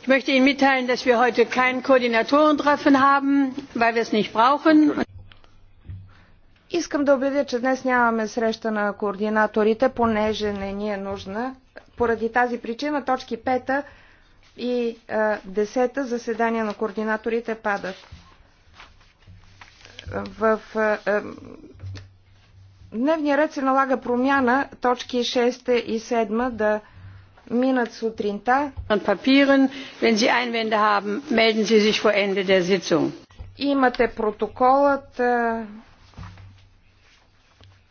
ich möchte ihnen mitteilen dass wir heute kein koordinatorentreffen haben weil wir es nicht brauchen. Искам да обявя, че днес нямаме среща на координаторите, понеже не ни е нужна. Поради тази причина точки 5 и 10 е, заседания на координаторите падат. В е, е, дневния ред се налага промяна точки 6 и 7 да минат сутринта. Papieren, wenn Sie Einwände haben, melden Sie sich vor Ende der Sitzung. Имате протоколът. Е,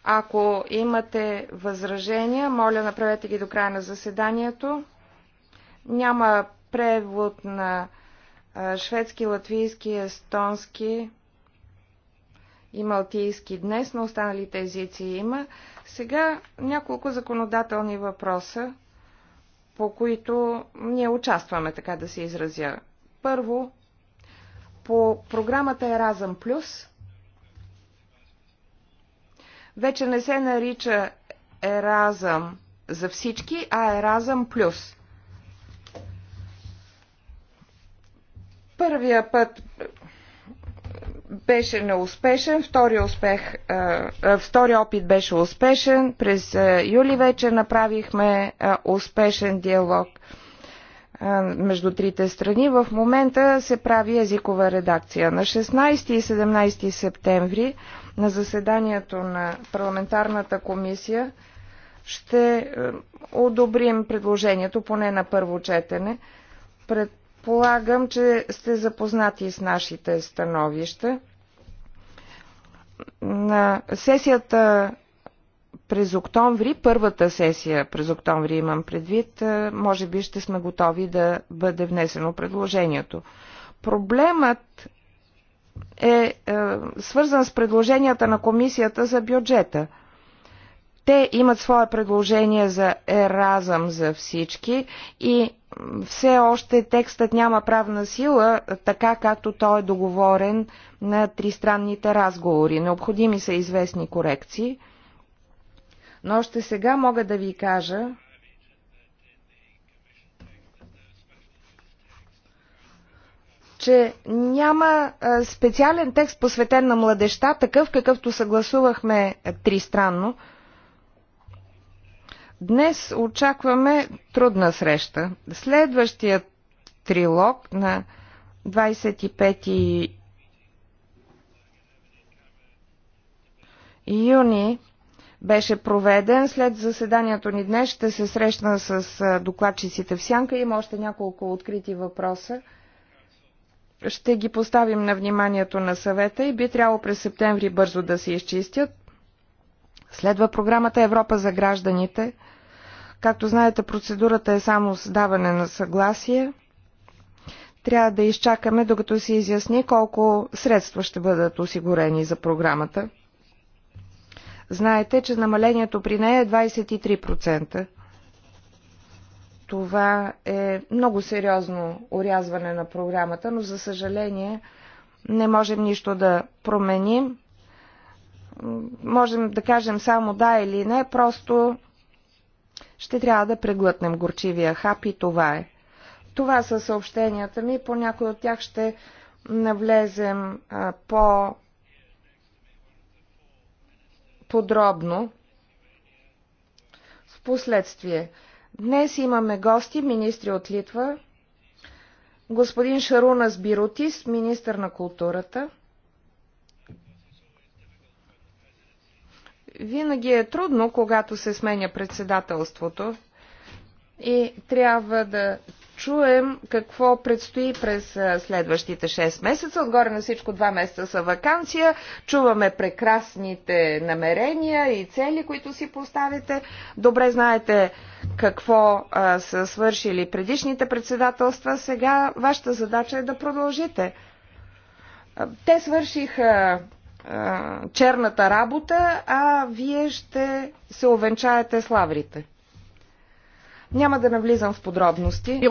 ако имате възражения, моля направете ги до края на заседанието. Няма превод на е, шведски, латвийски, естонски и малтийски днес, но останалите езици има. Сега няколко законодателни въпроса по които ние участваме, така да се изразя. Първо, по програмата Еразъм Плюс вече не се нарича Еразъм за всички, а Еразъм Плюс. Първия път беше неуспешен. Втория, успех, е, е, втори опит беше успешен. През е, юли вече направихме успешен диалог между трите страни. В момента се прави езикова редакция. На 16 и 17 септември на заседанието на парламентарната комисия ще одобрим предложението поне на първо четене. Пред Полагам, че сте запознати с нашите становища. На сесията през октомври, първата сесия през октомври имам предвид, е, може би ще сме готови да бъде внесено предложението. Проблемът е, е свързан с предложенията на комисията за бюджета. Те имат свое предложение за еразъм за всички и все още текстът няма правна сила, така както той е договорен на тристранните разговори. Необходими са известни корекции. Но още сега мога да ви кажа, че няма специален текст посветен на младеща, такъв какъвто съгласувахме тристранно. Днес очакваме трудна среща. Следващият трилог на 25 юни беше проведен. След заседанието ни днес ще се срещна с докладчиците в Сянка. Има още няколко открити въпроса. Ще ги поставим на вниманието на съвета и би трябвало през септември бързо да се изчистят. Следва програмата Европа за гражданите – Както знаете, процедурата е само с даване на съгласие. Трябва да изчакаме, докато се изясни колко средства ще бъдат осигурени за програмата. Знаете, че намалението при нея е 23%. Това е много сериозно урязване на програмата, но за съжаление не можем нищо да променим. Можем да кажем само да или не, просто ще трябва да преглътнем горчивия хап и това е. Това са съобщенията ми, по някой от тях ще навлезем а, по подробно в последствие. Днес имаме гости, министри от Литва, господин Шарунас Биротис, министър на културата – Винаги е трудно, когато се сменя председателството и трябва да чуем какво предстои през следващите 6 месеца. Отгоре на всичко 2 месеца са вакансия. Чуваме прекрасните намерения и цели, които си поставите. Добре знаете какво а, са свършили предишните председателства. Сега вашата задача е да продължите. Те свършиха черната работа, а вие ще се овенчаете с лаврите. Няма да навлизам в подробности.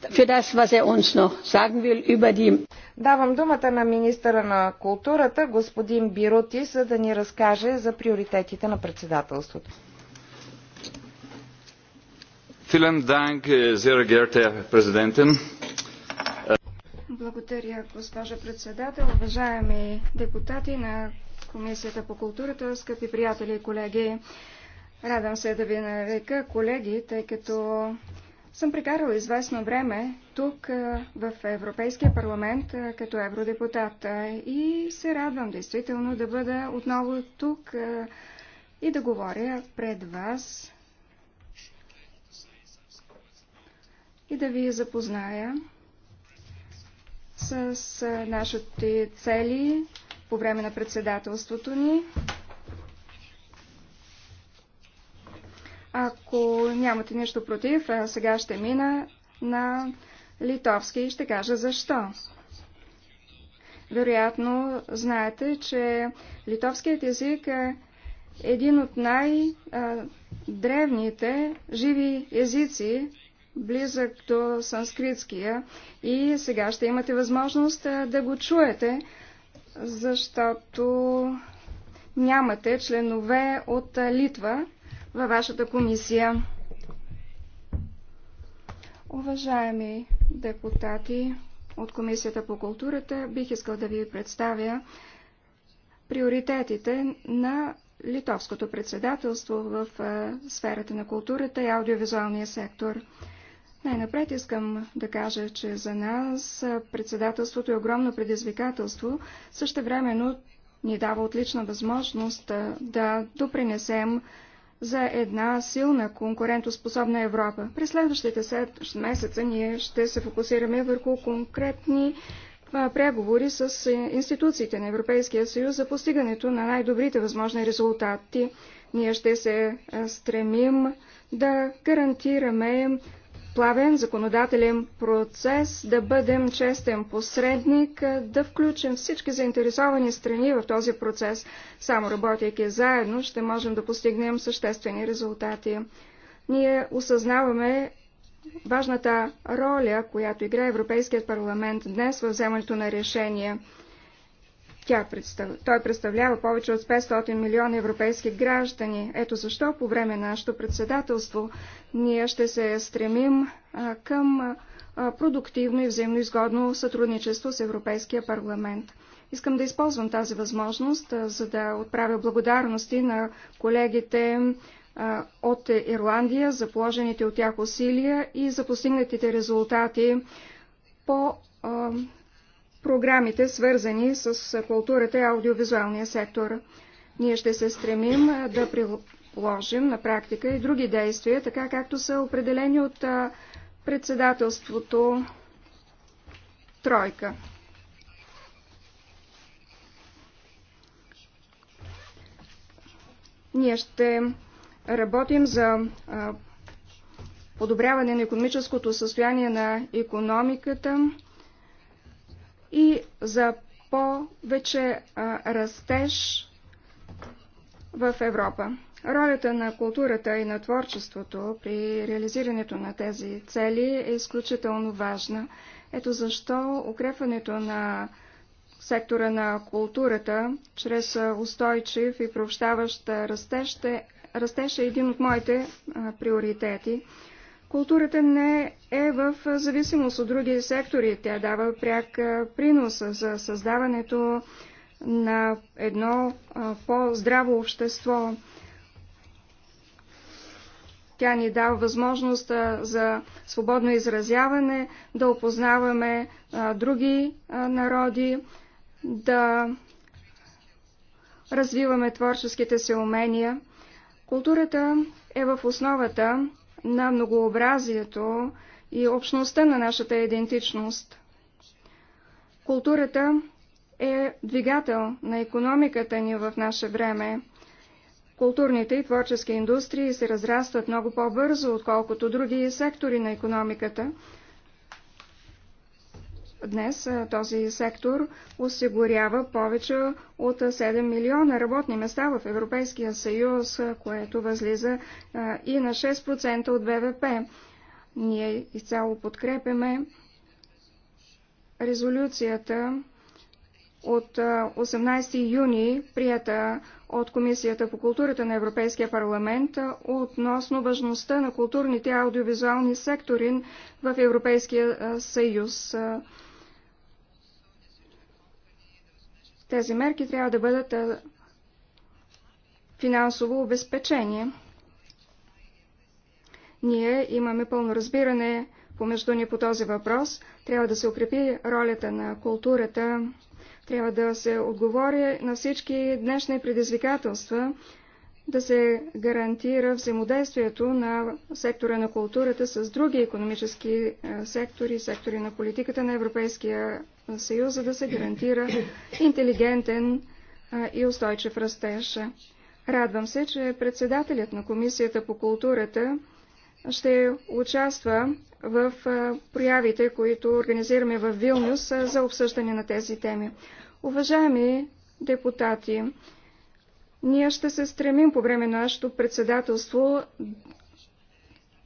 Er Давам думата на министъра на културата, господин Бирути, за да ни разкаже за приоритетите на председателството. Vielen Dank, sehr geehrter Herr благодаря, госпожа председател, уважаеми депутати на Комисията по културата, скъпи приятели и колеги. Радвам се да ви нарека колеги, тъй като съм прекарал известно време тук в Европейския парламент като евродепутат и се радвам действително да бъда отново тук и да говоря пред вас и да ви запозная с нашите цели по време на председателството ни. Ако нямате нищо против, сега ще мина на литовски и ще кажа защо. Вероятно знаете, че литовският език е един от най-древните живи езици близък до санскритския и сега ще имате възможност да го чуете, защото нямате членове от Литва във вашата комисия. Уважаеми депутати от Комисията по културата, бих искал да ви представя приоритетите на литовското председателство в сферата на културата и аудиовизуалния сектор. Най-напред искам да кажа, че за нас председателството е огромно предизвикателство, същевременно ни дава отлична възможност да допринесем за една силна конкурентоспособна Европа. През следващите месеца ние ще се фокусираме върху конкретни преговори с институциите на Европейския съюз за постигането на най-добрите възможни резултати. Ние ще се стремим да гарантираме плавен законодателен процес, да бъдем честен посредник, да включим всички заинтересовани страни в този процес. Само работейки заедно ще можем да постигнем съществени резултати. Ние осъзнаваме важната роля, която играе Европейският парламент днес във вземането на решения. Тя представ... Той представлява повече от 500 милиона европейски граждани. Ето защо по време на нашето председателство ние ще се стремим а, към а, продуктивно и взаимноизгодно сътрудничество с Европейския парламент. Искам да използвам тази възможност, а, за да отправя благодарности на колегите а, от Ирландия за положените от тях усилия и за постигнатите резултати по а, програмите, свързани с културата и аудиовизуалния сектор. Ние ще се стремим да приложим на практика и други действия, така както са определени от председателството Тройка. Ние ще работим за подобряване на економическото състояние на економиката, и за повече растеж в Европа. Ролята на културата и на творчеството при реализирането на тези цели е изключително важна. Ето защо укрепването на сектора на културата чрез устойчив и прообщаващ растеж е, растеж е един от моите а, приоритети. Културата не е в зависимост от други сектори. Тя дава пряк принос за създаването на едно по-здраво общество. Тя ни дава възможност за свободно изразяване, да опознаваме други народи, да развиваме творческите си умения. Културата е в основата на многообразието и общността на нашата идентичност. Културата е двигател на економиката ни в наше време. Културните и творчески индустрии се разрастват много по-бързо, отколкото други сектори на економиката. Днес този сектор осигурява повече от 7 милиона работни места в Европейския съюз, което възлиза и на 6% от ВВП. Ние изцяло подкрепяме резолюцията от 18 юни, прията от Комисията по културата на Европейския парламент относно важността на културните аудиовизуални сектори в Европейския съюз. Тези мерки трябва да бъдат финансово обезпечени. Ние имаме пълно разбиране помежду ни по този въпрос. Трябва да се укрепи ролята на културата, трябва да се отговори на всички днешни предизвикателства, да се гарантира взаимодействието на сектора на културата с други економически е, сектори, сектори на политиката на Европейския съюз, за да се гарантира интелигентен е, и устойчив растеж. Радвам се, че председателят на Комисията по културата ще участва в е, проявите, които организираме в Вилнюс за обсъждане на тези теми. Уважаеми депутати, ние ще се стремим по време на нашето председателство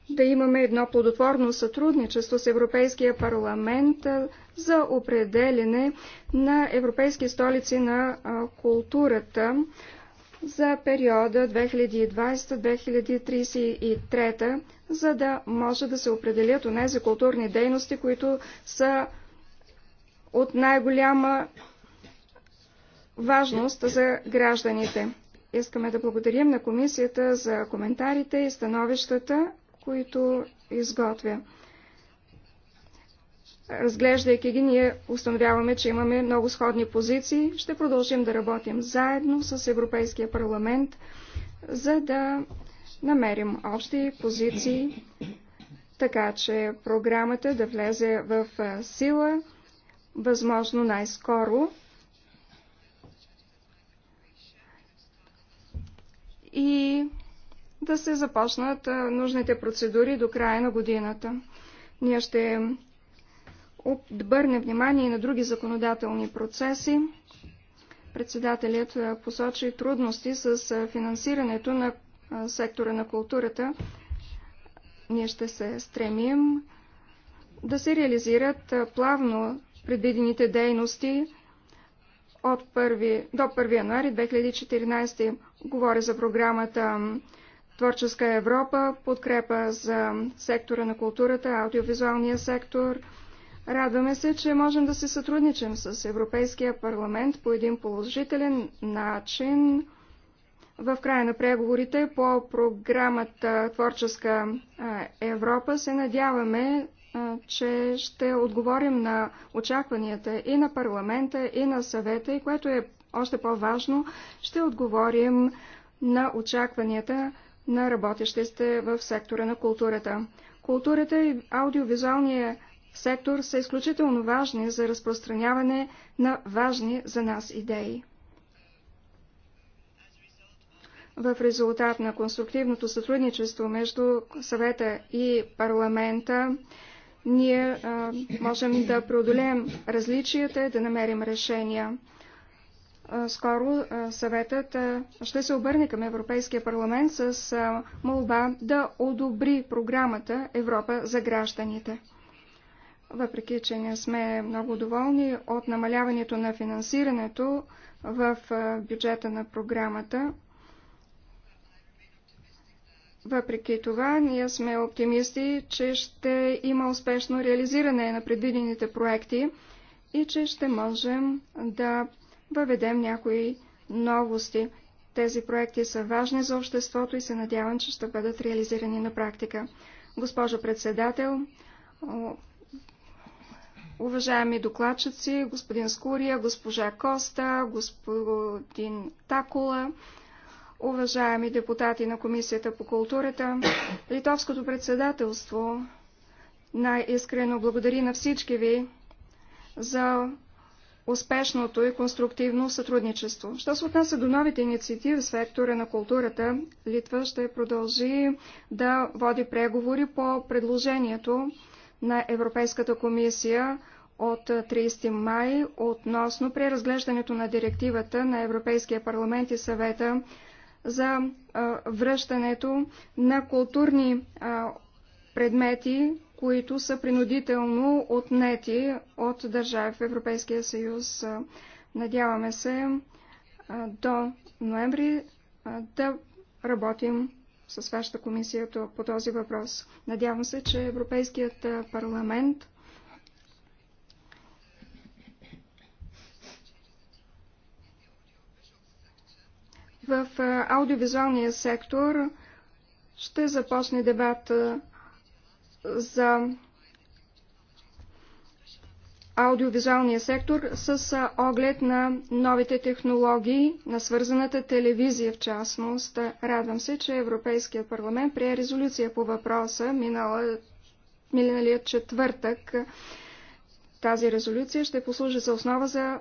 да имаме едно плодотворно сътрудничество с Европейския парламент за определене на европейски столици на културата за периода 2020-2033, за да може да се определят онези културни дейности, които са от най-голяма важност за гражданите. Искаме да благодарим на комисията за коментарите и становищата, които изготвя. Разглеждайки ги, ние установяваме, че имаме много сходни позиции. Ще продължим да работим заедно с Европейския парламент, за да намерим общи позиции, така че програмата да влезе в сила възможно най-скоро. и да се започнат нужните процедури до края на годината. Ние ще обърнем внимание и на други законодателни процеси. Председателят посочи трудности с финансирането на сектора на културата. Ние ще се стремим да се реализират плавно предвидените дейности от 1, до 1 януари 2014 Говоря за програмата Творческа Европа, подкрепа за сектора на културата, аудиовизуалния сектор. Радваме се, че можем да се сътрудничим с Европейския парламент по един положителен начин в края на преговорите по програмата Творческа Европа се надяваме, че ще отговорим на очакванията и на парламента, и на съвета, и което е още по-важно, ще отговорим на очакванията на работещите в сектора на културата. Културата и аудиовизуалния сектор са изключително важни за разпространяване на важни за нас идеи. В резултат на конструктивното сътрудничество между съвета и парламента, ние а, можем да преодолеем различията и да намерим решения скоро съветът ще се обърне към Европейския парламент с молба да одобри програмата Европа за гражданите. Въпреки, че не сме много доволни от намаляването на финансирането в бюджета на програмата, въпреки това, ние сме оптимисти, че ще има успешно реализиране на предвидените проекти и че ще можем да въведем някои новости. Тези проекти са важни за обществото и се надявам, че ще бъдат реализирани на практика. Госпожо председател, уважаеми докладчици, господин Скурия, госпожа Коста, господин Такула, уважаеми депутати на Комисията по културата, Литовското председателство най-искрено благодари на всички ви за успешното и конструктивно сътрудничество. Що се отнася до новите инициативи в сектора на културата, Литва ще продължи да води преговори по предложението на Европейската комисия от 30 май относно преразглеждането на директивата на Европейския парламент и съвета за връщането на културни предмети които са принудително отнети от държави в Европейския съюз. Надяваме се до ноември да работим с вашата комисия по този въпрос. Надявам се, че Европейският парламент в аудиовизуалния сектор ще започне дебат за аудиовизуалния сектор с оглед на новите технологии, на свързаната телевизия в частност. Радвам се, че Европейският парламент прие резолюция по въпроса минала, миналия четвъртък. Тази резолюция ще послужи за основа за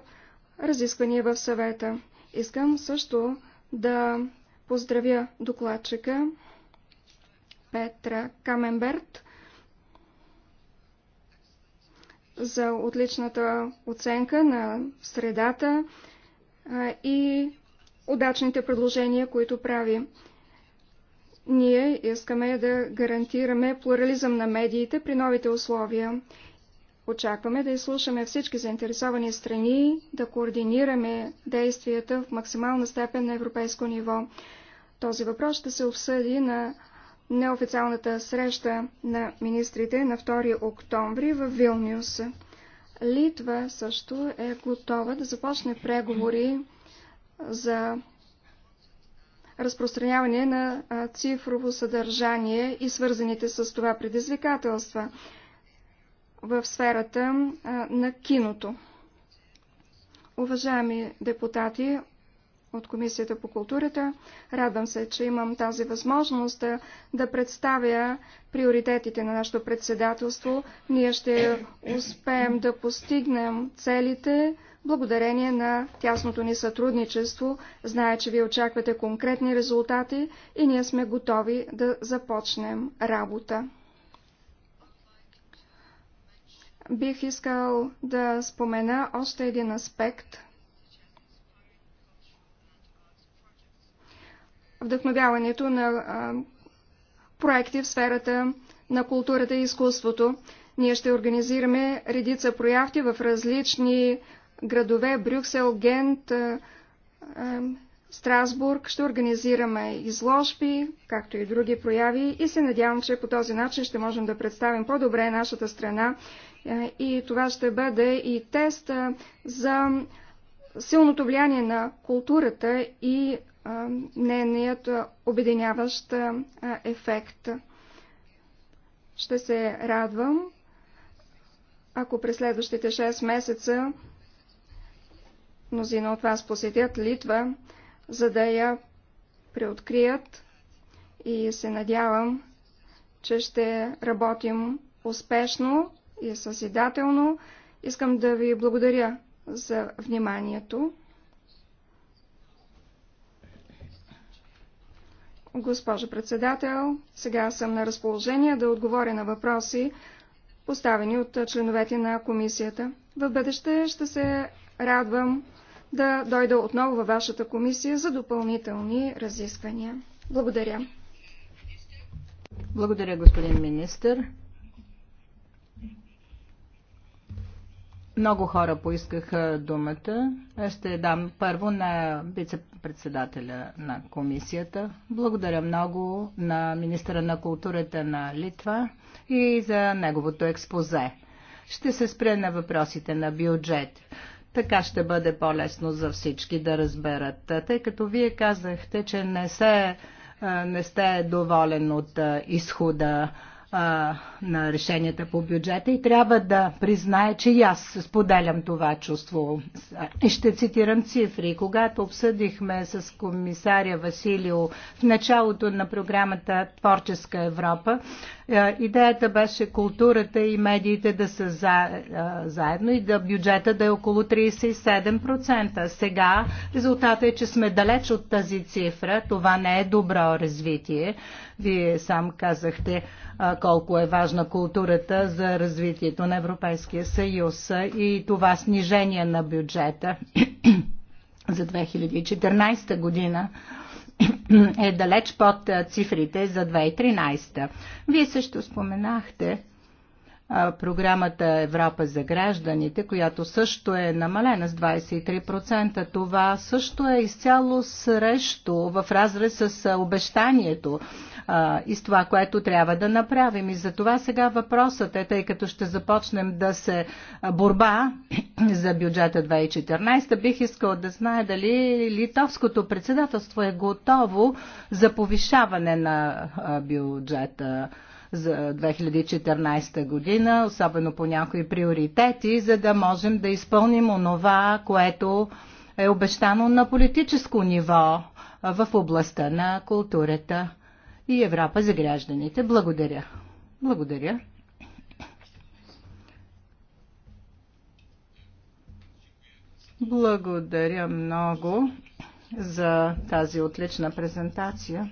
разисквания в съвета. Искам също да поздравя докладчика Петра Каменберт за отличната оценка на средата и удачните предложения, които прави. Ние искаме да гарантираме плурализъм на медиите при новите условия. Очакваме да изслушаме всички заинтересовани страни, да координираме действията в максимална степен на европейско ниво. Този въпрос ще се обсъди на неофициалната среща на министрите на 2 октомври в Вилнюс. Литва също е готова да започне преговори за разпространяване на цифрово съдържание и свързаните с това предизвикателства в сферата на киното. Уважаеми депутати, от Комисията по културата. Радвам се, че имам тази възможност да, да представя приоритетите на нашето председателство. Ние ще успеем да постигнем целите благодарение на тясното ни сътрудничество. Зная, че ви очаквате конкретни резултати и ние сме готови да започнем работа. Бих искал да спомена още един аспект – вдъхновяването на а, проекти в сферата на културата и изкуството. Ние ще организираме редица проявки в различни градове Брюксел, Гент, а, а, Страсбург. Ще организираме изложби, както и други прояви и се надявам, че по този начин ще можем да представим по-добре нашата страна и това ще бъде и тест за силното влияние на културата и нейният обединяващ ефект. Ще се радвам, ако през следващите 6 месеца мнозина от вас посетят Литва, за да я преоткрият и се надявам, че ще работим успешно и съзидателно. Искам да ви благодаря за вниманието. Госпожо председател, сега съм на разположение да отговоря на въпроси, поставени от членовете на комисията. В бъдеще ще се радвам да дойда отново във вашата комисия за допълнителни разисквания. Благодаря. Благодаря, господин министр. Много хора поискаха думата. Ще дам първо на вице председателя на комисията. Благодаря много на министра на културата на Литва и за неговото експозе. Ще се спре на въпросите на бюджет. Така ще бъде по-лесно за всички да разберат, тъй като вие казахте, че не, се, не сте доволен от изхода а, на решенията по бюджета и трябва да призная, че и аз споделям това чувство. И ще цитирам цифри. Когато обсъдихме с комисаря Василио в началото на програмата Творческа Европа, идеята беше културата и медиите да са за, заедно и да бюджета да е около 37%. Сега резултатът е, че сме далеч от тази цифра. Това не е добро развитие. Вие сам казахте, колко е важна културата за развитието на Европейския съюз и това снижение на бюджета за 2014 година е далеч под цифрите за 2013. Вие също споменахте програмата Европа за гражданите, която също е намалена с 23%. Това също е изцяло срещу в разрез с обещанието а, и с това, което трябва да направим. И за това сега въпросът е, тъй като ще започнем да се борба за бюджета 2014, бих искал да знае дали литовското председателство е готово за повишаване на бюджета за 2014 година, особено по някои приоритети, за да можем да изпълним онова, което е обещано на политическо ниво в областта на културата и Европа за гражданите. Благодаря. Благодаря. Благодаря много за тази отлична презентация.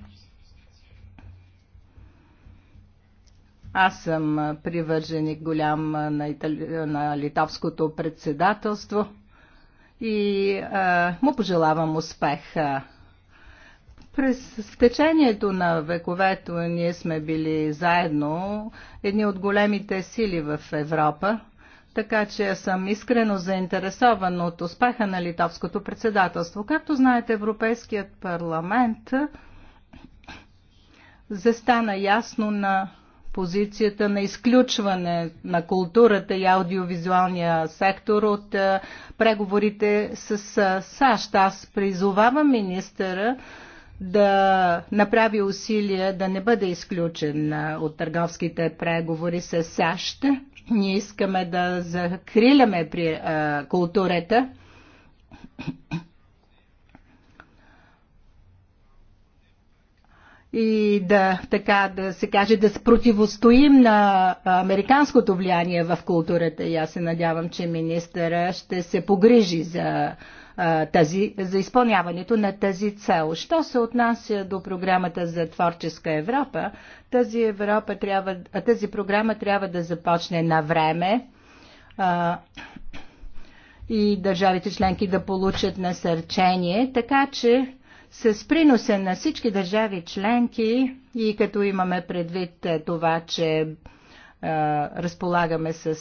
Аз съм привърженик голям на, Итали... на литовското председателство и а, му пожелавам успех. През течението на вековето ние сме били заедно едни от големите сили в Европа, така че съм искрено заинтересован от успеха на литовското председателство. Както знаете, Европейският парламент застана ясно на позицията на изключване на културата и аудиовизуалния сектор от преговорите с САЩ. Аз призовавам министъра да направи усилия да не бъде изключен от търговските преговори с САЩ. Ние искаме да закриляме при а, културата. И да, така да се каже, да противостоим на американското влияние в културата. И аз се надявам, че министъра ще се погрижи за тази, за изпълняването на тази цел. Що се отнася до програмата за творческа Европа, тази, Европа трябва, тази програма трябва да започне на време и държавите членки да получат насърчение, така че с приноса на всички държави членки и като имаме предвид това, че разполагаме с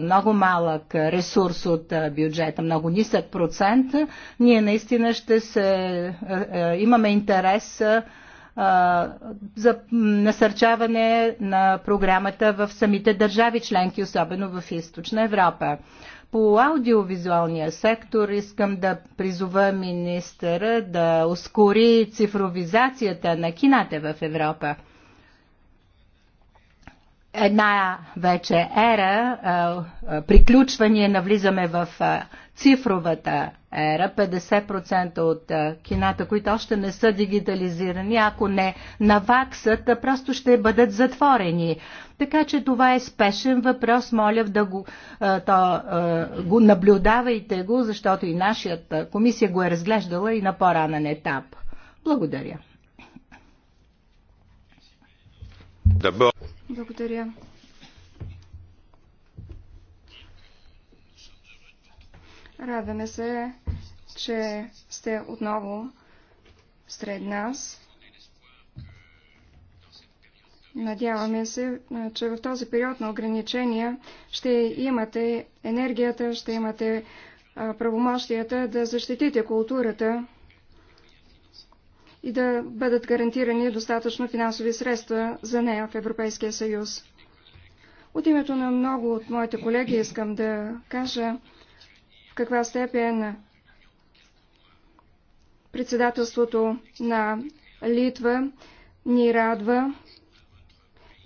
много малък ресурс от бюджета, много нисък процент, ние наистина ще се, имаме интерес за насърчаване на програмата в самите държави членки, особено в Източна Европа. По аудиовизуалния сектор искам да призова министъра да ускори цифровизацията на кината в Европа една вече ера, приключване, навлизаме в цифровата ера, 50% от кината, които още не са дигитализирани, ако не наваксат, просто ще бъдат затворени. Така че това е спешен въпрос, моля да го, то, го наблюдавайте го, защото и нашата комисия го е разглеждала и на по-ранен етап. Благодаря. Благодаря. Радваме се, че сте отново сред нас. Надяваме се, че в този период на ограничения ще имате енергията, ще имате правомощията да защитите културата и да бъдат гарантирани достатъчно финансови средства за нея в Европейския съюз. От името на много от моите колеги искам да кажа в каква степен председателството на Литва ни радва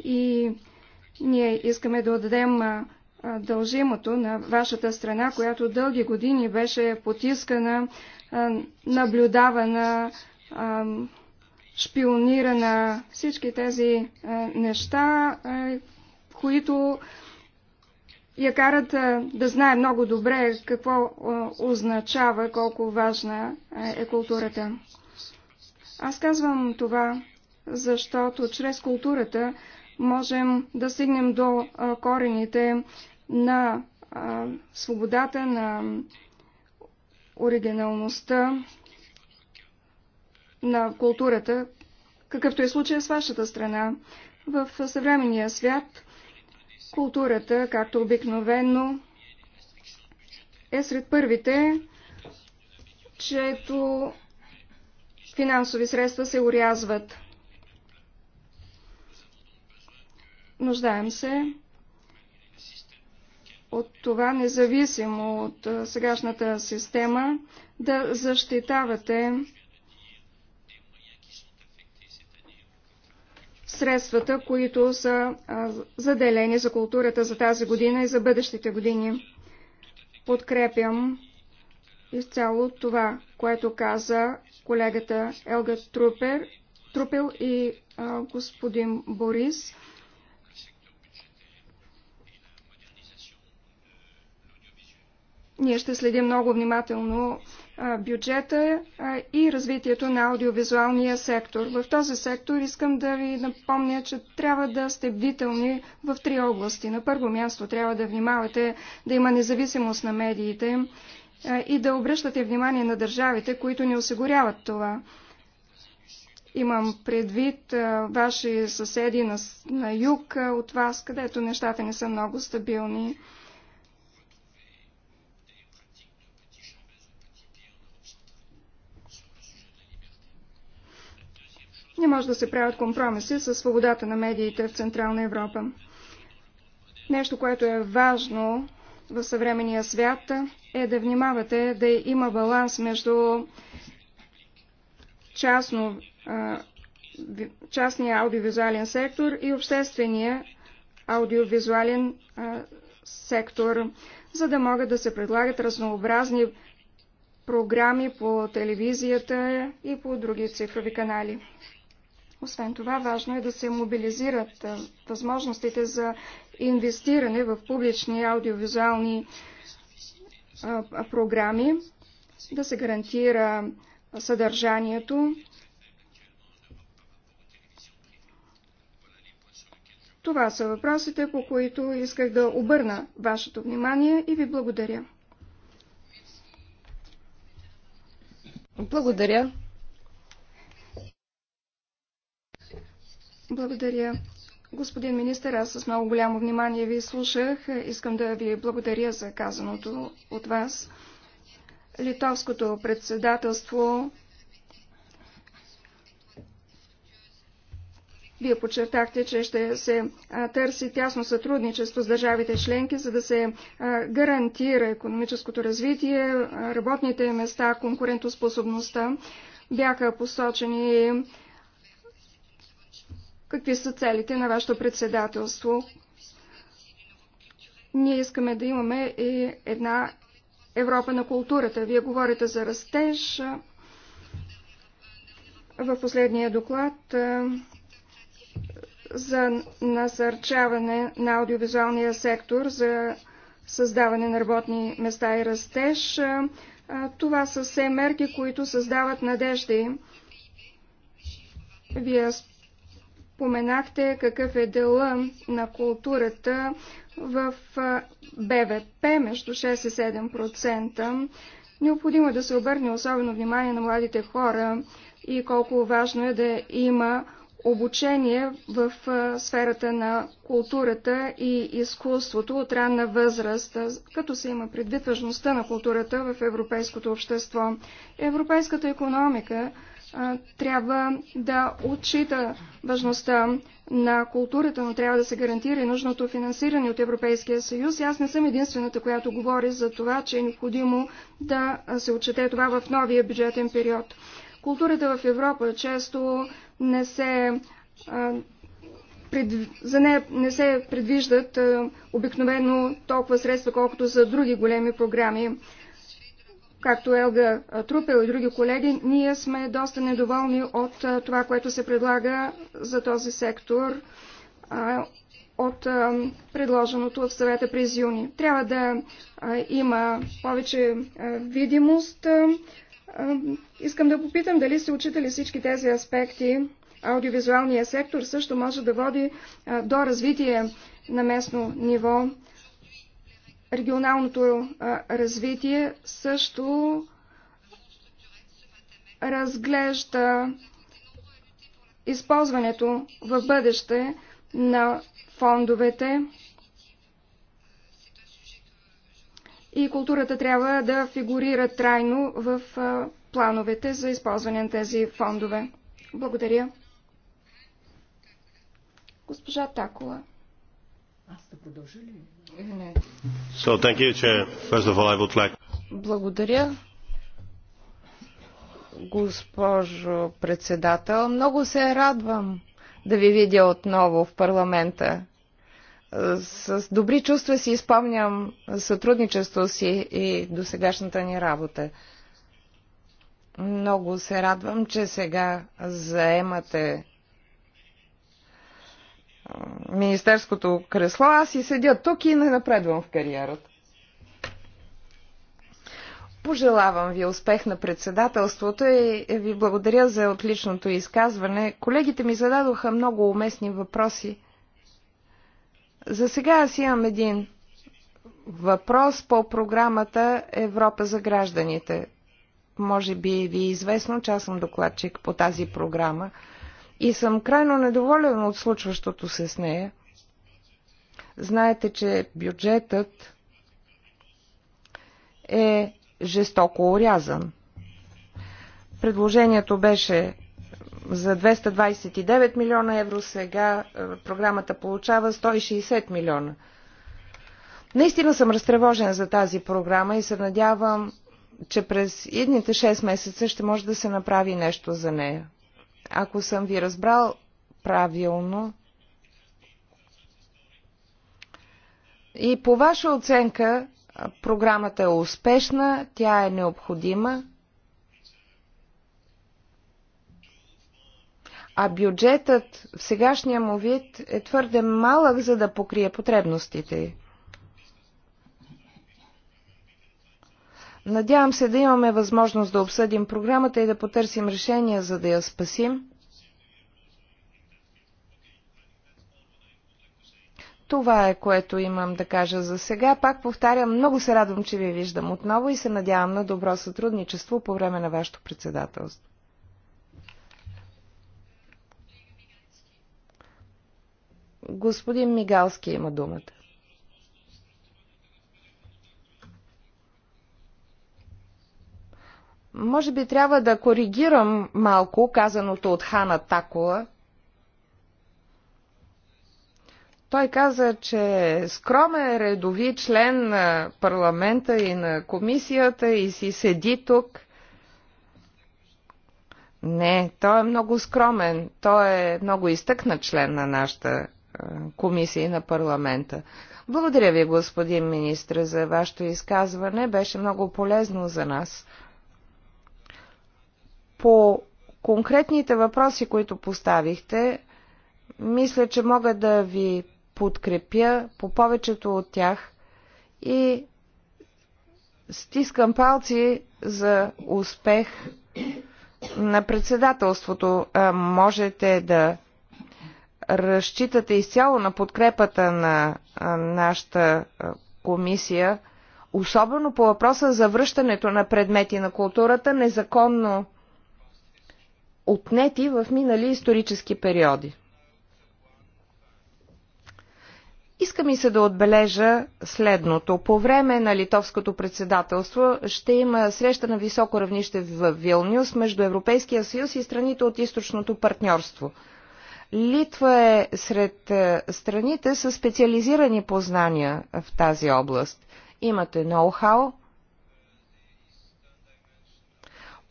и ние искаме да отдадем дължимото на вашата страна, която дълги години беше потискана, наблюдавана, Шпионира на всички тези е, неща, е, които я карат е, да знае много добре какво означава, колко важна е културата. Аз казвам това, защото чрез културата можем да стигнем до корените на свободата, на оригиналността, на културата, какъвто е случай с вашата страна. В съвременния свят културата, както обикновено, е сред първите, чето финансови средства се урязват. Нуждаем се от това, независимо от сегашната система, да защитавате средствата, които са заделени за културата за тази година и за бъдещите години. Подкрепям изцяло това, което каза колегата Елга Трупер, Трупел и а, господин Борис. Ние ще следим много внимателно бюджета и развитието на аудиовизуалния сектор. В този сектор искам да ви напомня, че трябва да сте бдителни в три области. На първо място трябва да внимавате да има независимост на медиите и да обръщате внимание на държавите, които не осигуряват това. Имам предвид ваши съседи на, на юг от вас, където нещата не са много стабилни. Не може да се правят компромиси с свободата на медиите в Централна Европа. Нещо, което е важно в съвременния свят, е да внимавате да има баланс между частно, частния аудиовизуален сектор и обществения аудиовизуален сектор, за да могат да се предлагат разнообразни програми по телевизията и по други цифрови канали. Освен това, важно е да се мобилизират възможностите за инвестиране в публични аудиовизуални програми, да се гарантира съдържанието. Това са въпросите, по които исках да обърна вашето внимание и ви благодаря. Благодаря. Благодаря. Господин министър, аз с много голямо внимание ви слушах. Искам да ви благодаря за казаното от вас. Литовското председателство Вие подчертахте, че ще се търси тясно сътрудничество с държавите членки, за да се гарантира економическото развитие, работните места, конкурентоспособността. Бяха посочени Какви са целите на вашето председателство? Ние искаме да имаме и една Европа на културата. Вие говорите за растеж. В последния доклад е, за насърчаване на аудиовизуалния сектор, за създаване на работни места и растеж. Е, е, това са все мерки, които създават надежди. Вие Споменахте какъв е дела на културата в БВП между 6 и 7%. Необходимо е да се обърне особено внимание на младите хора и колко важно е да има обучение в сферата на културата и изкуството от ранна възраст, като се има предвид важността на културата в европейското общество. Европейската економика трябва да отчита важността на културата, но трябва да се гарантира и нужното финансиране от Европейския съюз. И аз не съм единствената, която говори за това, че е необходимо да се отчете това в новия бюджетен период. Културата в Европа често не се за нея не се предвиждат обикновено толкова средства, колкото за други големи програми. Както Елга Трупел и други колеги, ние сме доста недоволни от това, което се предлага за този сектор от предложеното от съвета през юни. Трябва да има повече видимост. Искам да попитам дали се учители всички тези аспекти. Аудиовизуалният сектор също може да води до развитие на местно ниво регионалното развитие също разглежда използването в бъдеще на фондовете и културата трябва да фигурира трайно в плановете за използване на тези фондове. Благодаря. Госпожа Такова. Аз да продължа ли? So, thank you, Chair. First of all, I would like... Благодаря, госпожо председател. Много се радвам да ви видя отново в парламента. С добри чувства си изпомням сътрудничество си и досегашната ни работа. Много се радвам, че сега заемате министерското кресло, аз и седя тук и не напредвам в кариерата. Пожелавам ви успех на председателството и ви благодаря за отличното изказване. Колегите ми зададоха много уместни въпроси. За сега аз имам един въпрос по програмата Европа за гражданите. Може би ви е известно, че аз съм докладчик по тази програма и съм крайно недоволен от случващото се с нея. Знаете, че бюджетът е жестоко урязан. Предложението беше за 229 милиона евро, сега е, програмата получава 160 милиона. Наистина съм разтревожен за тази програма и се надявам, че през едните 6 месеца ще може да се направи нещо за нея. Ако съм ви разбрал правилно, и по ваша оценка програмата е успешна, тя е необходима, а бюджетът в сегашния му вид е твърде малък, за да покрие потребностите Надявам се да имаме възможност да обсъдим програмата и да потърсим решения, за да я спасим. Това е което имам да кажа за сега. Пак повтарям, много се радвам, че ви виждам отново и се надявам на добро сътрудничество по време на вашето председателство. Господин Мигалски има думата. Може би трябва да коригирам малко казаното от Хана Такова. Той каза, че скромен е редови член на парламента и на комисията и си седи тук. Не, той е много скромен. Той е много изтъкнат член на нашата е, комисия и на парламента. Благодаря ви, господин министр, за вашето изказване. Беше много полезно за нас. По конкретните въпроси, които поставихте, мисля, че мога да ви подкрепя по повечето от тях и стискам палци за успех на председателството. Можете да разчитате изцяло на подкрепата на нашата комисия, особено по въпроса за връщането на предмети на културата, незаконно отнети в минали исторически периоди. Иска ми се да отбележа следното. По време на литовското председателство ще има среща на високо равнище в Вилнюс между Европейския съюз и страните от източното партньорство. Литва е сред е, страните с специализирани познания в тази област. Имате ноу-хау,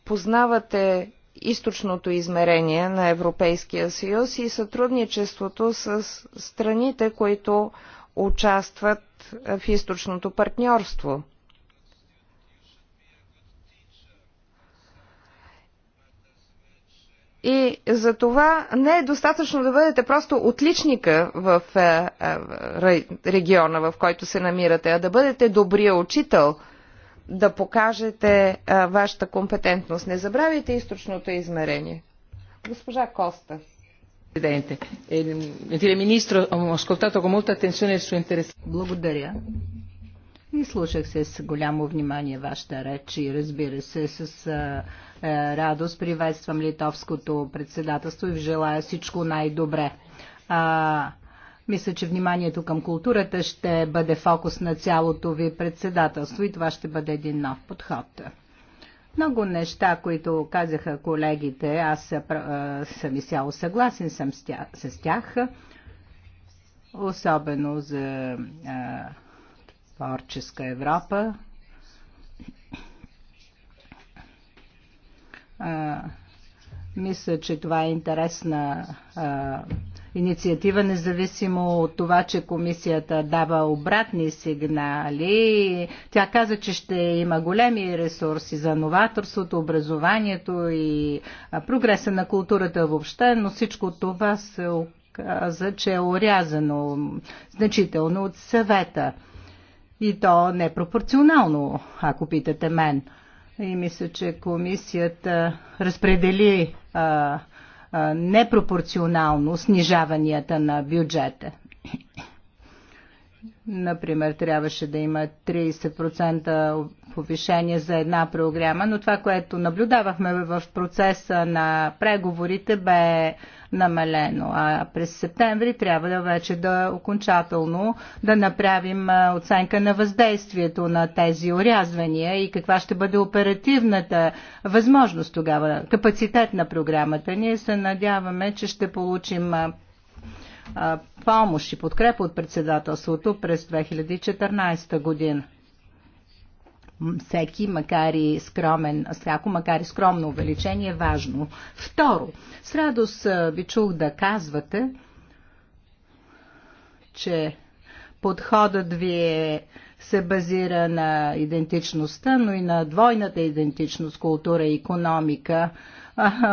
познавате източното измерение на Европейския съюз и сътрудничеството с страните, които участват в източното партньорство. И за това не е достатъчно да бъдете просто отличника в е, е, региона, в който се намирате, а да бъдете добрия учител – да покажете а, вашата компетентност. Не забравяйте източното измерение. Госпожа Коста. Presidente, gentile Ministro, ho ascoltato con molta attenzione il suo interesse. Благодаря. И слушах се с голямо внимание вашата реч и разбира се с а, радост приветствам литовското председателство и желая всичко най-добре. А, мисля, че вниманието към културата ще бъде фокус на цялото ви председателство и това ще бъде един нов подход. Много неща, които казаха колегите, аз съм изцяло съгласен съм с тях, с тях особено за а, творческа Европа. А, мисля, че това е интересна а, инициатива, независимо от това, че комисията дава обратни сигнали. Тя каза, че ще има големи ресурси за новаторството, образованието и прогреса на културата въобще, но всичко това се оказа, че е урязано значително от съвета. И то непропорционално, ако питате мен. И мисля, че комисията разпредели а, непропорционално снижаванията на бюджета. Например, трябваше да има 30% повишение за една програма, но това, което наблюдавахме в процеса на преговорите, бе намалено. А през септември трябва да вече да окончателно да направим оценка на въздействието на тези орязвания и каква ще бъде оперативната възможност тогава, капацитет на програмата. Ние се надяваме, че ще получим помощ и подкрепа от председателството през 2014 година. Всеки, макар и скромен, всяко, макар и скромно увеличение е важно. Второ, с радост ви чух да казвате, че подходът ви е се базира на идентичността, но и на двойната идентичност, култура и економика,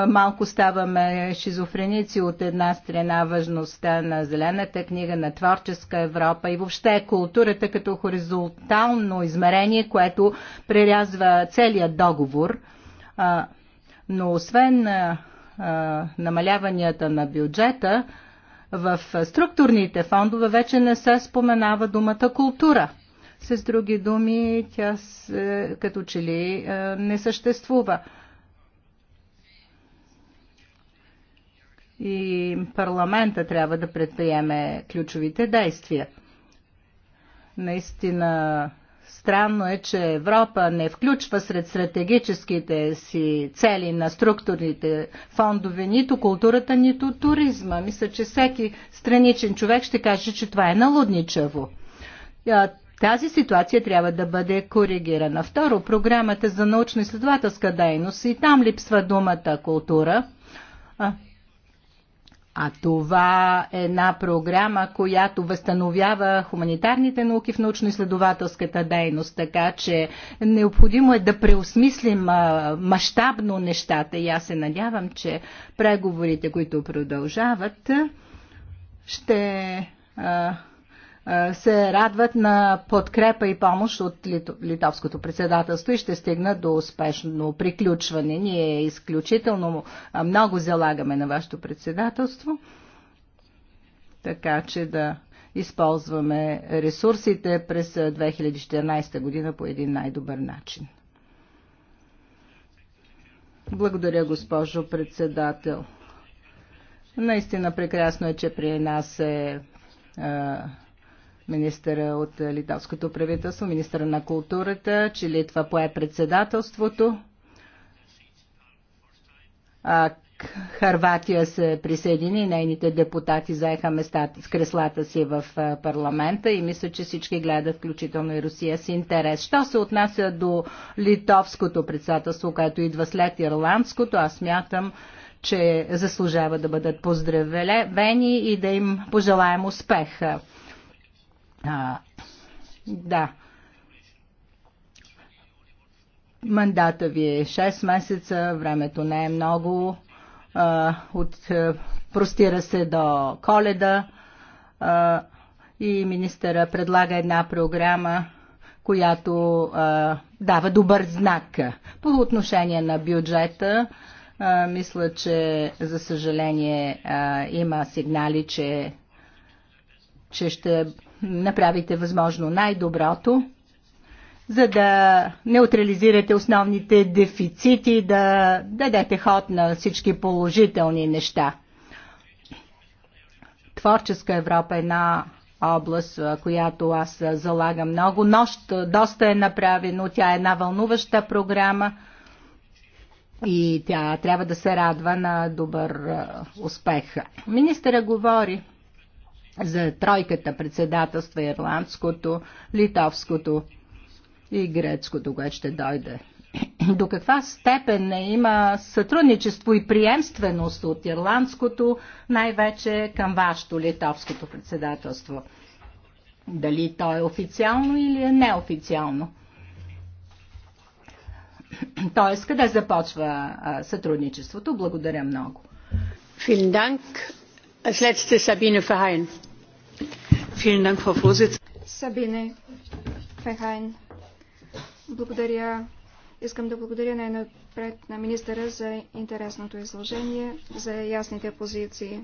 малко ставаме шизофреници от една страна важността на зелената книга, на творческа Европа и въобще културата като хоризонтално измерение, което прерязва целият договор. Но освен намаляванията на бюджета, в структурните фондове вече не се споменава думата култура. С други думи, тя е, като че ли е, не съществува. и парламента трябва да предприеме ключовите действия. Наистина странно е, че Европа не включва сред стратегическите си цели на структурните фондове нито културата, нито туризма. Мисля, че всеки страничен човек ще каже, че това е налудничаво. Тази ситуация трябва да бъде коригирана. Второ, програмата за научно-изследователска дейност и там липсва думата култура. А това е една програма, която възстановява хуманитарните науки в научно-изследователската дейност, така че необходимо е да преосмислим мащабно нещата и аз се надявам, че преговорите, които продължават, ще се радват на подкрепа и помощ от литовското председателство и ще стигнат до успешно приключване. Ние изключително много залагаме на вашето председателство, така че да използваме ресурсите през 2014 година по един най-добър начин. Благодаря, госпожо председател. Наистина прекрасно е, че при нас е министъра от е, литовското правителство, министъра на културата, че Литва пое председателството. А Харватия се присъедини, нейните депутати заеха местата с креслата си в е, парламента и мисля, че всички гледат, включително и Русия, с интерес. Що се отнася до литовското председателство, което идва след ирландското, аз мятам, че заслужава да бъдат поздравени и да им пожелаем успех. А, да. Мандата ви е 6 месеца, времето не е много. А, от, простира се до коледа а, и министъра предлага една програма, която а, дава добър знак по отношение на бюджета. А, мисля, че за съжаление а, има сигнали, че, че ще направите възможно най-доброто, за да неутрализирате основните дефицити, да дадете ход на всички положителни неща. Творческа Европа е една област, която аз залагам много. Нощ доста е направено, тя е една вълнуваща програма и тя трябва да се радва на добър успех. Министъра говори за тройката председателства ирландското, литовското и грецкото, което ще дойде. До каква степен има сътрудничество и приемственост от ирландското, най-вече към вашето литовското председателство? Дали то е официално или е неофициално? Тоест, къде започва сътрудничеството? Благодаря много. Филданк. Als letzte Sabine Сабине Фехайн. Благодаря. Искам да благодаря най-напред на министъра за интересното изложение, за ясните позиции.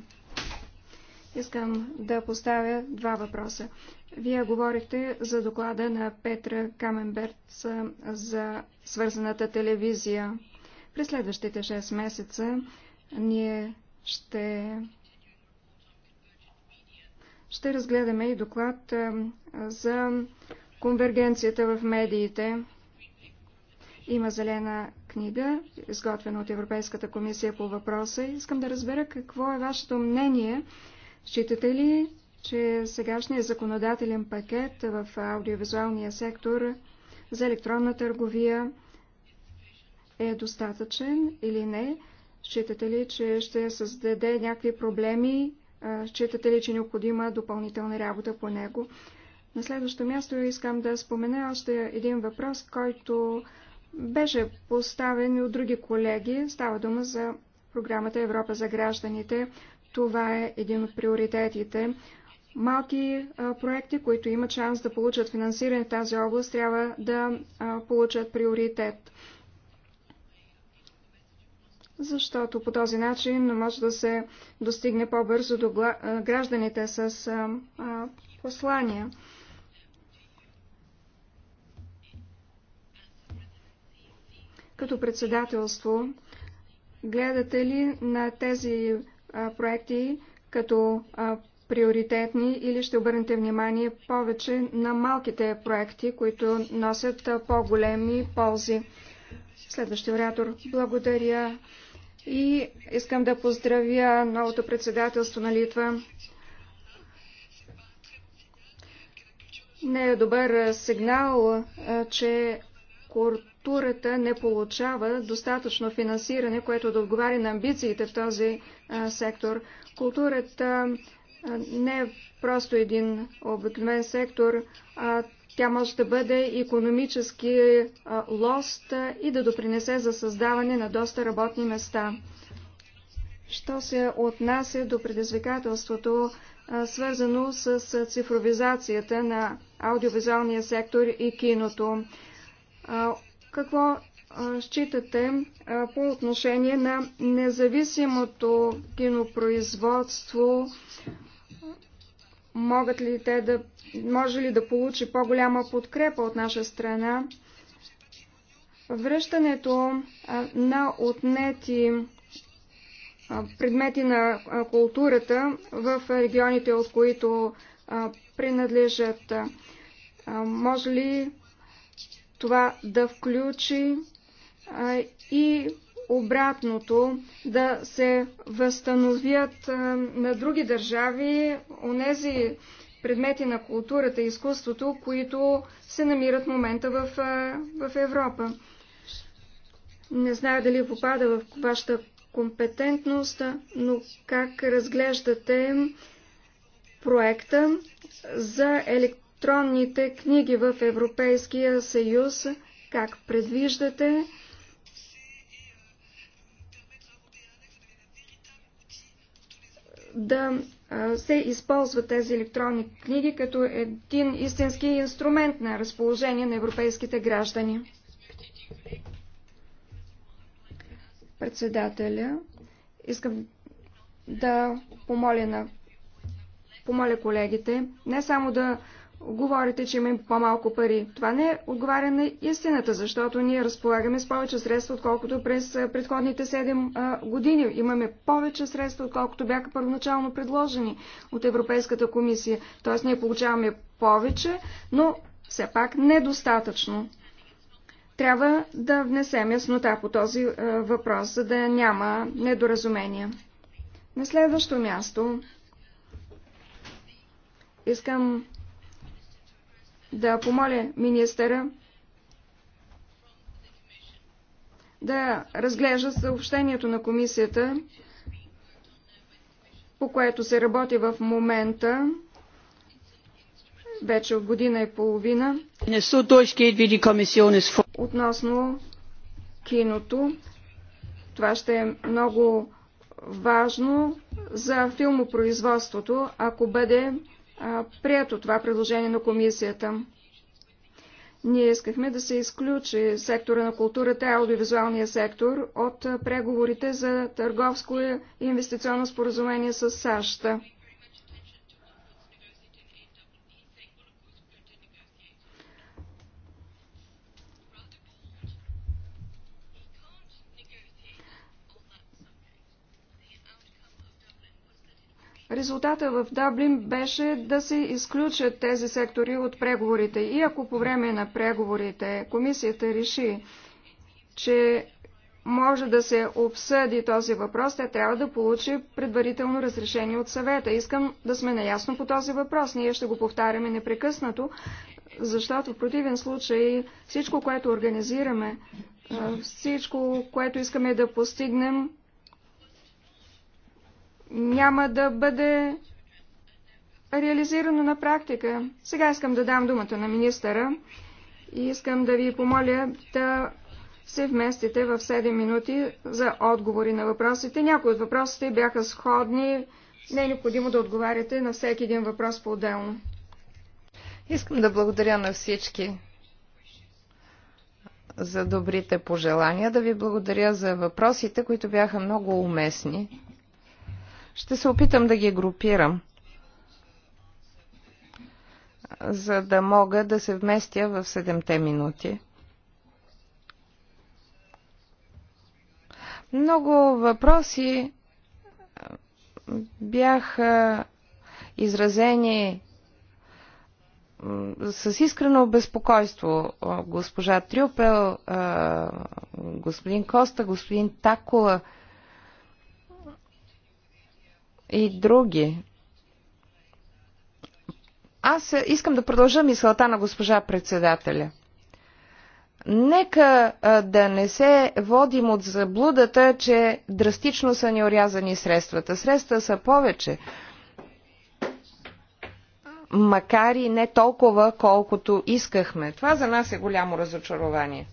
Искам да поставя два въпроса. Вие говорихте за доклада на Петра Каменберт за свързаната телевизия. През следващите 6 месеца ние ще ще разгледаме и доклад за конвергенцията в медиите. Има зелена книга, изготвена от Европейската комисия по въпроса. Искам да разбера какво е вашето мнение. Считате ли, че сегашният законодателен пакет в аудиовизуалния сектор за електронна търговия е достатъчен или не? Считате ли, че ще създаде някакви проблеми считате ли, че е необходима допълнителна работа по него? На следващо място искам да спомена още един въпрос, който беше поставен и от други колеги. Става дума за програмата Европа за гражданите. Това е един от приоритетите. Малки а, проекти, които имат шанс да получат финансиране в тази област, трябва да а, получат приоритет защото по този начин може да се достигне по-бързо до гражданите с послания. Като председателство, гледате ли на тези проекти като приоритетни или ще обърнете внимание повече на малките проекти, които носят по-големи ползи? Следващия оратор. Благодаря. И искам да поздравя новото председателство на Литва. Не е добър сигнал, че културата не получава достатъчно финансиране, което да отговаря на амбициите в този сектор. Културата не е просто един обикновен сектор, а тя може да бъде економически лост и да допринесе за създаване на доста работни места. Що се отнася до предизвикателството, свързано с цифровизацията на аудиовизуалния сектор и киното. Какво считате по отношение на независимото кинопроизводство, могат ли те да, може ли да получи по-голяма подкрепа от наша страна. Връщането на отнети предмети на културата в регионите, от които принадлежат. Може ли това да включи и обратното, да се възстановят на други държави онези предмети на културата и изкуството, които се намират в момента в, в Европа. Не зная дали попада в вашата компетентност, но как разглеждате проекта за електронните книги в Европейския съюз, как предвиждате да се използват тези електронни книги като един истински инструмент на разположение на европейските граждани. Председателя, искам да помоля, на, помоля колегите не само да говорите, че има по-малко пари. Това не отговаря на истината, защото ние разполагаме с повече средства, отколкото през предходните 7 години. Имаме повече средства, отколкото бяха първоначално предложени от Европейската комисия. Тоест ние получаваме повече, но все пак недостатъчно. Трябва да внесем яснота по този въпрос, за да няма недоразумения. На следващо място искам да помоля министъра да разглежда съобщението на комисията, по което се работи в момента, вече от година и половина, е, е относно киното. Това ще е много важно за филмопроизводството, ако бъде прието това предложение на комисията. Ние искахме да се изключи сектора на културата аудиовизуалния сектор от преговорите за търговско и инвестиционно споразумение с САЩ. Резултата в Даблин беше да се изключат тези сектори от преговорите. И ако по време на преговорите комисията реши, че може да се обсъди този въпрос, те трябва да получи предварително разрешение от съвета. Искам да сме наясно по този въпрос. Ние ще го повтаряме непрекъснато, защото в противен случай всичко, което организираме, всичко, което искаме да постигнем, няма да бъде реализирано на практика. Сега искам да дам думата на министъра и искам да ви помоля да се вместите в 7 минути за отговори на въпросите. Някои от въпросите бяха сходни. Не е необходимо да отговаряте на всеки един въпрос по-отделно. Искам да благодаря на всички за добрите пожелания, да ви благодаря за въпросите, които бяха много уместни. Ще се опитам да ги групирам, за да мога да се вместя в 7 минути. Много въпроси е, бяха изразени е, с искрено безпокойство госпожа Трюпел, е, господин Коста, господин Такола – и други. Аз искам да продължа мисълта на госпожа председателя. Нека да не се водим от заблудата, че драстично са ни орязани средствата. Средства са повече, макар и не толкова, колкото искахме. Това за нас е голямо разочарование.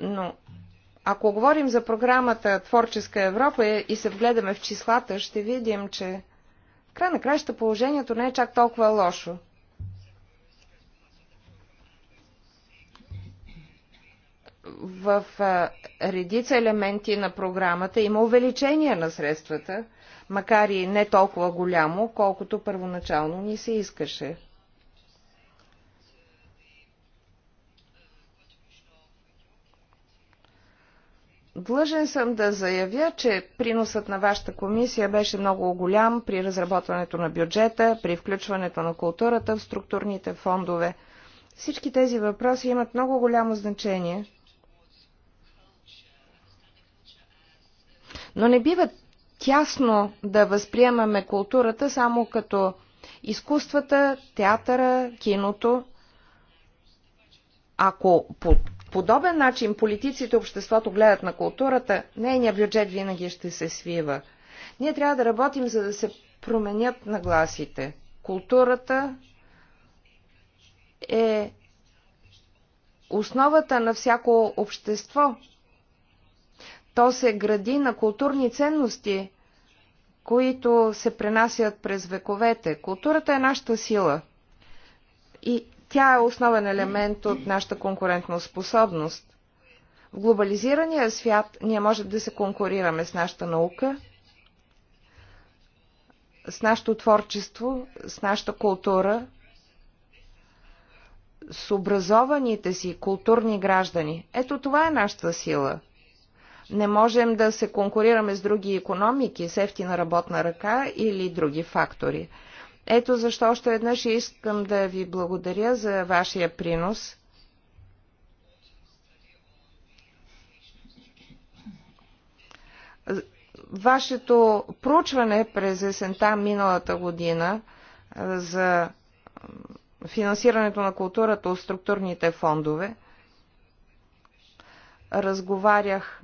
Но ако говорим за програмата Творческа Европа и се вгледаме в числата, ще видим, че в край на краща положението не е чак толкова лошо. В редица елементи на програмата има увеличение на средствата, макар и не толкова голямо, колкото първоначално ни се искаше. Длъжен съм да заявя, че приносът на вашата комисия беше много голям при разработването на бюджета, при включването на културата в структурните фондове. Всички тези въпроси имат много голямо значение. Но не бива тясно да възприемаме културата само като изкуствата, театъра, киното. Ако под подобен начин политиците и обществото гледат на културата, нейният бюджет винаги ще се свива. Ние трябва да работим, за да се променят нагласите. Културата е основата на всяко общество. То се гради на културни ценности, които се пренасят през вековете. Културата е нашата сила. И тя е основен елемент от нашата конкурентна способност. В глобализирания свят ние можем да се конкурираме с нашата наука, с нашето творчество, с нашата култура, с образованите си културни граждани. Ето това е нашата сила. Не можем да се конкурираме с други економики, с ефтина работна ръка или други фактори. Ето защо още еднъж искам да ви благодаря за вашия принос. Вашето проучване през есента миналата година за финансирането на културата от структурните фондове. Разговарях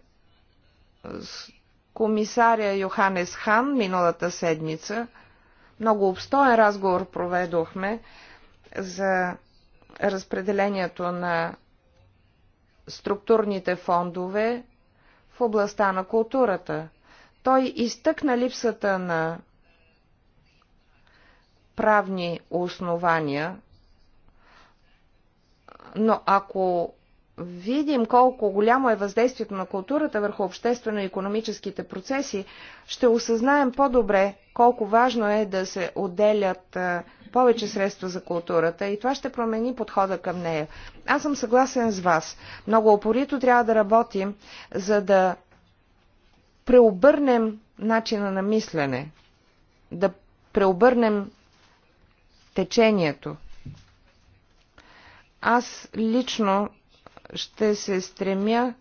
с комисаря Йоханес Хан миналата седмица – много обстоен разговор проведохме за разпределението на структурните фондове в областта на културата. Той изтъкна липсата на правни основания, но ако видим колко голямо е въздействието на културата върху обществено-економическите процеси, ще осъзнаем по-добре колко важно е да се отделят повече средства за културата и това ще промени подхода към нея. Аз съм съгласен с вас. Много опорито трябва да работим, за да преобърнем начина на мислене, да преобърнем течението. Аз лично ще се стремя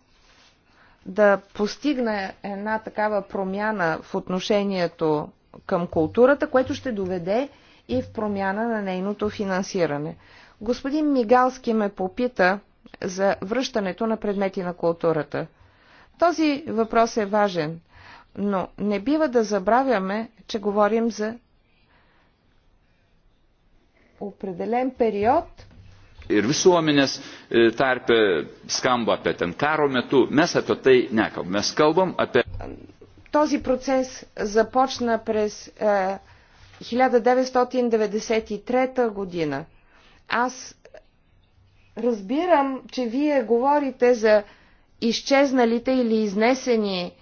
да постигна една такава промяна в отношението към културата, което ще доведе и в промяна на нейното финансиране. Господин Мигалски ме попита за връщането на предмети на културата. Този въпрос е важен, но не бива да забравяме, че говорим за определен период ir visuomenės e, tarpe skamba apie ten karo metu. Mes apie tai nekalbam. Mes kalbam apie. Този процес започна през е, 1993 година. Аз разбирам, че вие говорите за изчезналите или изнесени е,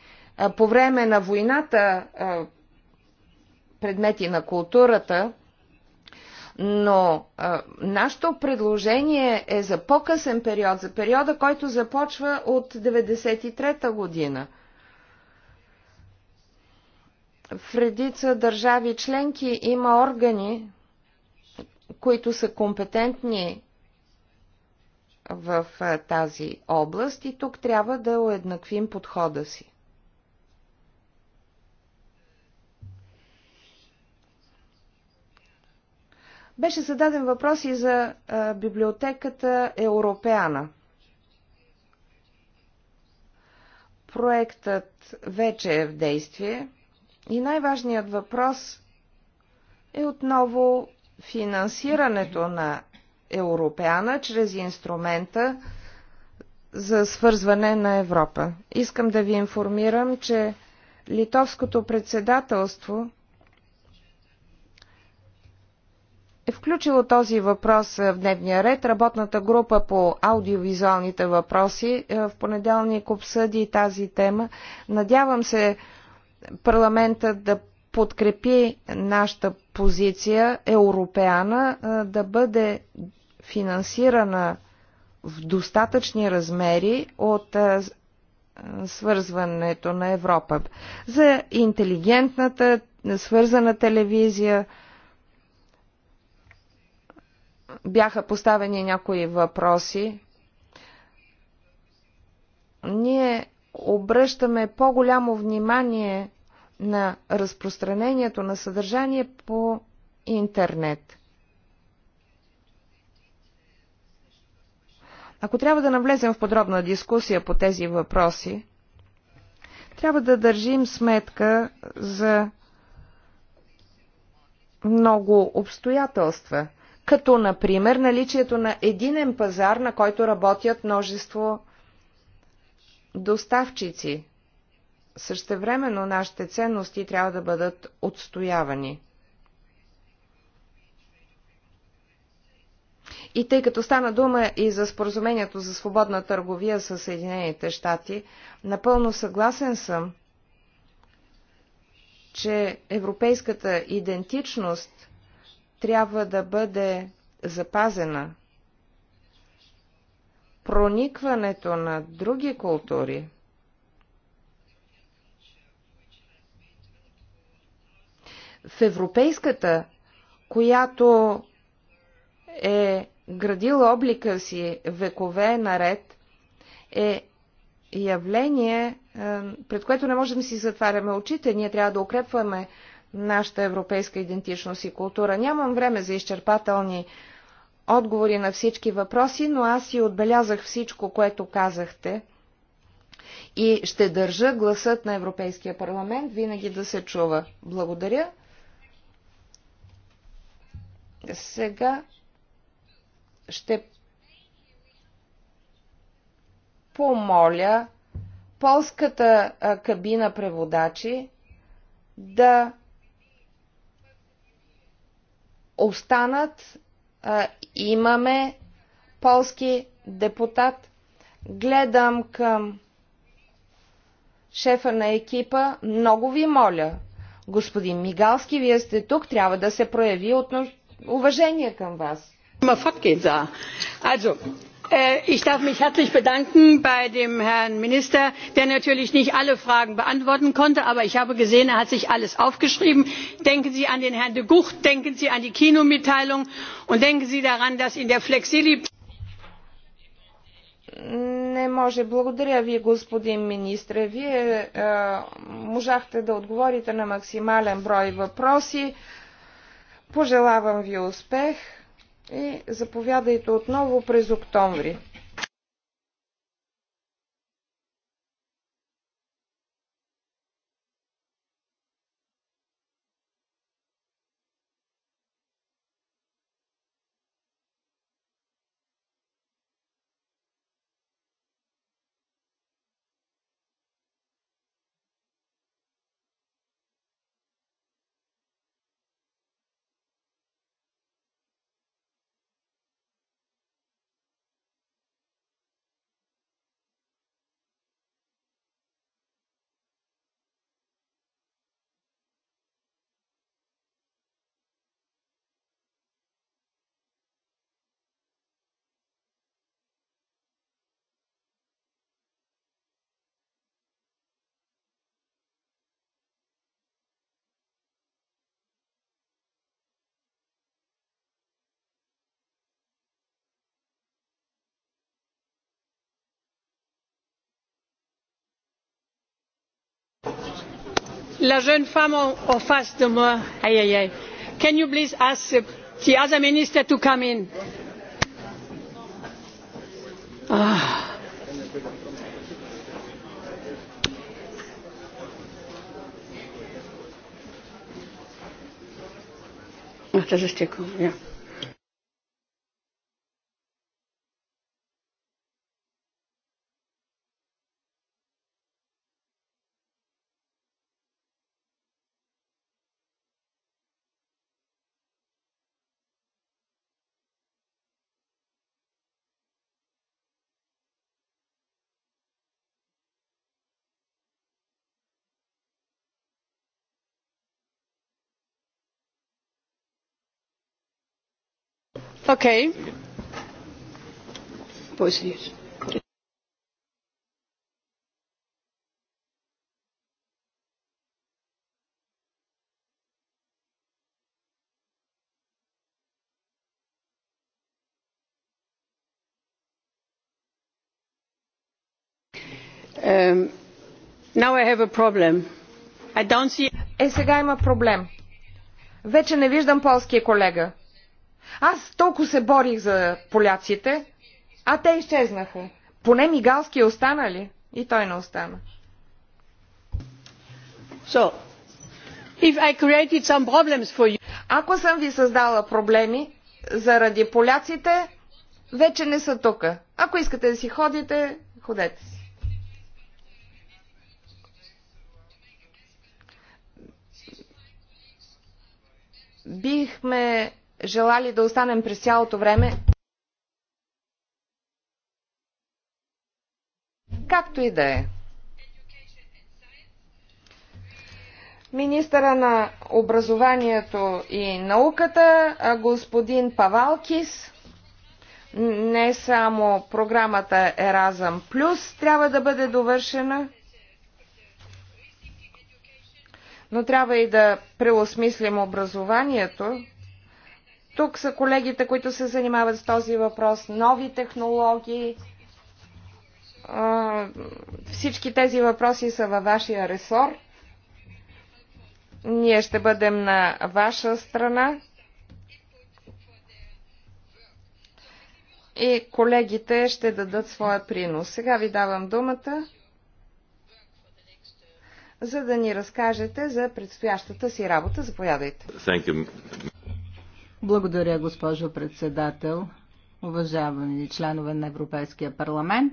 по време на войната е, предмети на културата, но а, нашето предложение е за по-късен период, за периода, който започва от 1993-та година. В редица държави членки има органи, които са компетентни в а, тази област и тук трябва да уеднаквим подхода си. Беше зададен въпрос и за библиотеката Европеана. Проектът вече е в действие и най-важният въпрос е отново финансирането на Европеана чрез инструмента за свързване на Европа. Искам да ви информирам, че литовското председателство – е включило този въпрос е, в дневния ред. Работната група по аудиовизуалните въпроси е, в понеделник обсъди тази тема. Надявам се парламента да подкрепи нашата позиция Европеана е, да бъде финансирана в достатъчни размери от свързването на Европа. За интелигентната, свързана телевизия, бяха поставени някои въпроси. Ние обръщаме по-голямо внимание на разпространението на съдържание по интернет. Ако трябва да навлезем в подробна дискусия по тези въпроси, трябва да държим сметка за много обстоятелства – като например наличието на единен пазар, на който работят множество доставчици. Същевременно нашите ценности трябва да бъдат отстоявани. И тъй като стана дума и за споразумението за свободна търговия с Съединените щати, напълно съгласен съм, че европейската идентичност трябва да бъде запазена. Проникването на други култури в европейската, която е градила облика си векове наред, е явление, е, пред което не можем да си затваряме очите. Ние трябва да укрепваме нашата европейска идентичност и култура. Нямам време за изчерпателни отговори на всички въпроси, но аз и отбелязах всичко, което казахте и ще държа гласът на Европейския парламент винаги да се чува. Благодаря. Сега ще помоля полската кабина преводачи да останат. Имаме полски депутат. Гледам към шефа на екипа. Много ви моля, господин Мигалски, вие сте тук, трябва да се прояви отнош... уважение към вас. Ма фотки, за. Also, ich darf mich herzlich bedanken bei dem herrn minister der natürlich nicht alle fragen beantworten konnte aber ich habe gesehen er hat sich alles aufgeschrieben. denken sie an den herrn de gucht denken sie an die kinomitteilung und denken sie daran dass in der flexibilität не може. Благодаря ви, господин Вие е, можахте да отговорите на максимален брой въпроси. Пожелавам ви успех. И заповядайте отново през октомври. la jeune femme en face de moi. Aïe, aïe, aïe. Can you please ask the other minister to come in? Ah. Ach, das ist der Kuh, ja. Okay. Um, Positiv. Е, сега има проблем. Вече не виждам полския колега. Аз толкова се борих за поляците, а те изчезнаха. Поне Мигалски е останали, И той не остана. So, if I created some problems for you... Ако съм ви създала проблеми заради поляците, вече не са тук. Ако искате да си ходите, ходете си. Бихме желали да останем през цялото време. Както и да е. Министъра на образованието и науката, господин Павалкис, не само програмата Еразъм Плюс трябва да бъде довършена, но трябва и да преосмислим образованието тук са колегите, които се занимават с този въпрос, нови технологии. Всички тези въпроси са във вашия ресор. Ние ще бъдем на ваша страна. И колегите ще дадат своя принос. Сега ви давам думата, за да ни разкажете за предстоящата си работа. Заповядайте. Благодаря, госпожо председател, уважавани членове на Европейския парламент.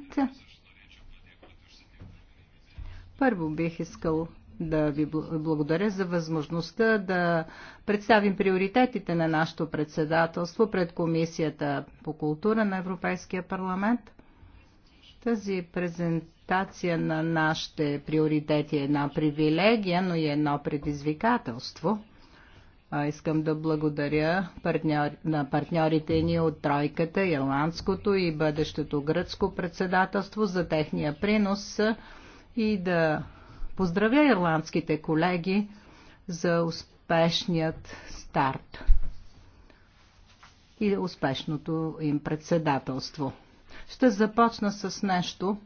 Първо бих искал да ви благодаря за възможността да представим приоритетите на нашето председателство пред Комисията по култура на Европейския парламент. Тази презентация на нашите приоритети е една привилегия, но и едно предизвикателство – а Искам да благодаря партньор, на партньорите ни от Тройката, Ирландското и бъдещето гръцко председателство за техния принос и да поздравя ирландските колеги за успешният старт и успешното им председателство. Ще започна с нещо,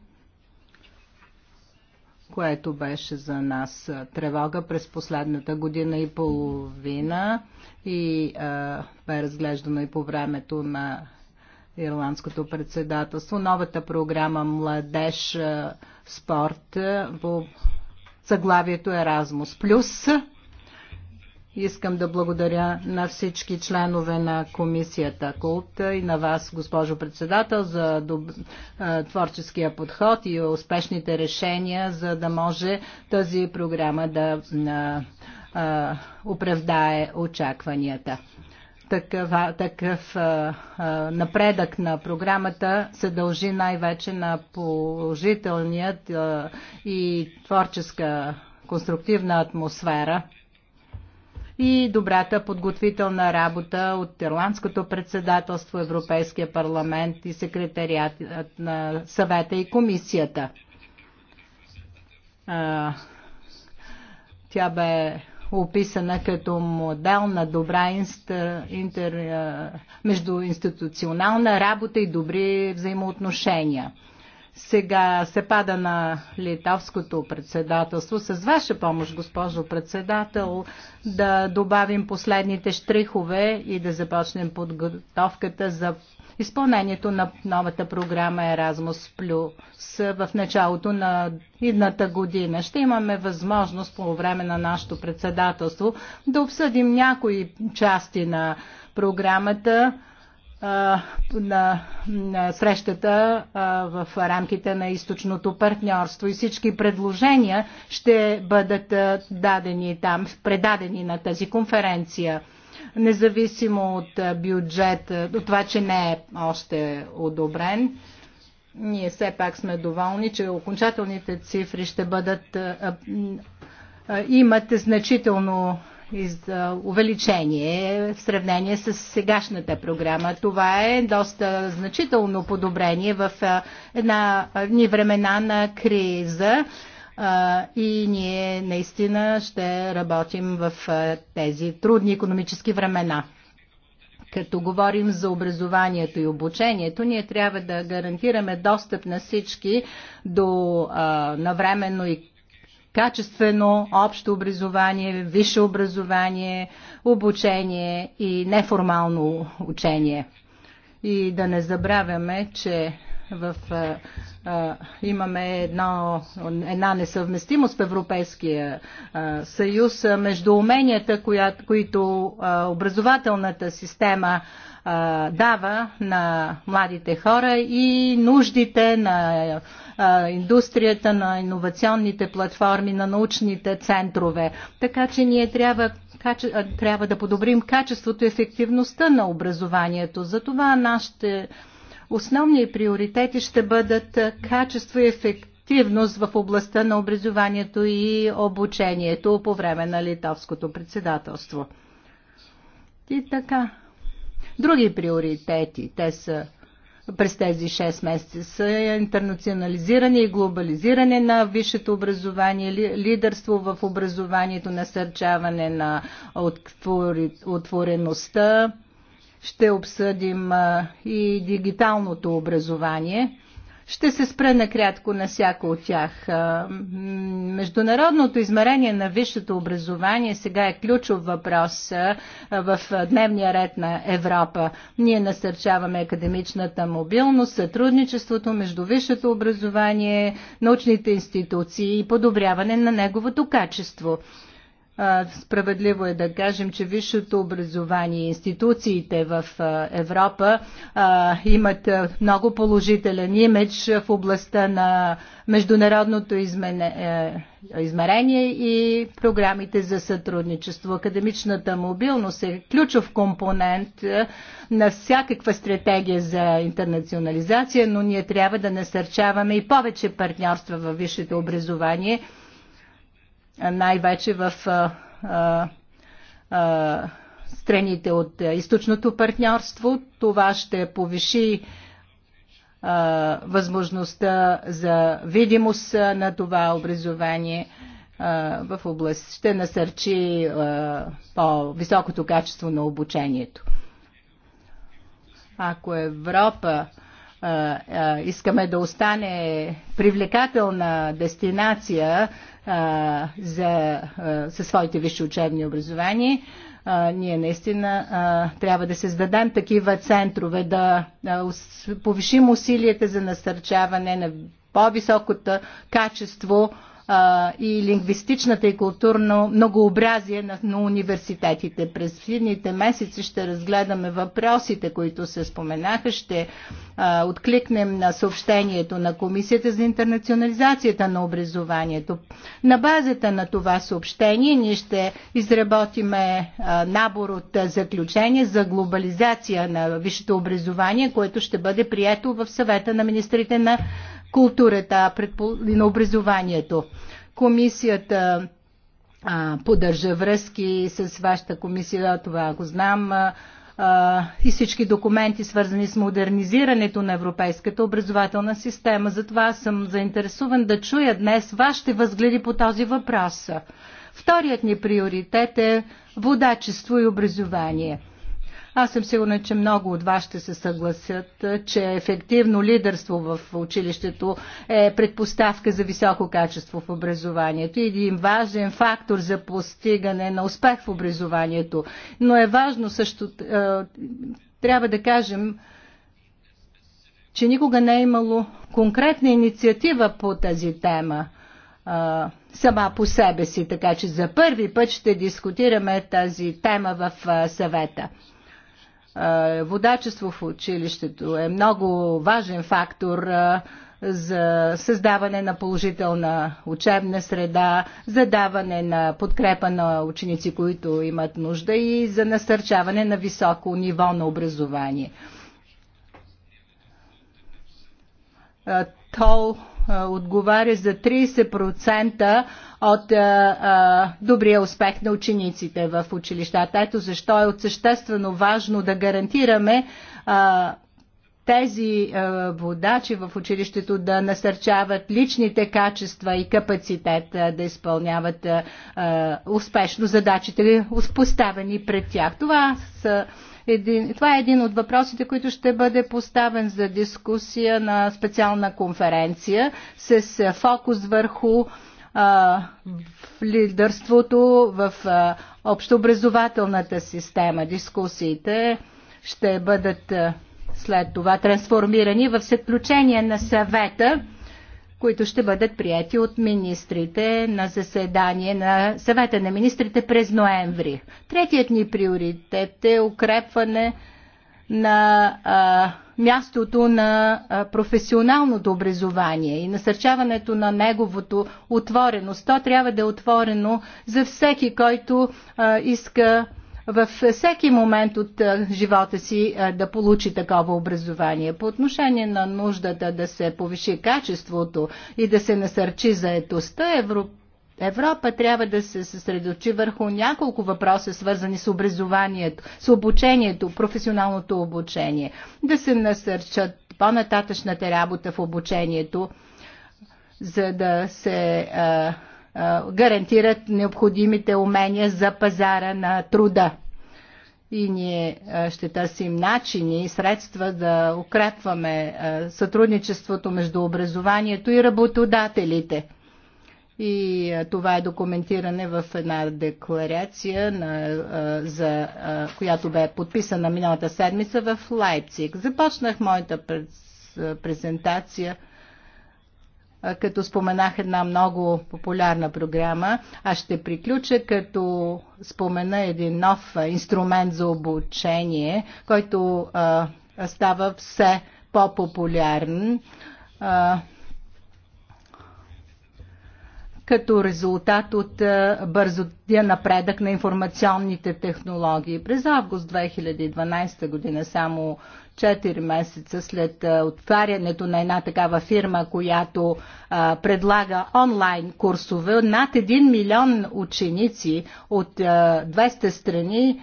което беше за нас тревога през последната година и половина и а, бе разглеждано и по времето на Ирландското председателство. Новата програма Младеж спорт по заглавието Еразмус Плюс Искам да благодаря на всички членове на комисията Култ и на вас, госпожо председател, за доб... творческия подход и успешните решения, за да може тази програма да а, оправдае очакванията. Такъв, такъв а, а, напредък на програмата се дължи най-вече на положителният а, и творческа конструктивна атмосфера и добрата подготвителна работа от Ирландското председателство, Европейския парламент и секретарият на съвета и комисията. Тя бе описана като модел на добра интер, междуинституционална работа и добри взаимоотношения сега се пада на литовското председателство. С ваша помощ, госпожо председател, да добавим последните штрихове и да започнем подготовката за изпълнението на новата програма Erasmus Plus в началото на идната година. Ще имаме възможност по време на нашето председателство да обсъдим някои части на програмата, на, на срещата а, в рамките на източното партньорство и всички предложения ще бъдат дадени там, предадени на тази конференция. Независимо от бюджет, от това, че не е още одобрен, ние все пак сме доволни, че окончателните цифри ще бъдат имат значително увеличение в сравнение с сегашната програма. Това е доста значително подобрение в една ни времена на криза и ние наистина ще работим в тези трудни економически времена. Като говорим за образованието и обучението, ние трябва да гарантираме достъп на всички до а, навременно и качествено общо образование, висше образование, обучение и неформално учение. И да не забравяме, че в, а, а, имаме едно, една несъвместимост в Европейския а, съюз а, между уменията, коя, които а, образователната система а, дава на младите хора и нуждите на а, а, индустрията, на иновационните платформи, на научните центрове. Така че ние трябва, каче, трябва да подобрим качеството и ефективността на образованието. Затова нашите основни приоритети ще бъдат качество и ефективност активност в областта на образованието и обучението по време на литовското председателство. И така. Други приоритети, те са през тези 6 месеца са интернационализиране и глобализиране на висшето образование, лидерство в образованието, насърчаване на отвореността. Ще обсъдим и дигиталното образование. Ще се спра накратко на всяко от тях. Международното измерение на висшето образование сега е ключов въпрос в дневния ред на Европа. Ние насърчаваме академичната мобилност, сътрудничеството между висшето образование, научните институции и подобряване на неговото качество. Справедливо е да кажем, че висшето образование и институциите в Европа имат много положителен имидж в областта на международното е, измерение и програмите за сътрудничество. Академичната мобилност е ключов компонент е, на всякаква стратегия за интернационализация, но ние трябва да насърчаваме и повече партньорства във висшето образование – най-вече в а, а, страните от източното партньорство. Това ще повиши а, възможността за видимост на това образование в област. Ще насърчи по-високото качество на обучението. Ако Европа а, искаме да остане привлекателна дестинация за, а, със своите висши учебни образования. А, ние наистина а, трябва да създадем такива центрове, да а, повишим усилията за насърчаване на по-високото качество а, и лингвистичната и културно многообразие на, на университетите. През следните месеци ще разгледаме въпросите, които се споменаха. Ще а, откликнем на съобщението на Комисията за интернационализацията на образованието. На базата на това съобщение ние ще изработиме а, набор от заключения за глобализация на висшето образование, което ще бъде прието в съвета на министрите на културата и на образованието. Комисията а, поддържа връзки с вашата комисия, това го знам, а, а, и всички документи, свързани с модернизирането на европейската образователна система. Затова съм заинтересуван да чуя днес вашите възгледи по този въпрос. Вторият ни приоритет е водачество и образование – аз съм сигурна, че много от вас ще се съгласят, че ефективно лидерство в училището е предпоставка за високо качество в образованието и един важен фактор за постигане на успех в образованието. Но е важно също, трябва да кажем, че никога не е имало конкретна инициатива по тази тема сама по себе си, така че за първи път ще дискутираме тази тема в съвета водачество в училището е много важен фактор за създаване на положителна учебна среда, за даване на подкрепа на ученици, които имат нужда и за насърчаване на високо ниво на образование. Тол е, отговаря за 30% от а, е, а, е, добрия успех на учениците в училищата. Ето защо е от съществено важно да гарантираме а, тези а, водачи в училището да насърчават личните качества и капацитет а, да изпълняват а, успешно задачите, поставени пред тях. Това са един, това е един от въпросите, които ще бъде поставен за дискусия на специална конференция с фокус върху а, в лидерството в а, общообразователната система. Дискусиите ще бъдат а, след това трансформирани в заключение на съвета които ще бъдат прияти от министрите на заседание на съвета на министрите през ноември. Третият ни приоритет е укрепване на а, мястото на а, професионалното образование и насърчаването на неговото отвореност. То трябва да е отворено за всеки, който а, иска във всеки момент от живота си да получи такова образование. По отношение на нуждата да се повиши качеството и да се насърчи заетостта, Европа Европа трябва да се съсредочи върху няколко въпроса, свързани с образованието, с обучението, професионалното обучение, да се насърчат по-нататъчната работа в обучението, за да се а, гарантират необходимите умения за пазара на труда. И ние ще търсим начини и средства да укрепваме сътрудничеството между образованието и работодателите. И това е документиране в една декларация, на, за, която бе подписана миналата седмица в Лайпциг. Започнах моята презентация като споменах една много популярна програма. Аз ще приключа като спомена един нов инструмент за обучение, който а, става все по-популярен като резултат от бързотия напредък на информационните технологии. През август 2012 година само 4 месеца след отварянето на една такава фирма, която предлага онлайн курсове, над 1 милион ученици от 200 страни,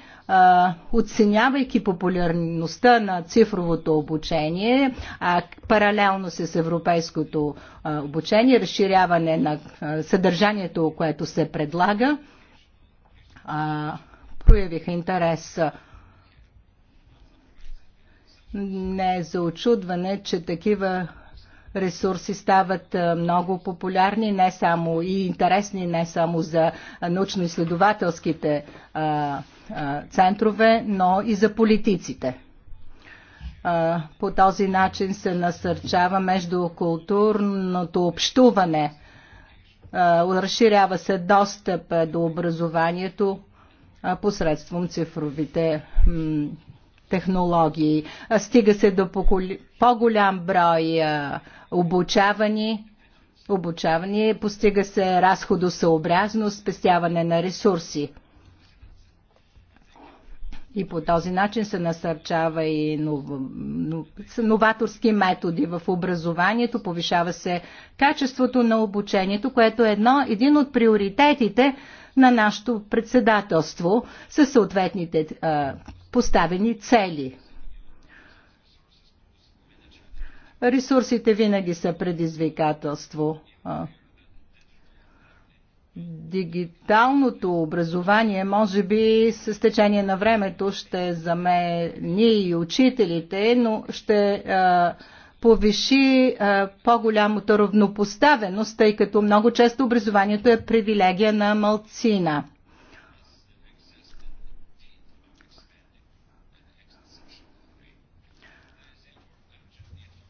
оценявайки популярността на цифровото обучение, а паралелно с европейското обучение, разширяване на съдържанието, което се предлага, проявиха интерес не е за очудване, че такива ресурси стават много популярни не само и интересни не само за научно-изследователските центрове, но и за политиците. По този начин се насърчава междукултурното общуване, разширява се достъп до образованието посредством цифровите технологии. Стига се до по-голям брой обучавани, обучавани, постига се разходосъобразно спестяване на ресурси. И по този начин се насърчава и нов... новаторски методи в образованието, повишава се качеството на обучението, което е едно, един от приоритетите на нашето председателство със съответните а, поставени цели. Ресурсите винаги са предизвикателство. Дигиталното образование, може би с течение на времето ще замени и учителите, но ще повиши по-голямата равнопоставеност, тъй като много често образованието е привилегия на малцина.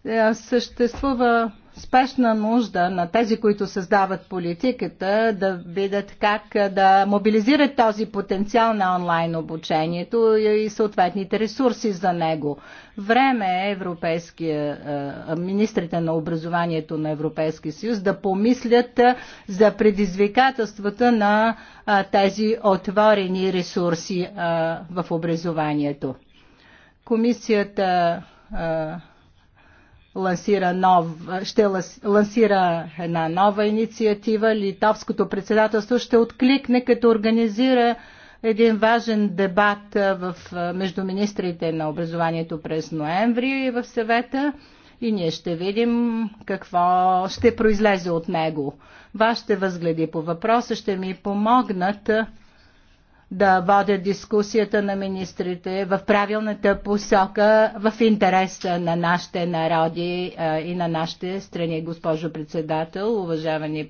Е, съществува спешна нужда на тези, които създават политиката, да видят как е, да мобилизират този потенциал на онлайн обучението и съответните ресурси за него. Време е европейския, е, министрите на образованието на Европейския съюз да помислят за предизвикателствата на тези отворени ресурси в образованието. Комисията лансира нов, ще лансира една нова инициатива. Литовското председателство ще откликне, като организира един важен дебат в, между министрите на образованието през ноември и в съвета и ние ще видим какво ще произлезе от него. Вашите възгледи по въпроса ще ми помогнат да водя дискусията на министрите в правилната посока в интерес на нашите народи и на нашите страни. Госпожо председател, уважавани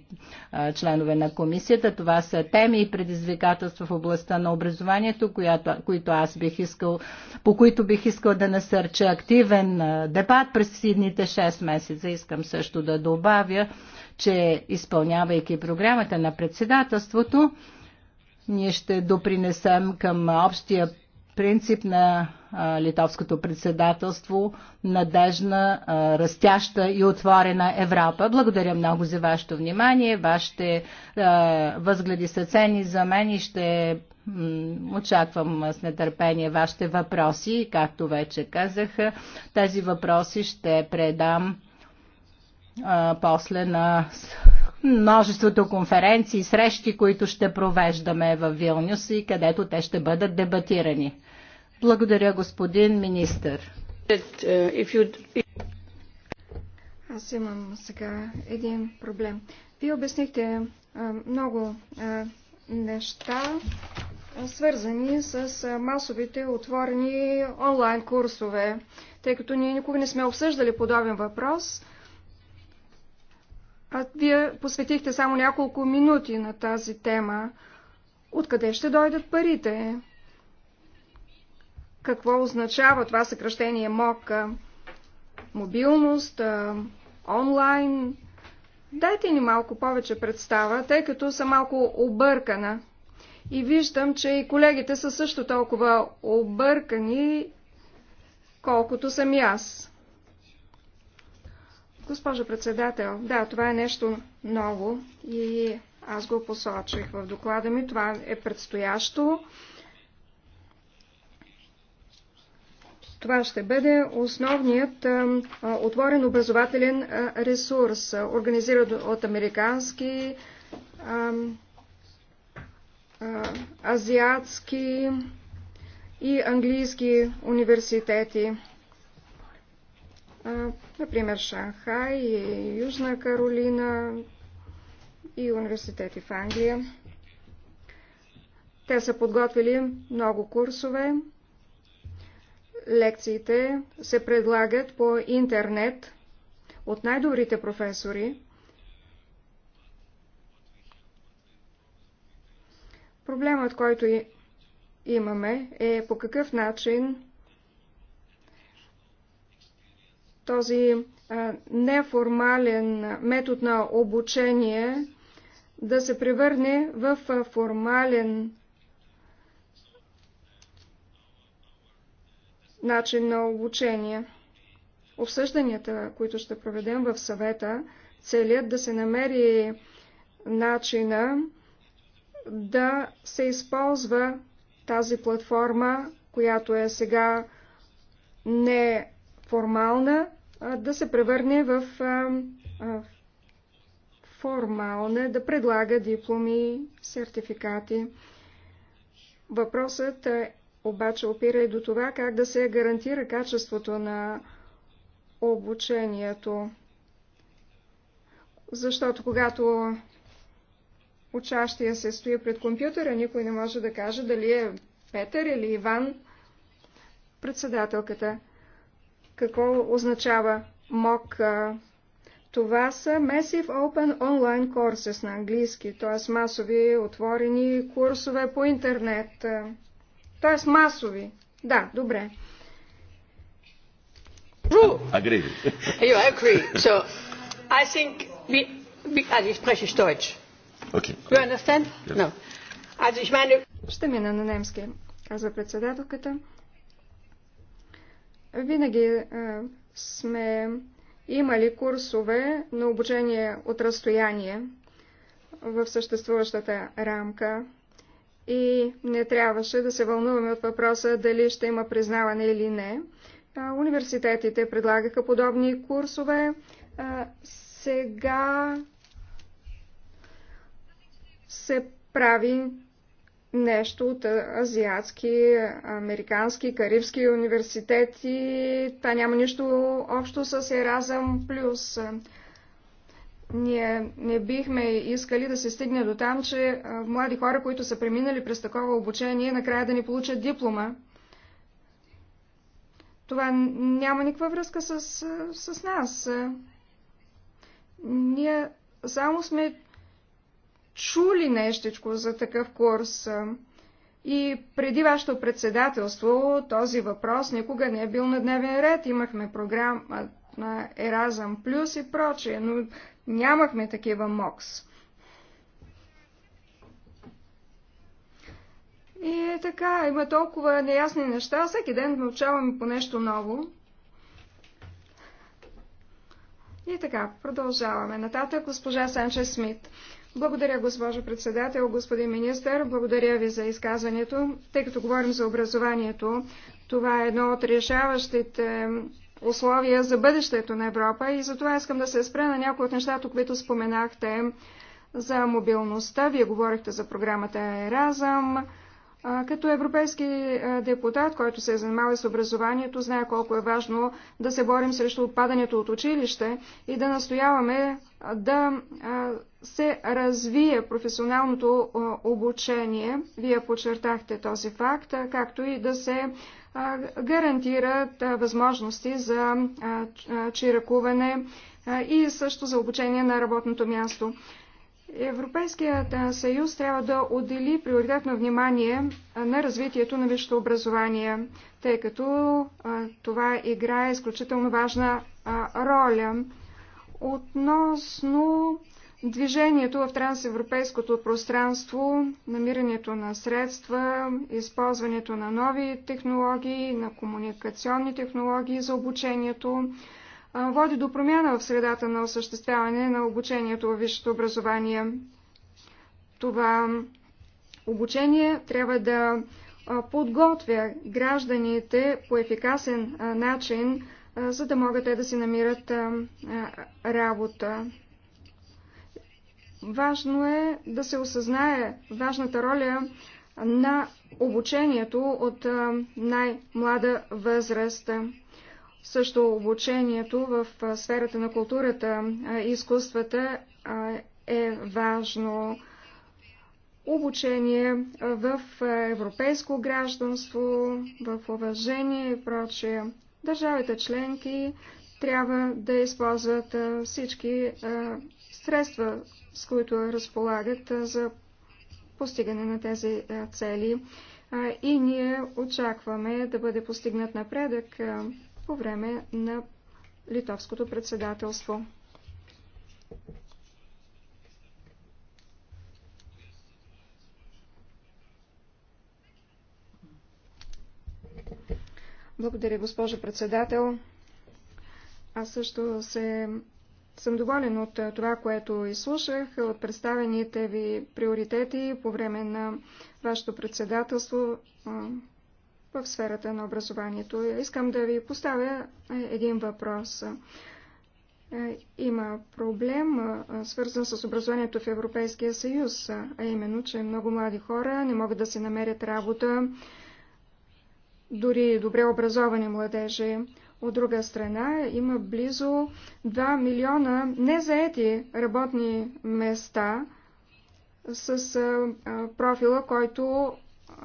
членове на комисията, това са теми и предизвикателства в областта на образованието, която, които аз бих искал, по които бих искал да насърча активен дебат през следните 6 месеца. Искам също да добавя, че изпълнявайки програмата на председателството, ние ще допринесем към общия принцип на литовското председателство надежна, растяща и отворена Европа. Благодаря много за вашето внимание. Вашите възгледи са цени за мен и ще очаквам с нетърпение вашите въпроси. Както вече казах, тези въпроси ще предам после на множеството конференции, срещи, които ще провеждаме в Вилнюс и където те ще бъдат дебатирани. Благодаря, господин министър. Аз имам сега един проблем. Вие обяснихте много неща, свързани с масовите отворени онлайн курсове, тъй като ние никога не сме обсъждали подобен въпрос. А вие посветихте само няколко минути на тази тема. Откъде ще дойдат парите? Какво означава това съкръщение МОК? Мобилност, онлайн? Дайте ни малко повече представа, тъй като съм малко объркана. И виждам, че и колегите са също толкова объркани, колкото съм и аз. Госпожо председател, да, това е нещо ново и аз го посочих в доклада ми. Това е предстоящо. Това ще бъде основният а, отворен образователен а, ресурс, организиран от американски, а, а, азиатски и английски университети например Шанхай и Южна Каролина и университети в Англия. Те са подготвили много курсове. Лекциите се предлагат по интернет от най-добрите професори. Проблемът, който имаме е по какъв начин този неформален метод на обучение да се превърне в формален начин на обучение. Обсъжданията, които ще проведем в съвета, целят да се намери начина да се използва тази платформа, която е сега неформална, да се превърне в формална, да предлага дипломи, сертификати. Въпросът е, обаче опира и до това как да се гарантира качеството на обучението. Защото когато учащия се стои пред компютъра, никой не може да каже дали е Петър или Иван, председателката. Какво означава МОК? Това са Massive Open Online Courses на английски, т.е. масови отворени курсове по интернет. Т.е. масови. Да, добре. Agree. You agree. So, I think we, we, also ich spreche Deutsch. Okay. You understand? Yes. No. Also ich meine... Ще мина на немски, казва председателката. Винаги е, сме имали курсове на обучение от разстояние в съществуващата рамка и не трябваше да се вълнуваме от въпроса дали ще има признаване или не. Е, университетите предлагаха подобни курсове. Е, сега се прави нещо от азиатски, американски, карибски университети. Та няма нищо общо с Еразъм Плюс. Ние не бихме искали да се стигне до там, че млади хора, които са преминали през такова обучение, накрая да не получат диплома. Това няма никаква връзка с, с нас. Ние само сме чули нещичко за такъв курс. И преди вашето председателство този въпрос никога не е бил на дневен ред. Имахме програма на Еразъм Плюс и прочее, но нямахме такива МОКС. И е така, има толкова неясни неща, всеки ден научаваме по нещо ново. И така, продължаваме. Нататък госпожа Санчес Смит. Благодаря, госпожо председател, господин министър. Благодаря ви за изказването. Тъй като говорим за образованието, това е едно от решаващите условия за бъдещето на Европа и затова искам да се спра на някои от нещата, които споменахте за мобилността. Вие говорихте за програмата Еразъм, като европейски е, депутат, който се е занимава с образованието, знае колко е важно да се борим срещу отпадането от училище и да настояваме е, да е, се развие професионалното обучение. Вие подчертахте този факт, както и да се гарантират възможности за чиракуване и също за обучение на работното място. Европейският съюз трябва да отдели приоритетно внимание на развитието на висшето образование, тъй като това играе изключително важна роля. Относно движението в трансевропейското пространство, намирането на средства, използването на нови технологии, на комуникационни технологии за обучението, води до промяна в средата на осъществяване на обучението в висшето образование. Това обучение трябва да подготвя гражданите по ефикасен начин, за да могат те да си намират работа. Важно е да се осъзнае важната роля на обучението от най-млада възраст. Също обучението в сферата на културата и изкуствата е важно. Обучение в европейско гражданство, в уважение и прочее. Държавите членки трябва да използват всички средства, с които разполагат за постигане на тези цели. И ние очакваме да бъде постигнат напредък по време на литовското председателство. Благодаря, госпожо председател. Аз също се... съм доволен от това, което изслушах, от представените ви приоритети по време на вашето председателство в сферата на образованието. Искам да ви поставя е, един въпрос. Е, има проблем, е, свързан с образованието в Европейския съюз, а именно, че много млади хора не могат да се намерят работа, дори добре образовани младежи. От друга страна, има близо 2 милиона незаети работни места с профила, който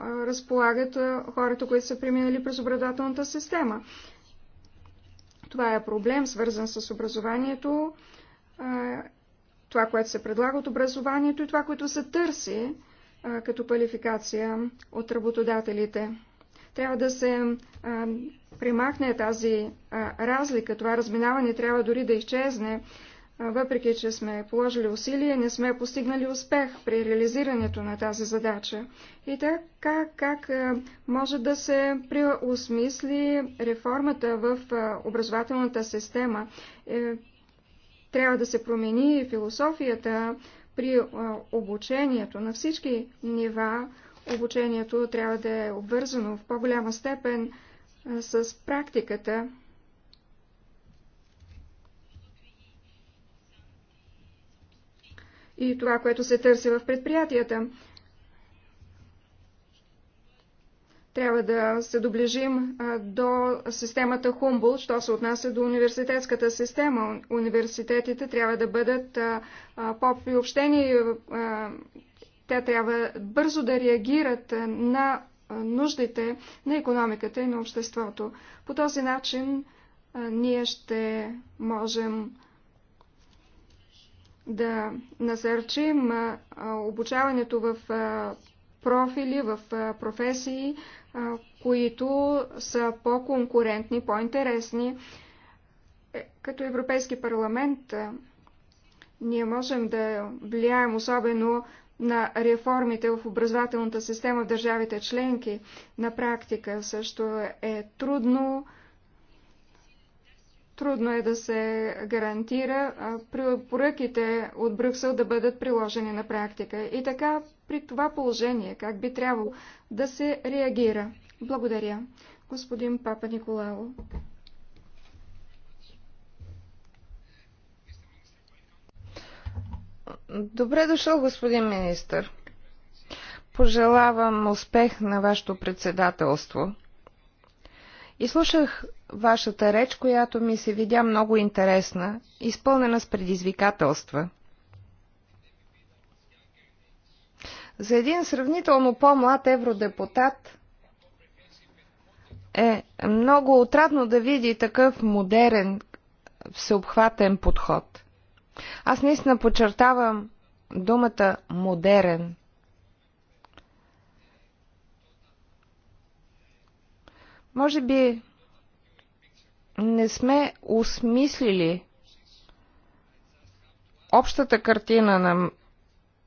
разполагат хората, които са преминали през образователната система. Това е проблем, свързан с образованието, това, което се предлага от образованието и това, което се търси като квалификация от работодателите. Трябва да се примахне тази разлика, това разминаване трябва дори да изчезне, въпреки, че сме положили усилия, не сме постигнали успех при реализирането на тази задача. И така, как може да се преосмисли реформата в образователната система? Е, трябва да се промени философията при обучението на всички нива. Обучението трябва да е обвързано в по-голяма степен с практиката и това, което се търси в предприятията. Трябва да се доближим до системата Хумбул, що се отнася до университетската система. Университетите трябва да бъдат по-приобщени, те трябва бързо да реагират на нуждите на економиката и на обществото. По този начин ние ще можем да насърчим обучаването в профили, в професии, които са по-конкурентни, по-интересни. Е, като Европейски парламент ние можем да влияем особено на реформите в образователната система в държавите членки. На практика също е трудно Трудно е да се гарантира поръките от Брюксел да бъдат приложени на практика. И така, при това положение, как би трябвало да се реагира? Благодаря. Господин Папа Николао. Добре дошъл, господин министр. Пожелавам успех на вашето председателство. И слушах вашата реч, която ми се видя много интересна, изпълнена с предизвикателства. За един сравнително по-млад евродепутат е много отрадно да види такъв модерен, всеобхватен подход. Аз наистина подчертавам думата модерен – Може би не сме осмислили общата картина на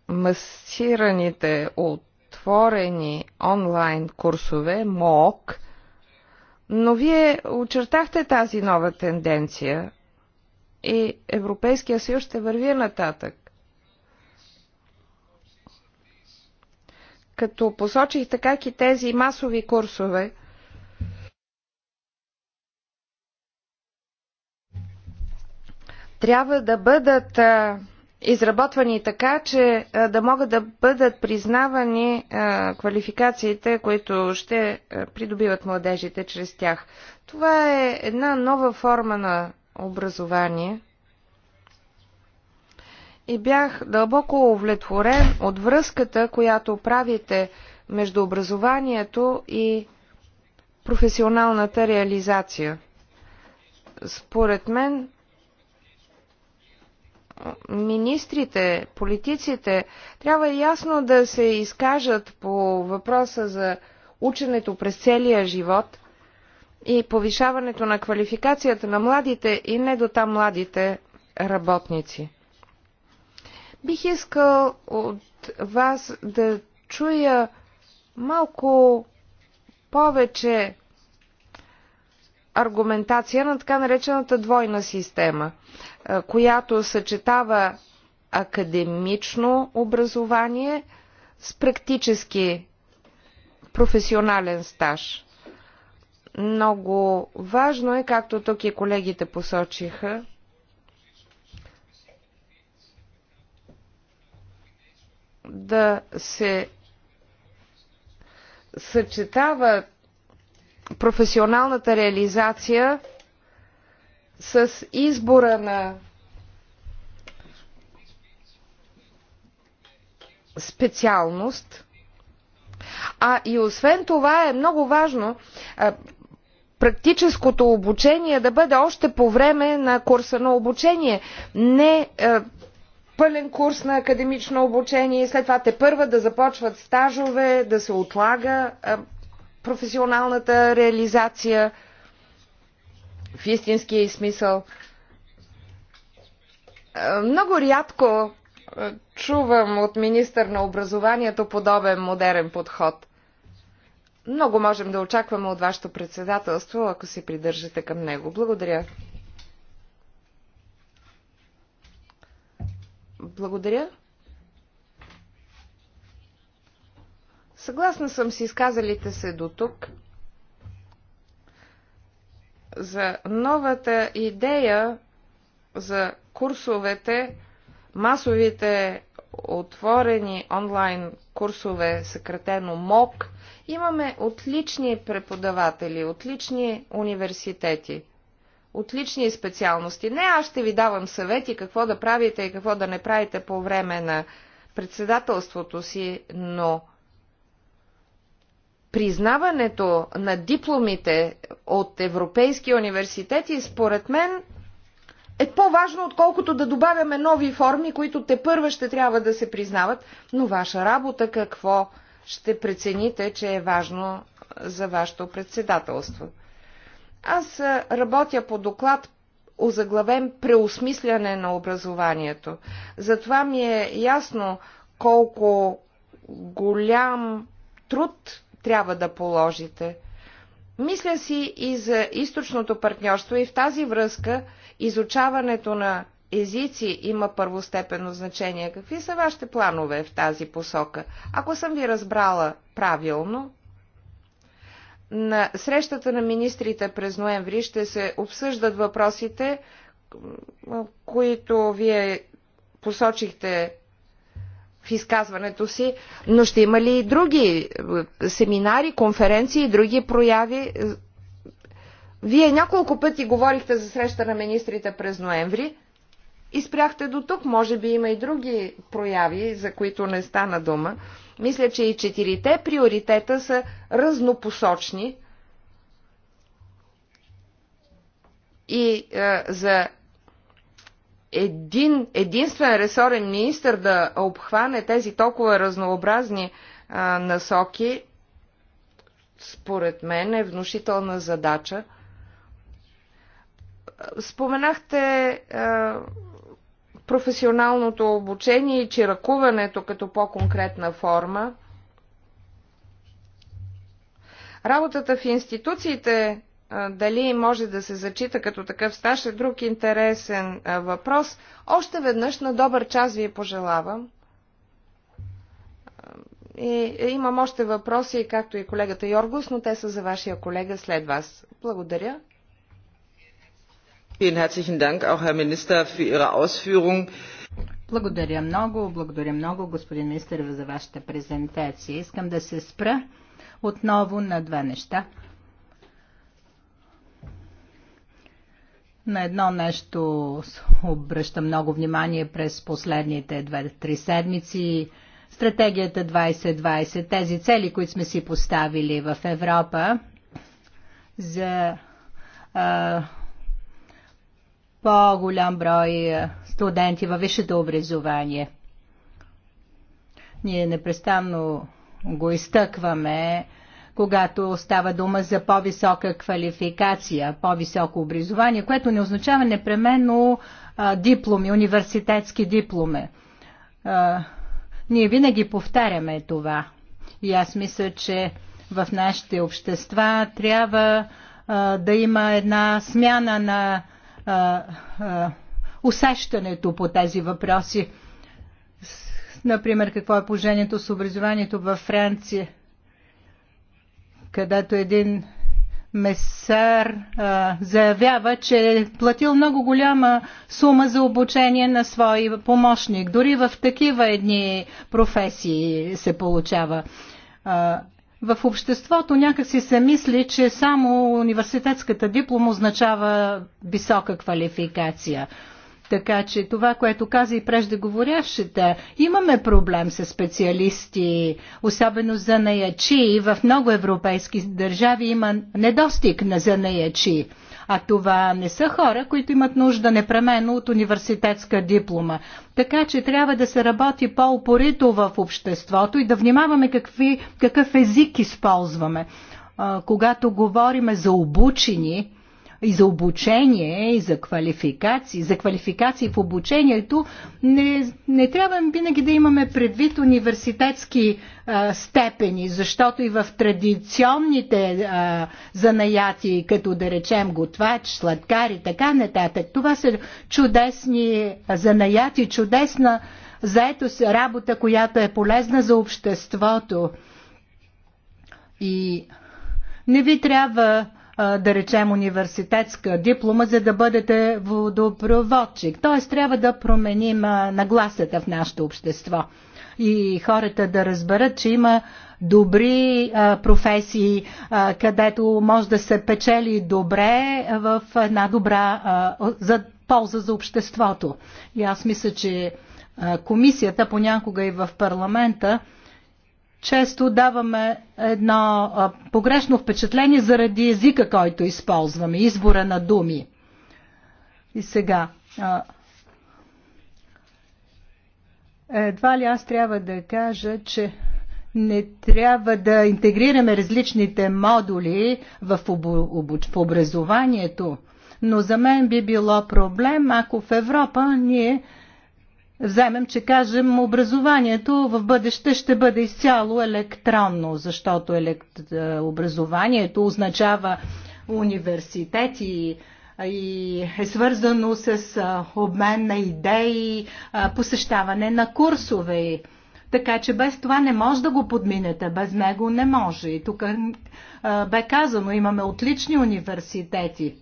масираните отворени онлайн курсове, МООК, но вие очертахте тази нова тенденция и Европейския съюз ще върви нататък. Като посочих така и тези масови курсове – трябва да бъдат изработвани така, че да могат да бъдат признавани квалификациите, които ще придобиват младежите чрез тях. Това е една нова форма на образование. И бях дълбоко увлетворен от връзката, която правите между образованието и професионалната реализация. Според мен министрите, политиците трябва ясно да се изкажат по въпроса за ученето през целия живот и повишаването на квалификацията на младите и не до там младите работници. Бих искал от вас да чуя малко повече аргументация на така наречената двойна система, е, която съчетава академично образование с практически професионален стаж. Много важно е, както тук и колегите посочиха, да се съчетават професионалната реализация с избора на специалност. А и освен това е много важно практическото обучение да бъде още по време на курса на обучение. Не пълен курс на академично обучение и след това те първа да започват стажове, да се отлага професионалната реализация в истинския смисъл. Е, много рядко е, чувам от министър на образованието подобен модерен подход. Много можем да очакваме от вашето председателство, ако се придържате към него. Благодаря. Благодаря. Съгласна съм с изказалите се до тук за новата идея за курсовете, масовите отворени онлайн курсове, съкратено МОК, имаме отлични преподаватели, отлични университети, отлични специалности. Не, аз ще ви давам съвети какво да правите и какво да не правите по време на председателството си, но признаването на дипломите от европейски университети, според мен, е по-важно, отколкото да добавяме нови форми, които те първа ще трябва да се признават. Но ваша работа какво ще прецените, че е важно за вашето председателство? Аз работя по доклад озаглавен преосмисляне на образованието. Затова ми е ясно колко голям труд трябва да положите. Мисля си и за източното партньорство и в тази връзка изучаването на езици има първостепенно значение. Какви са вашите планове в тази посока? Ако съм ви разбрала правилно, на срещата на министрите през ноември ще се обсъждат въпросите, които вие посочихте в изказването си, но ще има ли и други е, семинари, конференции и други прояви? Вие няколко пъти говорихте за среща на министрите през ноември и спряхте до тук. Може би има и други прояви, за които не стана дума. Мисля, че и четирите приоритета са разнопосочни и е, за един единствен ресорен министр да обхване тези толкова разнообразни а, насоки, според мен е внушителна задача. Споменахте а, професионалното обучение и чиракуването като по-конкретна форма. Работата в институциите дали може да се зачита като такъв стаж е друг интересен въпрос. Още веднъж на добър час ви пожелавам. И, е, имам още въпроси, както и колегата Йоргус, но те са за вашия колега след вас. Благодаря. Благодаря много, благодаря много, господин министър, за вашата презентация. Искам да се спра отново на два неща. На едно нещо обръща много внимание през последните 2-3 седмици. Стратегията 2020, тези цели, които сме си поставили в Европа за по-голям брой студенти във висшето образование. Ние непрестанно го изтъкваме когато става дума за по-висока квалификация, по-високо образование, което не означава непременно а, дипломи, университетски дипломи. А, ние винаги повтаряме това. И аз мисля, че в нашите общества трябва а, да има една смяна на а, а, усещането по тези въпроси. Например, какво е положението с образованието във Франция? където един месар а, заявява, че е платил много голяма сума за обучение на свой помощник. Дори в такива едни професии се получава. А, в обществото някак си се мисли, че само университетската диплома означава висока квалификация. Така че това, което каза и преждеговорящите, имаме проблем с специалисти, особено за наячи. В много европейски държави има недостиг на занаячи. А това не са хора, които имат нужда непременно от университетска диплома. Така че трябва да се работи по-упорито в обществото и да внимаваме какви, какъв език използваме. А, когато говориме за обучени, и за обучение, и за квалификации, за квалификации в обучението, не, не трябва винаги да имаме предвид университетски а, степени, защото и в традиционните а, занаяти, като да речем готвач, сладкар и така нататък, това са чудесни занаяти, чудесна заетост, работа, която е полезна за обществото. И не ви трябва да речем, университетска диплома, за да бъдете водопроводчик. Т.е. трябва да променим нагласата в нашето общество и хората да разберат, че има добри а, професии, а, където може да се печели добре в една добра а, за полза за обществото. И аз мисля, че а, комисията понякога и в парламента често даваме едно погрешно впечатление заради езика, който използваме, избора на думи. И сега. Едва ли аз трябва да кажа, че не трябва да интегрираме различните модули в, обо, в образованието, но за мен би било проблем, ако в Европа ние вземем, че кажем, образованието в бъдеще ще бъде изцяло електронно, защото елект... Е, образованието означава университети и е свързано с обмен на идеи, посещаване на курсове. Така че без това не може да го подминете, без него не може. И тук бе казано, имаме отлични университети.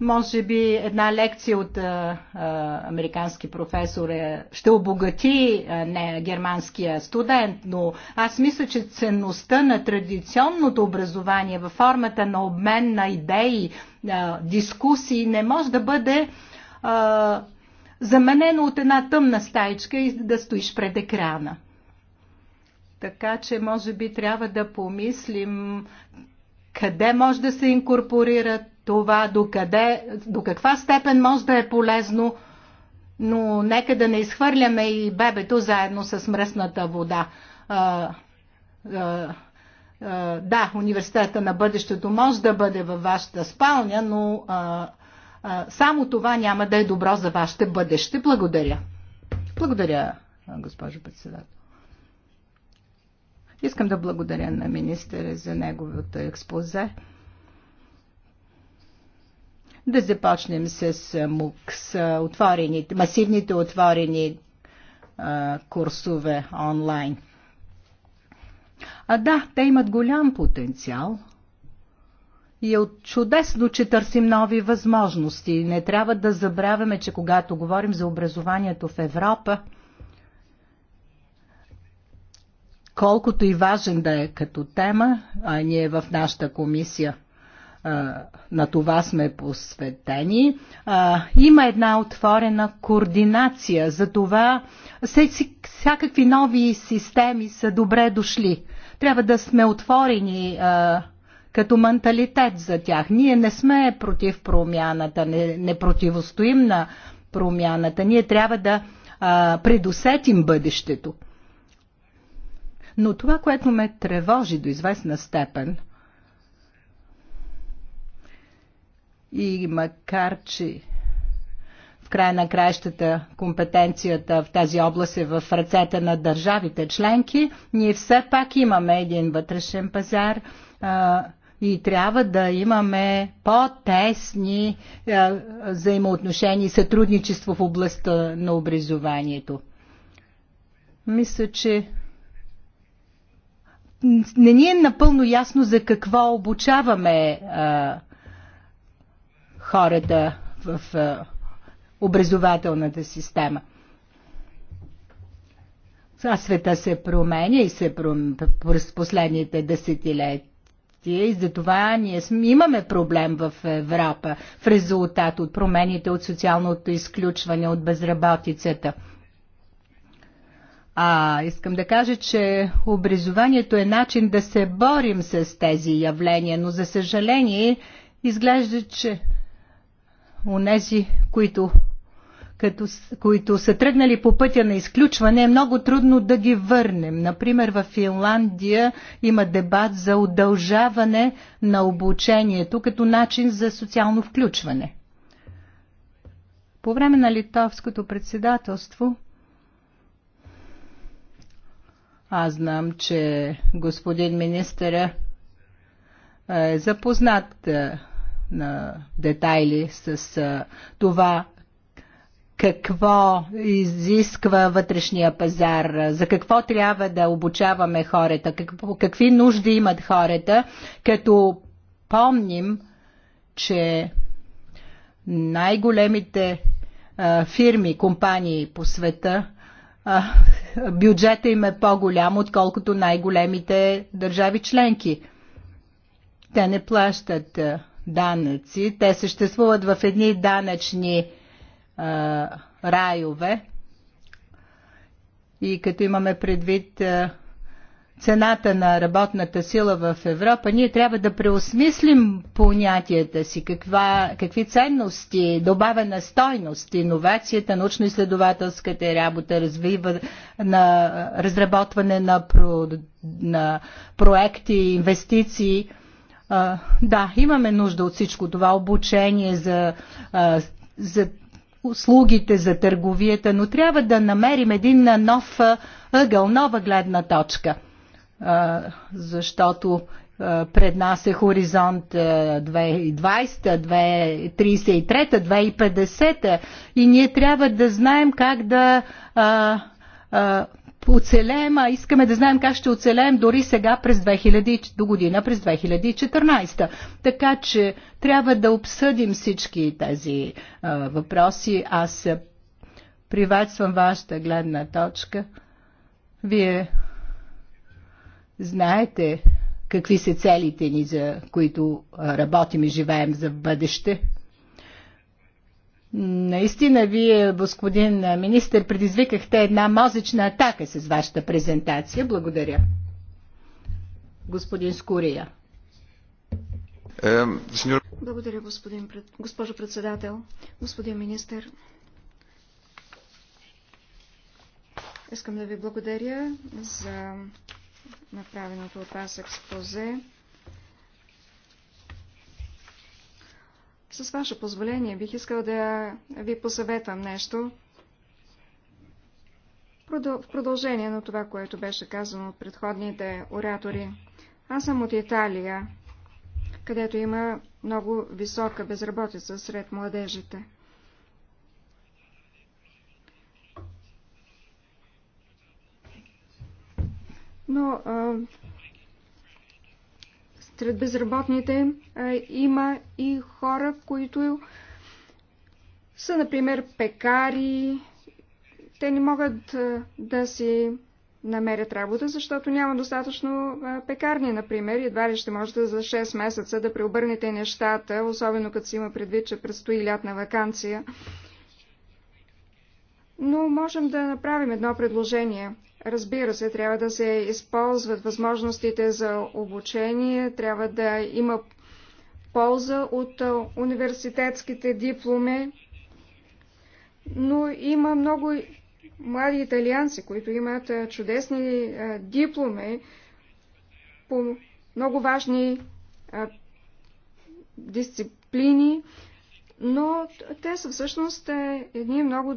Може би една лекция от а, а, американски професор е, ще обогати а, не, германския студент, но аз мисля, че ценността на традиционното образование във формата на обмен на идеи, а, дискусии не може да бъде а, заменено от една тъмна стаичка и да стоиш пред екрана. Така че може би трябва да помислим къде може да се инкорпорират това докъде, до каква степен може да е полезно, но нека да не изхвърляме и бебето заедно с мръсната вода. А, а, а, да, университета на бъдещето може да бъде във вашата спалня, но а, а, само това няма да е добро за вашето бъдеще. Благодаря. Благодаря, госпожо председател. Искам да благодаря на министъра за неговото експозе да започнем с МУКС, отворените, масивните отворени а, курсове онлайн. А да, те имат голям потенциал. И е чудесно, че търсим нови възможности. Не трябва да забравяме, че когато говорим за образованието в Европа, колкото и важен да е като тема, а ние в нашата комисия – на това сме посветени. Има една отворена координация, за това всякакви нови системи са добре дошли. Трябва да сме отворени като менталитет за тях. Ние не сме против промяната, не, не противостоим на промяната. Ние трябва да а, предусетим бъдещето. Но това, което ме тревожи до известна степен, И макар, че в края на краищата компетенцията в тази област е в ръцете на държавите членки, ние все пак имаме един вътрешен пазар а, и трябва да имаме по-тесни взаимоотношения и сътрудничество в областта на образованието. Мисля, че не ни е напълно ясно за какво обучаваме а, хората в образователната система. Сега света се променя и се през последните десетилетия и затова ние имаме проблем в Европа в резултат от промените от социалното изключване, от безработицата. А, искам да кажа, че образованието е начин да се борим с тези явления, но за съжаление изглежда, че онези, които, като, които са тръгнали по пътя на изключване, е много трудно да ги върнем. Например, в Финландия има дебат за удължаване на обучението като начин за социално включване. По време на литовското председателство аз знам, че господин министъра е запознат е, на детайли с това какво изисква вътрешния пазар, за какво трябва да обучаваме хората, какво, какви нужди имат хората, като помним, че най-големите фирми, компании по света, а, бюджета им е по-голям, отколкото най-големите държави членки. Те не плащат данъци. Те съществуват в едни данъчни а, райове. И като имаме предвид а, цената на работната сила в Европа, ние трябва да преосмислим понятията си, каква, какви ценности, добавена стойност, иновацията, научно-изследователската работа, развива, на, разработване на, про, на проекти, инвестиции – да, имаме нужда от всичко това обучение за, а, за услугите, за търговията, но трябва да намерим един нов ъгъл, нова гледна точка. А, защото пред нас е хоризонт 2020, 2033, 2050 и ние трябва да знаем как да а, оцелеем, а искаме да знаем как ще оцелеем дори сега през 2000, до година, през 2014. Така че трябва да обсъдим всички тези а, въпроси. Аз приветствам вашата гледна точка. Вие знаете какви са целите ни, за които работим и живеем за бъдеще. Наистина, вие, господин министр, предизвикахте една мозъчна атака с вашата презентация. Благодаря. Господин Скурия. Благодаря, господин, госпожо председател. Господин министр, искам да ви благодаря за направеното от вас експозе. С ваше позволение бих искал да ви посъветвам нещо. В продължение на това, което беше казано от предходните оратори. Аз съм от Италия, където има много висока безработица сред младежите. Но сред безработните има и хора, които са, например, пекари. Те не могат да си намерят работа, защото няма достатъчно пекарни, например. Едва ли ще можете за 6 месеца да преобърнете нещата, особено като си има предвид, че предстои лятна вакансия но можем да направим едно предложение. Разбира се, трябва да се използват възможностите за обучение, трябва да има полза от университетските дипломи, но има много млади италианци, които имат чудесни дипломи по много важни дисциплини, но те са всъщност едни много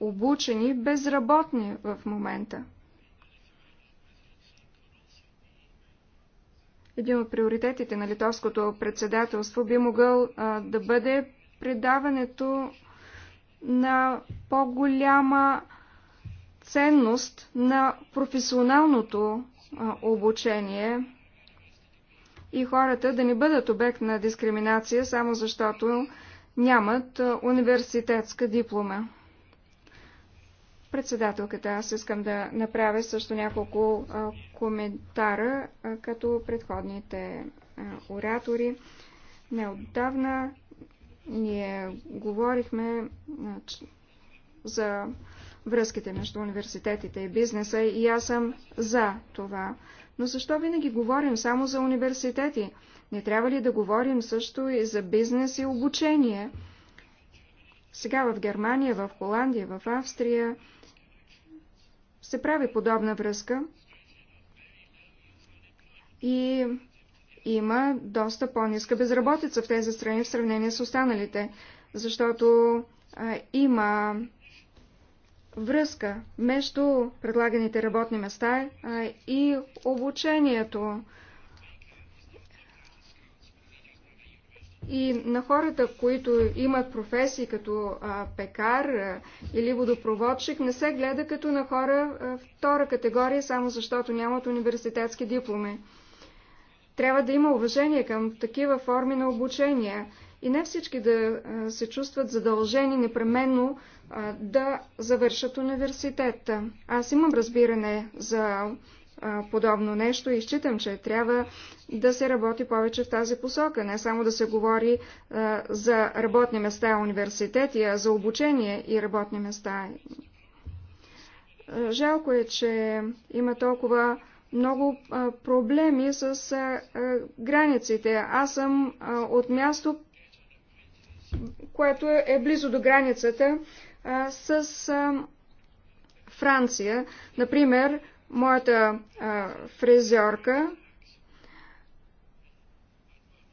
обучени безработни в момента. Един от приоритетите на литовското председателство би могъл а, да бъде предаването на по-голяма ценност на професионалното а, обучение и хората да не бъдат обект на дискриминация, само защото нямат университетска диплома председателката. Аз искам да направя също няколко а, коментара, а, като предходните а, оратори. Неотдавна ние говорихме за връзките между университетите и бизнеса и аз съм за това. Но защо винаги говорим само за университети? Не трябва ли да говорим също и за бизнес и обучение? Сега в Германия, в Холандия, в Австрия се прави подобна връзка и има доста по-ниска безработица в тези страни в сравнение с останалите, защото а, има връзка между предлаганите работни места а, и обучението. и на хората, които имат професии като а, пекар а, или водопроводчик, не се гледа като на хора а, втора категория, само защото нямат университетски дипломи. Трябва да има уважение към такива форми на обучение и не всички да а, се чувстват задължени непременно а, да завършат университета. Аз имам разбиране за подобно нещо и считам, че трябва да се работи повече в тази посока. Не само да се говори а, за работни места, университети, а за обучение и работни места. Жалко е, че има толкова много а, проблеми с а, границите. Аз съм от място, което е близо до границата с Франция. Например, Моята а, фризьорка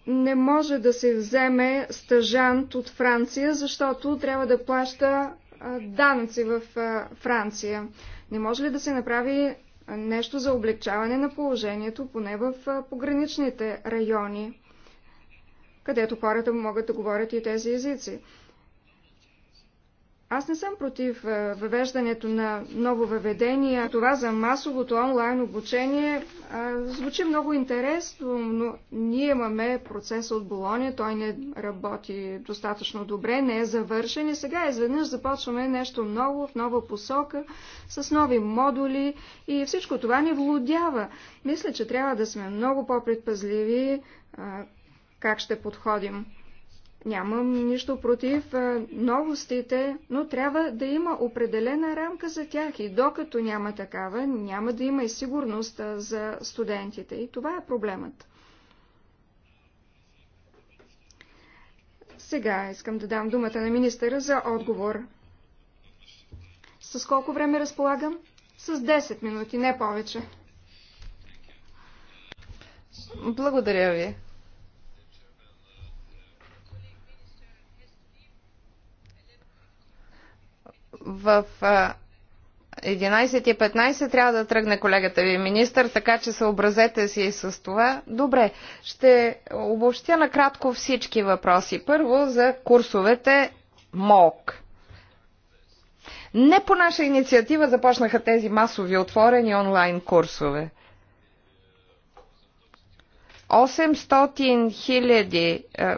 не може да се вземе стъжант от Франция, защото трябва да плаща а, данъци в а, Франция. Не може ли да се направи нещо за облегчаване на положението, поне в пограничните райони, където хората могат да говорят и тези езици? Аз не съм против е, въвеждането на ново въведение. Това за масовото онлайн обучение е, звучи много интересно, но ние имаме процеса от Болония. Той не работи достатъчно добре, не е завършен и сега изведнъж започваме нещо ново, в нова посока, с нови модули и всичко това ни влудява. Мисля, че трябва да сме много по-предпазливи е, как ще подходим. Нямам нищо против новостите, но трябва да има определена рамка за тях и докато няма такава, няма да има и сигурност за студентите. И това е проблемът. Сега искам да дам думата на министъра за отговор. С колко време разполагам? С 10 минути, не повече. Благодаря ви. в 11.15 трябва да тръгне колегата ви министър, така че съобразете си и с това. Добре, ще обобщя накратко всички въпроси. Първо за курсовете МОК. Не по наша инициатива започнаха тези масови отворени онлайн курсове. 800 хиляди 000 е,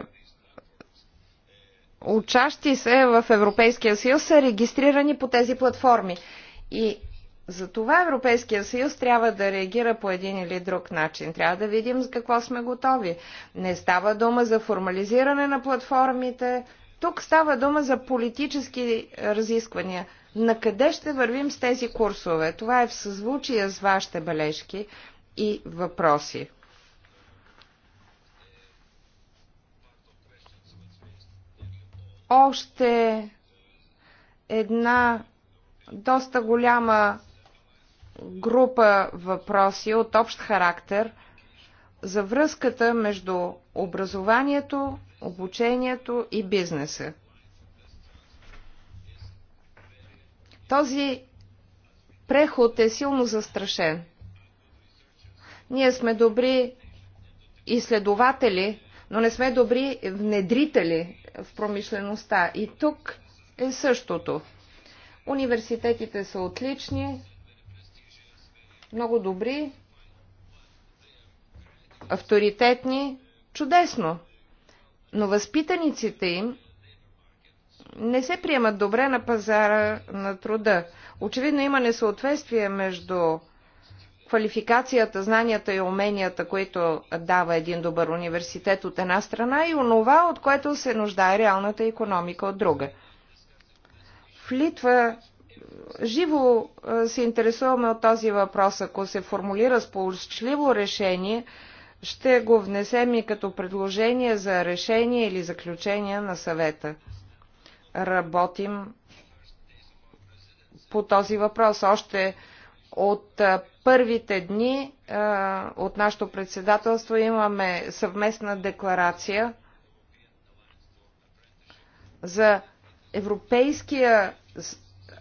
учащи се в Европейския съюз са регистрирани по тези платформи. И за това Европейския съюз трябва да реагира по един или друг начин. Трябва да видим с какво сме готови. Не става дума за формализиране на платформите. Тук става дума за политически разисквания. На къде ще вървим с тези курсове? Това е в съзвучие с вашите бележки и въпроси. още една доста голяма група въпроси от общ характер за връзката между образованието, обучението и бизнеса. Този преход е силно застрашен. Ние сме добри изследователи, но не сме добри внедрители в промишлеността. И тук е същото. Университетите са отлични, много добри, авторитетни, чудесно. Но възпитаниците им не се приемат добре на пазара на труда. Очевидно има несъответствие между квалификацията, знанията и уменията, които дава един добър университет от една страна и онова, от което се нуждае реалната економика от друга. В Литва живо се интересуваме от този въпрос. Ако се формулира сполучливо решение, ще го внесем и като предложение за решение или заключение на съвета. Работим по този въпрос още от първите дни а, от нашето председателство имаме съвместна декларация за Европейския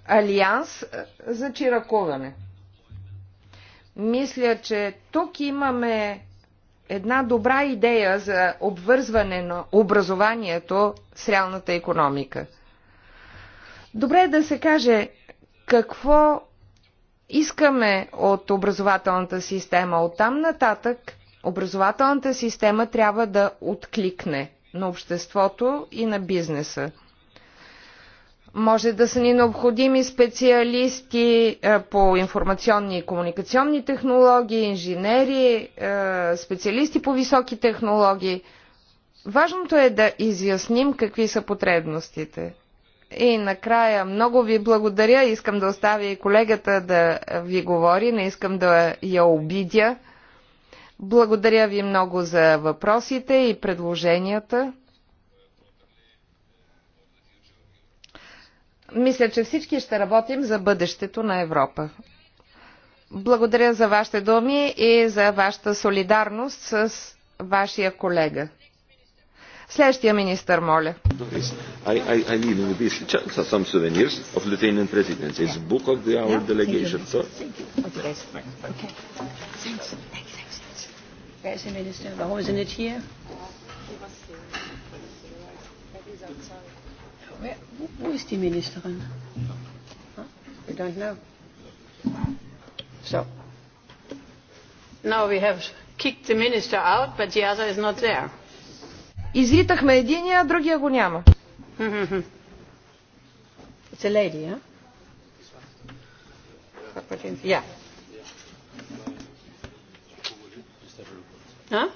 алианс за чиракуване. Мисля, че тук имаме една добра идея за обвързване на образованието с реалната економика. Добре е да се каже какво искаме от образователната система. От там нататък образователната система трябва да откликне на обществото и на бизнеса. Може да са ни необходими специалисти е, по информационни и комуникационни технологии, инженери, е, специалисти по високи технологии. Важното е да изясним какви са потребностите. И накрая много ви благодаря. Искам да оставя и колегата да ви говори. Не искам да я обидя. Благодаря ви много за въпросите и предложенията. Мисля, че всички ще работим за бъдещето на Европа. Благодаря за вашите думи и за вашата солидарност с вашия колега. Следващия министър, моля. I, I, I leave with this just some souvenirs of Lithuanian presidency. It's book of the, our yeah, delegation. Thank you. Thank you. Okay. okay. Thanks. Thanks. Thanks. minister? it here? Where, Huh? We don't know. So. Now we have kicked the minister out, but the other is not there. Изритахме единия, другия го няма. It's a lady, yeah? Yeah. Huh?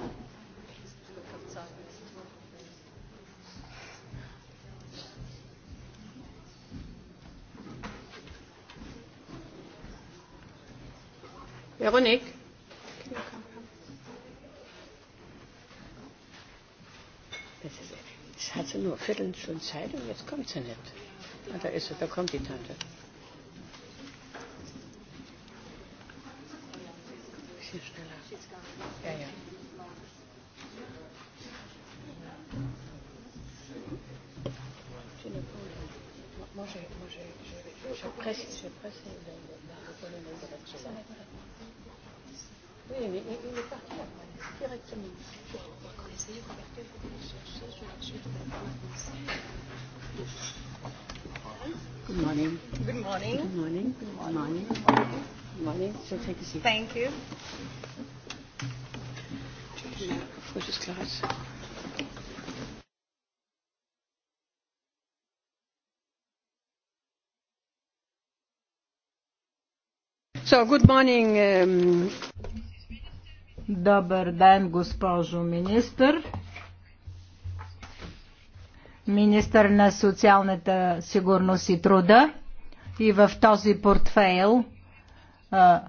Veronique? Hat hatte nur schon Zeit und jetzt kommt sie nicht. Ah, da ist sie, da kommt die Tante. schneller. Ja, ja. Moi, j'ai pressé, j'ai pressé. Oui, mais il est parti directement. Good morning. Good morning. Good morning. Good morning. Good morning. So take a seat. Thank you. Früh ist klar. So, good morning. Um, Добър ден, госпожо министър. Министър на социалната сигурност и труда. И в този портфейл а,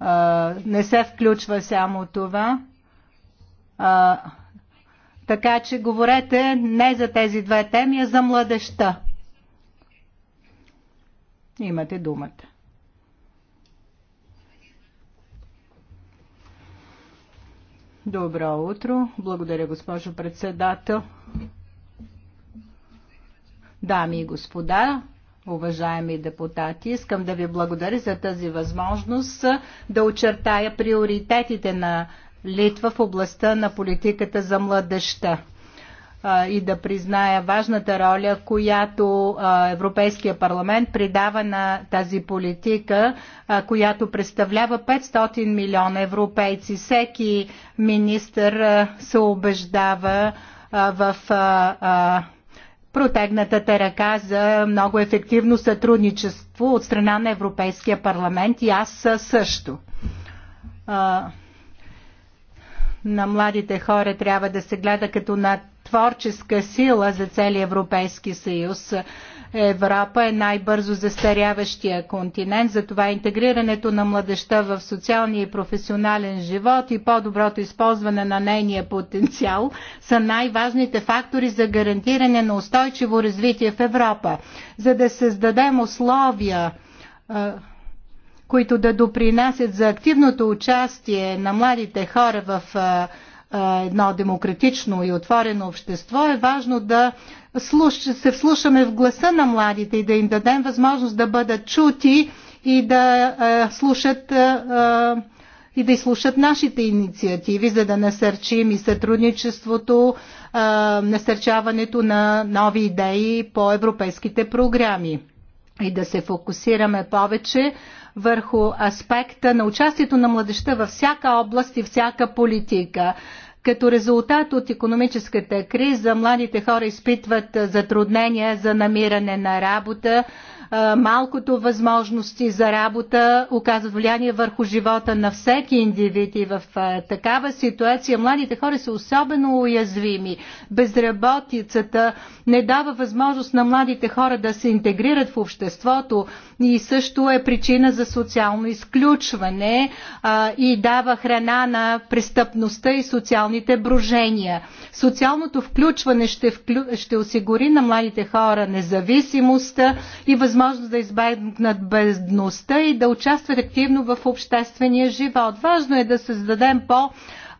а, не се включва само това. А, така че говорете не за тези две теми, а за младеща. Имате думата. Добро утро. Благодаря, госпожо председател. Дами и господа, уважаеми депутати, искам да ви благодаря за тази възможност да очертая приоритетите на Литва в областта на политиката за младеща и да призная важната роля, която Европейския парламент придава на тази политика, която представлява 500 милиона европейци. Всеки министр се убеждава в протегнатата ръка за много ефективно сътрудничество от страна на Европейския парламент и аз също на младите хора трябва да се гледа като на творческа сила за целия Европейски съюз. Европа е най-бързо застаряващия континент, затова интегрирането на младеща в социалния и професионален живот и по-доброто използване на нейния потенциал са най-важните фактори за гарантиране на устойчиво развитие в Европа. За да създадем условия които да допринасят за активното участие на младите хора в едно демократично и отворено общество, е важно да се вслушаме в гласа на младите и да им дадем възможност да бъдат чути и да е, слушат. Е, и да изслушат нашите инициативи, за да насърчим и сътрудничеството, е, насърчаването на нови идеи по европейските програми и да се фокусираме повече върху аспекта на участието на младеща във всяка област и всяка политика. Като резултат от економическата криза, младите хора изпитват затруднения за намиране на работа, малкото възможности за работа оказват влияние върху живота на всеки индивид и в такава ситуация младите хора са особено уязвими. Безработицата не дава възможност на младите хора да се интегрират в обществото и също е причина за социално изключване и дава храна на престъпността и социалните брожения. Социалното включване ще, вклю... ще осигури на младите хора независимостта и възможността възможност да избегнат бедността и да участват активно в обществения живот. Важно е да създадем по-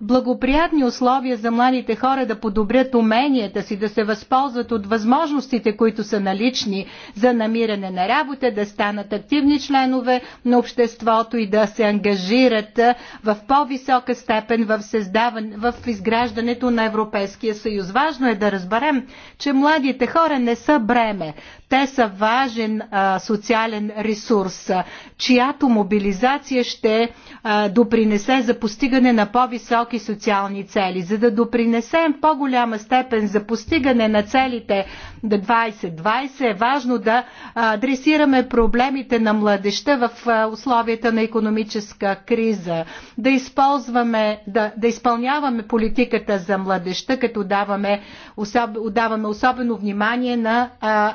благоприятни условия за младите хора да подобрят уменията си, да се възползват от възможностите, които са налични за намиране на работа, да станат активни членове на обществото и да се ангажират в по-висока степен в, създаване, в изграждането на Европейския съюз. Важно е да разберем, че младите хора не са бреме. Те са важен а, социален ресурс, чиято мобилизация ще а, допринесе за постигане на по-високи социални цели. За да допринесем по-голяма степен за постигане на целите 2020 е важно да адресираме проблемите на младеща в а, условията на економическа криза, да, използваме, да, да изпълняваме политиката за младеща, като даваме, особ, даваме особено внимание на а,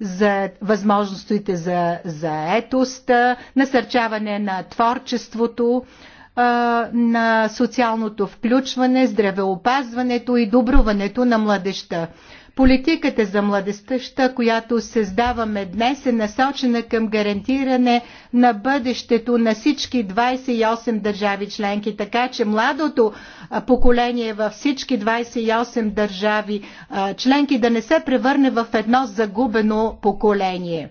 за възможностите за заетост, насърчаване на творчеството, на социалното включване, здравеопазването и добруването на младеща. Политиката за младестта, която създаваме днес, е насочена към гарантиране на бъдещето на всички 28 държави членки, така че младото поколение във всички 28 държави членки да не се превърне в едно загубено поколение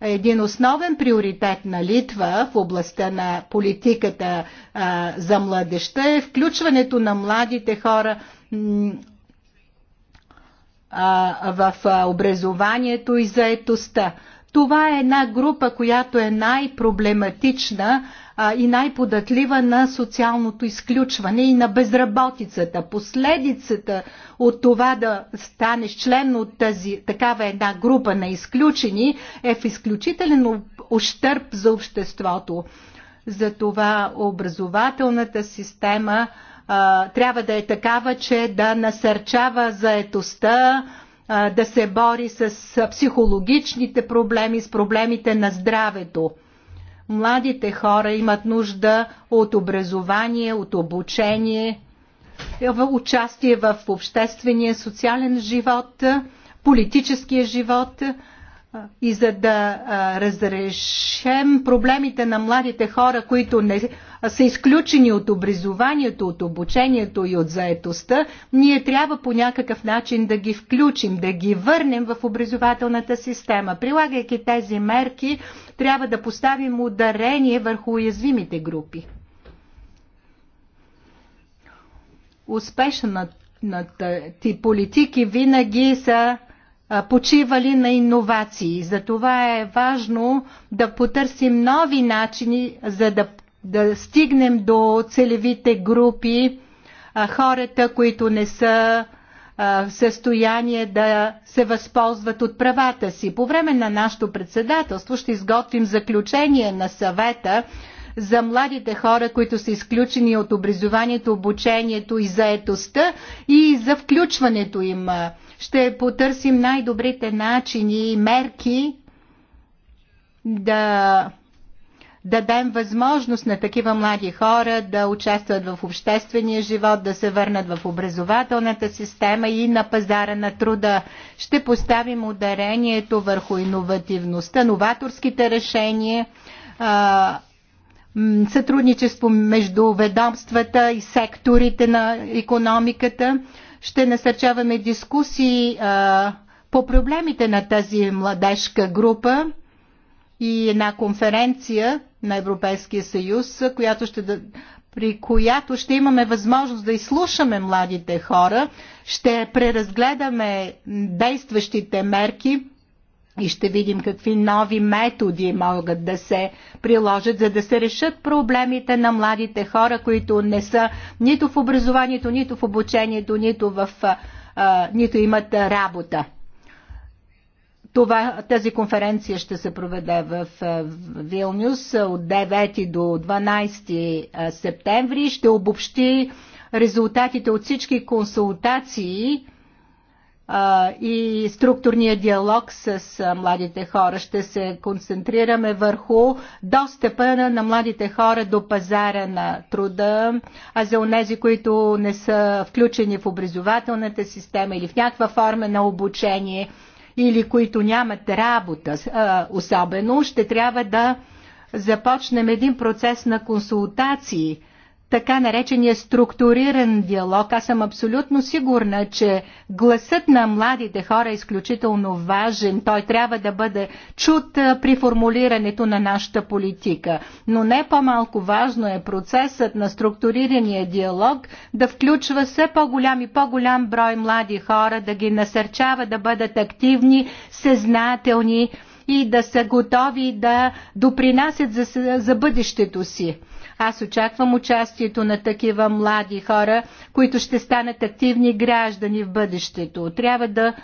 един основен приоритет на Литва в областта на политиката за младеща е включването на младите хора в образованието и заетостта. Това е една група, която е най-проблематична и най-податлива на социалното изключване и на безработицата. Последицата от това да станеш член от тази такава една група на изключени е в изключителен ощърп за обществото. Затова образователната система трябва да е такава, че да насърчава заетостта, да се бори с психологичните проблеми, с проблемите на здравето. Младите хора имат нужда от образование, от обучение, участие в обществения социален живот, политическия живот, и за да разрешем проблемите на младите хора, които не, са изключени от образованието, от обучението и от заетостта, ние трябва по някакъв начин да ги включим, да ги върнем в образователната система. Прилагайки тези мерки, трябва да поставим ударение върху уязвимите групи. Успешната ти политики винаги са почивали на иновации. Затова е важно да потърсим нови начини, за да, да стигнем до целевите групи, хората, които не са в състояние да се възползват от правата си. По време на нашето председателство ще изготвим заключение на съвета за младите хора, които са изключени от образованието, обучението и заетостта и за включването им. Ще потърсим най-добрите начини и мерки да дадем възможност на такива млади хора да участват в обществения живот, да се върнат в образователната система и на пазара на труда. Ще поставим ударението върху иновативността, новаторските решения, сътрудничество между ведомствата и секторите на економиката. Ще насърчаваме дискусии а, по проблемите на тази младежка група и една конференция на Европейския съюз, която ще да, при която ще имаме възможност да изслушаме младите хора, ще преразгледаме действащите мерки и ще видим какви нови методи могат да се приложат, за да се решат проблемите на младите хора, които не са нито в образованието, нито в обучението, нито, в, а, нито имат работа. Това, тази конференция ще се проведе в Вилнюс от 9 до 12 септември. Ще обобщи резултатите от всички консултации и структурния диалог с младите хора. Ще се концентрираме върху достъпа на младите хора до пазара на труда, а за онези, които не са включени в образователната система или в някаква форма на обучение, или които нямат работа, особено ще трябва да започнем един процес на консултации – така наречения структуриран диалог. Аз съм абсолютно сигурна, че гласът на младите хора е изключително важен. Той трябва да бъде чут при формулирането на нашата политика. Но не по-малко важно е процесът на структурирания диалог да включва все по-голям и по-голям брой млади хора, да ги насърчава да бъдат активни, съзнателни и да са готови да допринасят за, за бъдещето си. Аз очаквам участието на такива млади хора, които ще станат активни граждани в бъдещето. Трябва да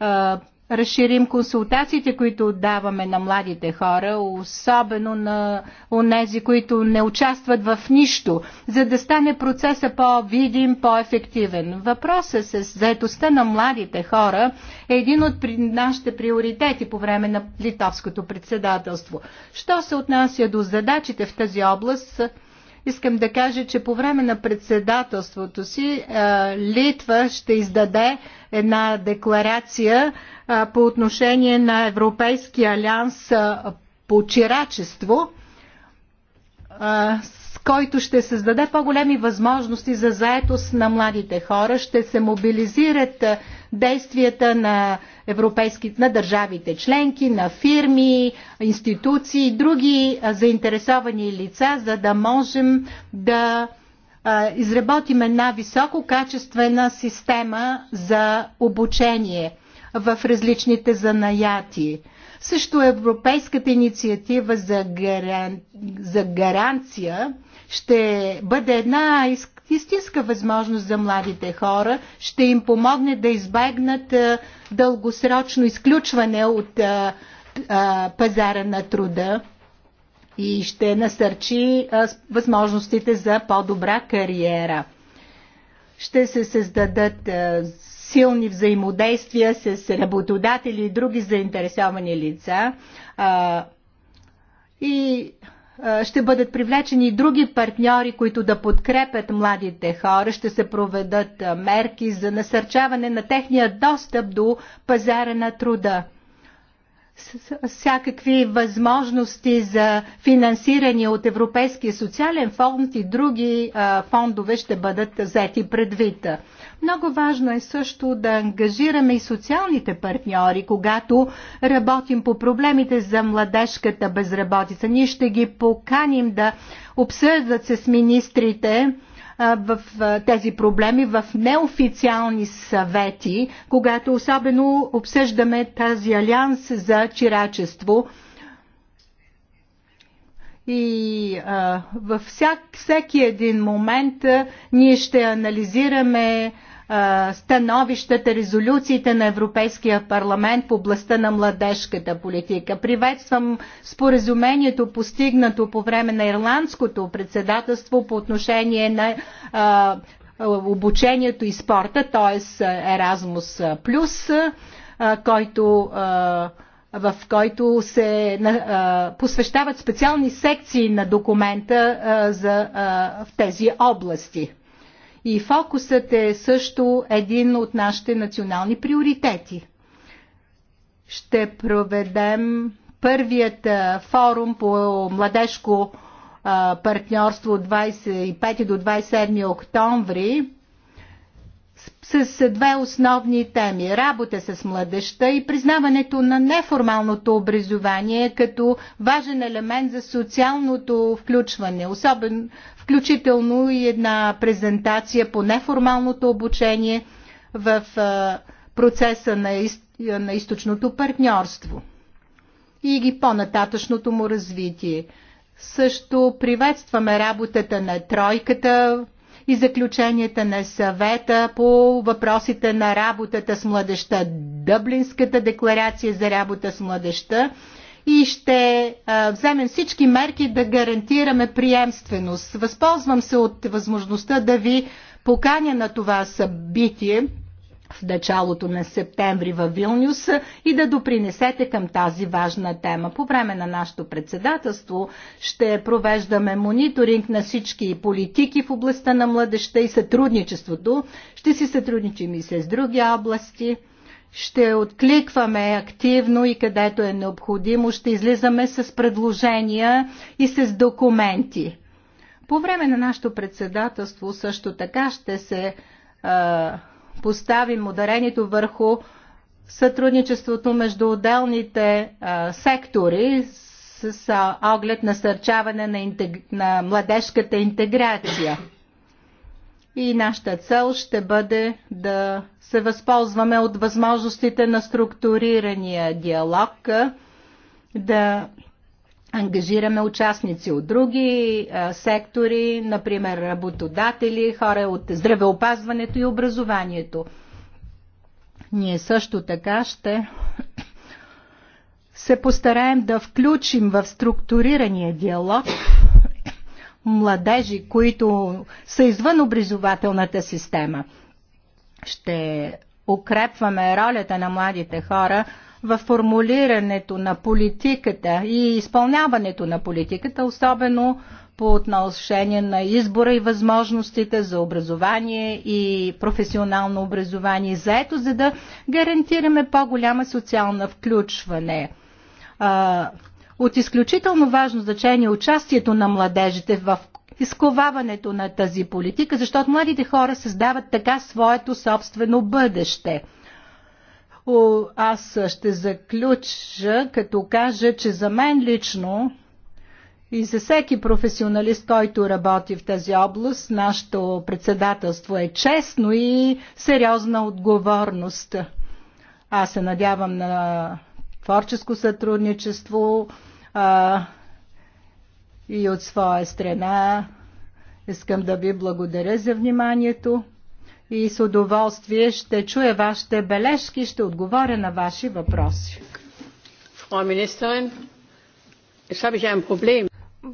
а, разширим консултациите, които отдаваме на младите хора, особено на онези, които не участват в нищо, за да стане процеса по-видим, по-ефективен. Въпросът с заетостта на младите хора е един от нашите приоритети по време на литовското председателство. Що се отнася до задачите в тази област, Искам да кажа, че по време на председателството си е, Литва ще издаде една декларация е, по отношение на Европейския алианс е, по чирачество, с който ще създаде по-големи възможности за заетост на младите хора, ще се мобилизират действията на европейски, на държавите членки, на фирми, институции и други заинтересовани лица, за да можем да изработим една висококачествена система за обучение в различните занаяти. Също Европейската инициатива за, гаран... за гаранция ще бъде една из истинска възможност за младите хора, ще им помогне да избегнат дългосрочно изключване от пазара на труда и ще насърчи възможностите за по-добра кариера. Ще се създадат силни взаимодействия с работодатели и други заинтересовани лица и е, ще бъдат привлечени и други партньори, които да подкрепят младите хора. Ще се проведат е, мерки за насърчаване на техния достъп до пазара на труда. Всякакви възможности за финансиране от Европейския социален фонд и други е, фондове ще бъдат взети предвид. Много важно е също да ангажираме и социалните партньори, когато работим по проблемите за младежката безработица. Ние ще ги поканим да обсъждат с министрите в тези проблеми в неофициални съвети, когато особено обсъждаме тази алианс за чирачество – и а, във всяк, всеки един момент а, ние ще анализираме а, становищата, резолюциите на Европейския парламент в областта на младежката политика. Приветствам споразумението, постигнато по време на ирландското председателство по отношение на а, обучението и спорта, т.е. Erasmus+, който а, в който се посвещават специални секции на документа за, в тези области. И фокусът е също един от нашите национални приоритети. Ще проведем първият форум по младежко партньорство от 25 до 27 октомври с две основни теми – работа с младеща и признаването на неформалното образование като важен елемент за социалното включване, особено включително и една презентация по неформалното обучение в процеса на, из, на източното партньорство и ги по-нататъчното му развитие. Също приветстваме работата на тройката и заключенията на съвета по въпросите на работата с младеща, Дъблинската декларация за работа с младеща и ще а, вземем всички мерки да гарантираме приемственост. Възползвам се от възможността да ви поканя на това събитие в началото на септември във Вилнюс и да допринесете към тази важна тема. По време на нашето председателство ще провеждаме мониторинг на всички политики в областта на младеща и сътрудничеството. Ще си сътрудничим и с други области ще откликваме активно и където е необходимо, ще излизаме с предложения и с документи. По време на нашето председателство също така ще се а, поставим ударението върху сътрудничеството между отделните а, сектори с, с а, оглед насърчаване на, интег... на младежката интеграция. И нашата цел ще бъде да се възползваме от възможностите на структурирания диалог, да ангажираме участници от други а, сектори, например работодатели, хора от здравеопазването и образованието. Ние също така ще се постараем да включим в структурирания диалог младежи, които са извън образователната система. Ще укрепваме ролята на младите хора – в формулирането на политиката и изпълняването на политиката, особено по отношение на избора и възможностите за образование и професионално образование заето, за да гарантираме по-голяма социална включване. От изключително важно значение е участието на младежите в изковаването на тази политика, защото младите хора създават така своето собствено бъдеще – аз ще заключа, като кажа, че за мен лично и за всеки професионалист, който работи в тази област, нашето председателство е честно и сериозна отговорност. Аз се надявам на творческо сътрудничество а, и от своя страна искам да ви благодаря за вниманието и с удоволствие ще чуя вашите бележки, ще отговоря на ваши въпроси.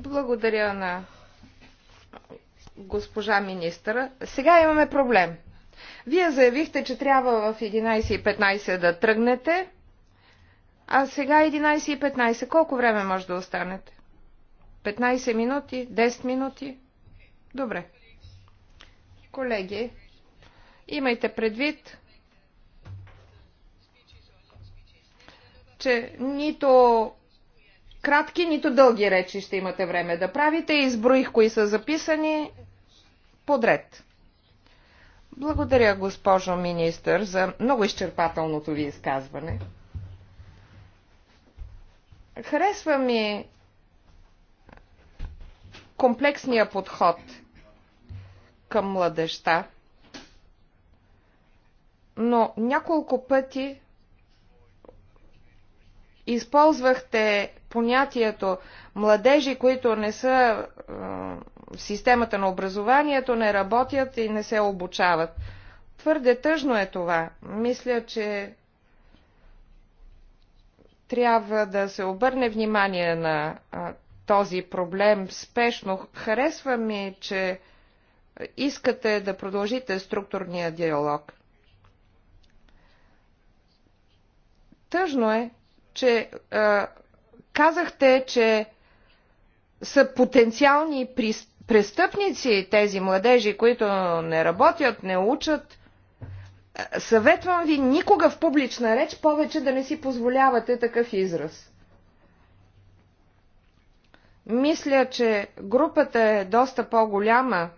Благодаря на госпожа министра. Сега имаме проблем. Вие заявихте, че трябва в 11.15 да тръгнете, а сега 11.15. Колко време може да останете? 15 минути? 10 минути? Добре. Колеги, Имайте предвид, че нито кратки, нито дълги речи ще имате време да правите. Изброих кои са записани подред. Благодаря, госпожо министър, за много изчерпателното ви изказване. Харесва ми комплексния подход към младеща но няколко пъти използвахте понятието младежи, които не са в системата на образованието, не работят и не се обучават. Твърде тъжно е това. Мисля, че трябва да се обърне внимание на а, този проблем спешно. Харесва ми, че искате да продължите структурния диалог. Тъжно е, че а, казахте, че са потенциални престъпници тези младежи, които не работят, не учат. Съветвам ви никога в публична реч повече да не си позволявате такъв израз. Мисля, че групата е доста по-голяма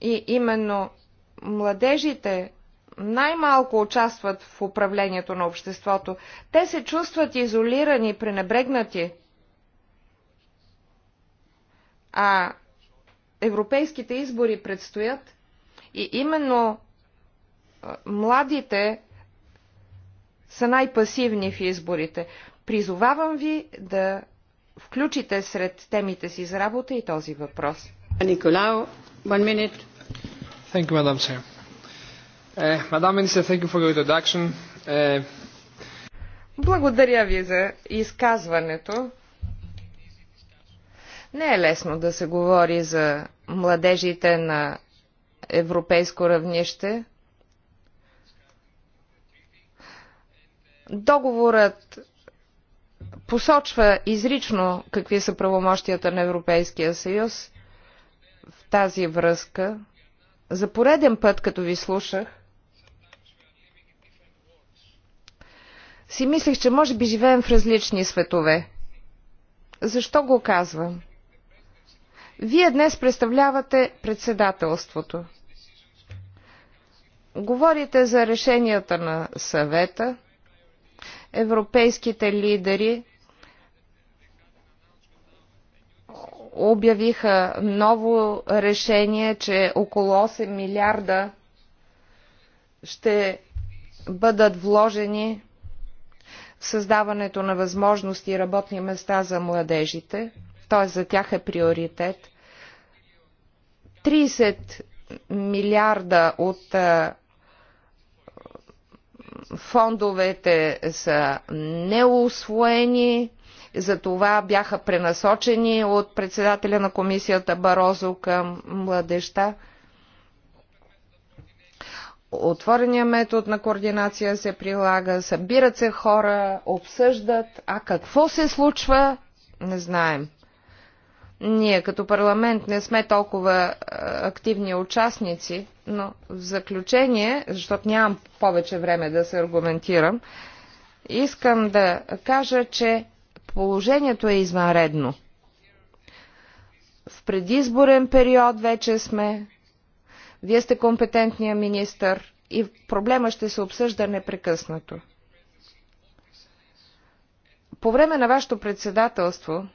и именно младежите най-малко участват в управлението на обществото. Те се чувстват изолирани, пренебрегнати. А европейските избори предстоят и именно младите са най-пасивни в изборите. Призовавам ви да включите сред темите си за работа и този въпрос. Николао, one minute. Thank you, Madam Chair. Мадам eh, Министър, thank you for your introduction. Eh, Благодаря ви за изказването. Не е лесно да се говори за младежите на европейско равнище. Договорът посочва изрично какви са правомощията на Европейския съюз в тази връзка. За пореден път, като ви слушах, си мислех, че може би живеем в различни светове. Защо го казвам? Вие днес представлявате председателството. Говорите за решенията на съвета, европейските лидери обявиха ново решение, че около 8 милиарда ще бъдат вложени създаването на възможности и работни места за младежите, т.е. за тях е приоритет. 30 милиарда от фондовете са неусвоени, затова бяха пренасочени от председателя на комисията Барозо към младеща. Отворения метод на координация се прилага, събират се хора, обсъждат, а какво се случва, не знаем. Ние като парламент не сме толкова е, активни участници, но в заключение, защото нямам повече време да се аргументирам, искам да кажа, че положението е извънредно. В предизборен период вече сме, вие сте компетентния министр и проблема ще се обсъжда непрекъснато. По време на вашето председателство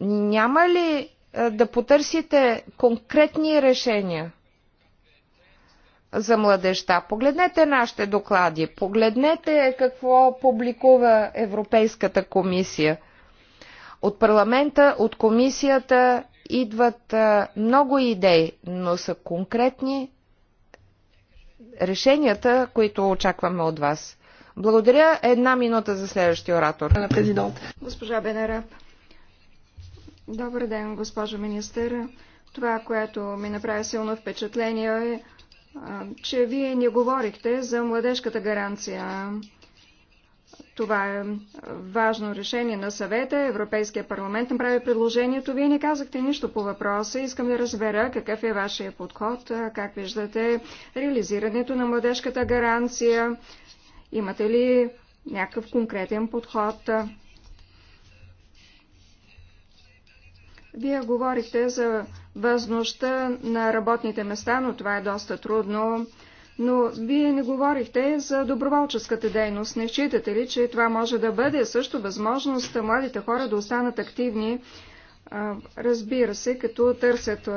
няма ли е, да потърсите конкретни решения за младеща? Погледнете нашите доклади, погледнете какво публикува Европейската комисия. От парламента, от комисията идват много идеи, но са конкретни решенията, които очакваме от вас. Благодаря. Една минута за следващия оратор. Президент. Госпожа Бенераб. Добър ден, госпожо министър. Това, което ми направи силно впечатление е, че вие не говорихте за младежката гаранция. Това е важно решение на съвета. Европейския парламент направи предложението. Вие не казахте нищо по въпроса. Искам да разбера какъв е вашия подход, как виждате реализирането на младежката гаранция. Имате ли някакъв конкретен подход? Вие говорихте за възможността на работните места, но това е доста трудно но вие не говорихте за доброволческата дейност. Не считате ли, че това може да бъде също възможност младите хора да останат активни, разбира се, като търсят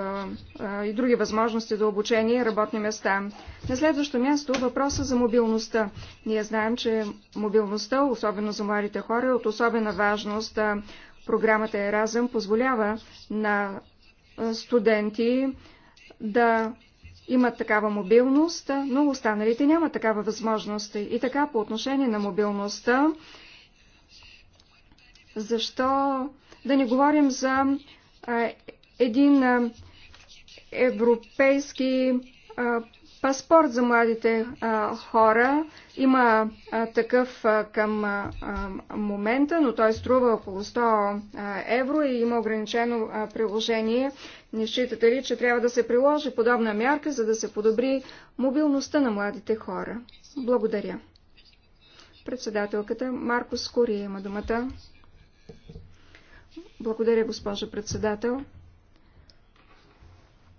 и други възможности за обучение и работни места. На следващо място въпроса за мобилността. Ние знаем, че мобилността, особено за младите хора, е от особена важност. Програмата Еразъм позволява на студенти да имат такава мобилност, но останалите нямат такава възможност. И така по отношение на мобилността, защо да не говорим за а, един а, европейски а, паспорт за младите а, хора. Има а, такъв а, към а, момента, но той струва около 100 евро и има ограничено а, приложение не считате ли, че трябва да се приложи подобна мярка, за да се подобри мобилността на младите хора? Благодаря. Председателката Марко Скория има думата. Благодаря, госпожо председател.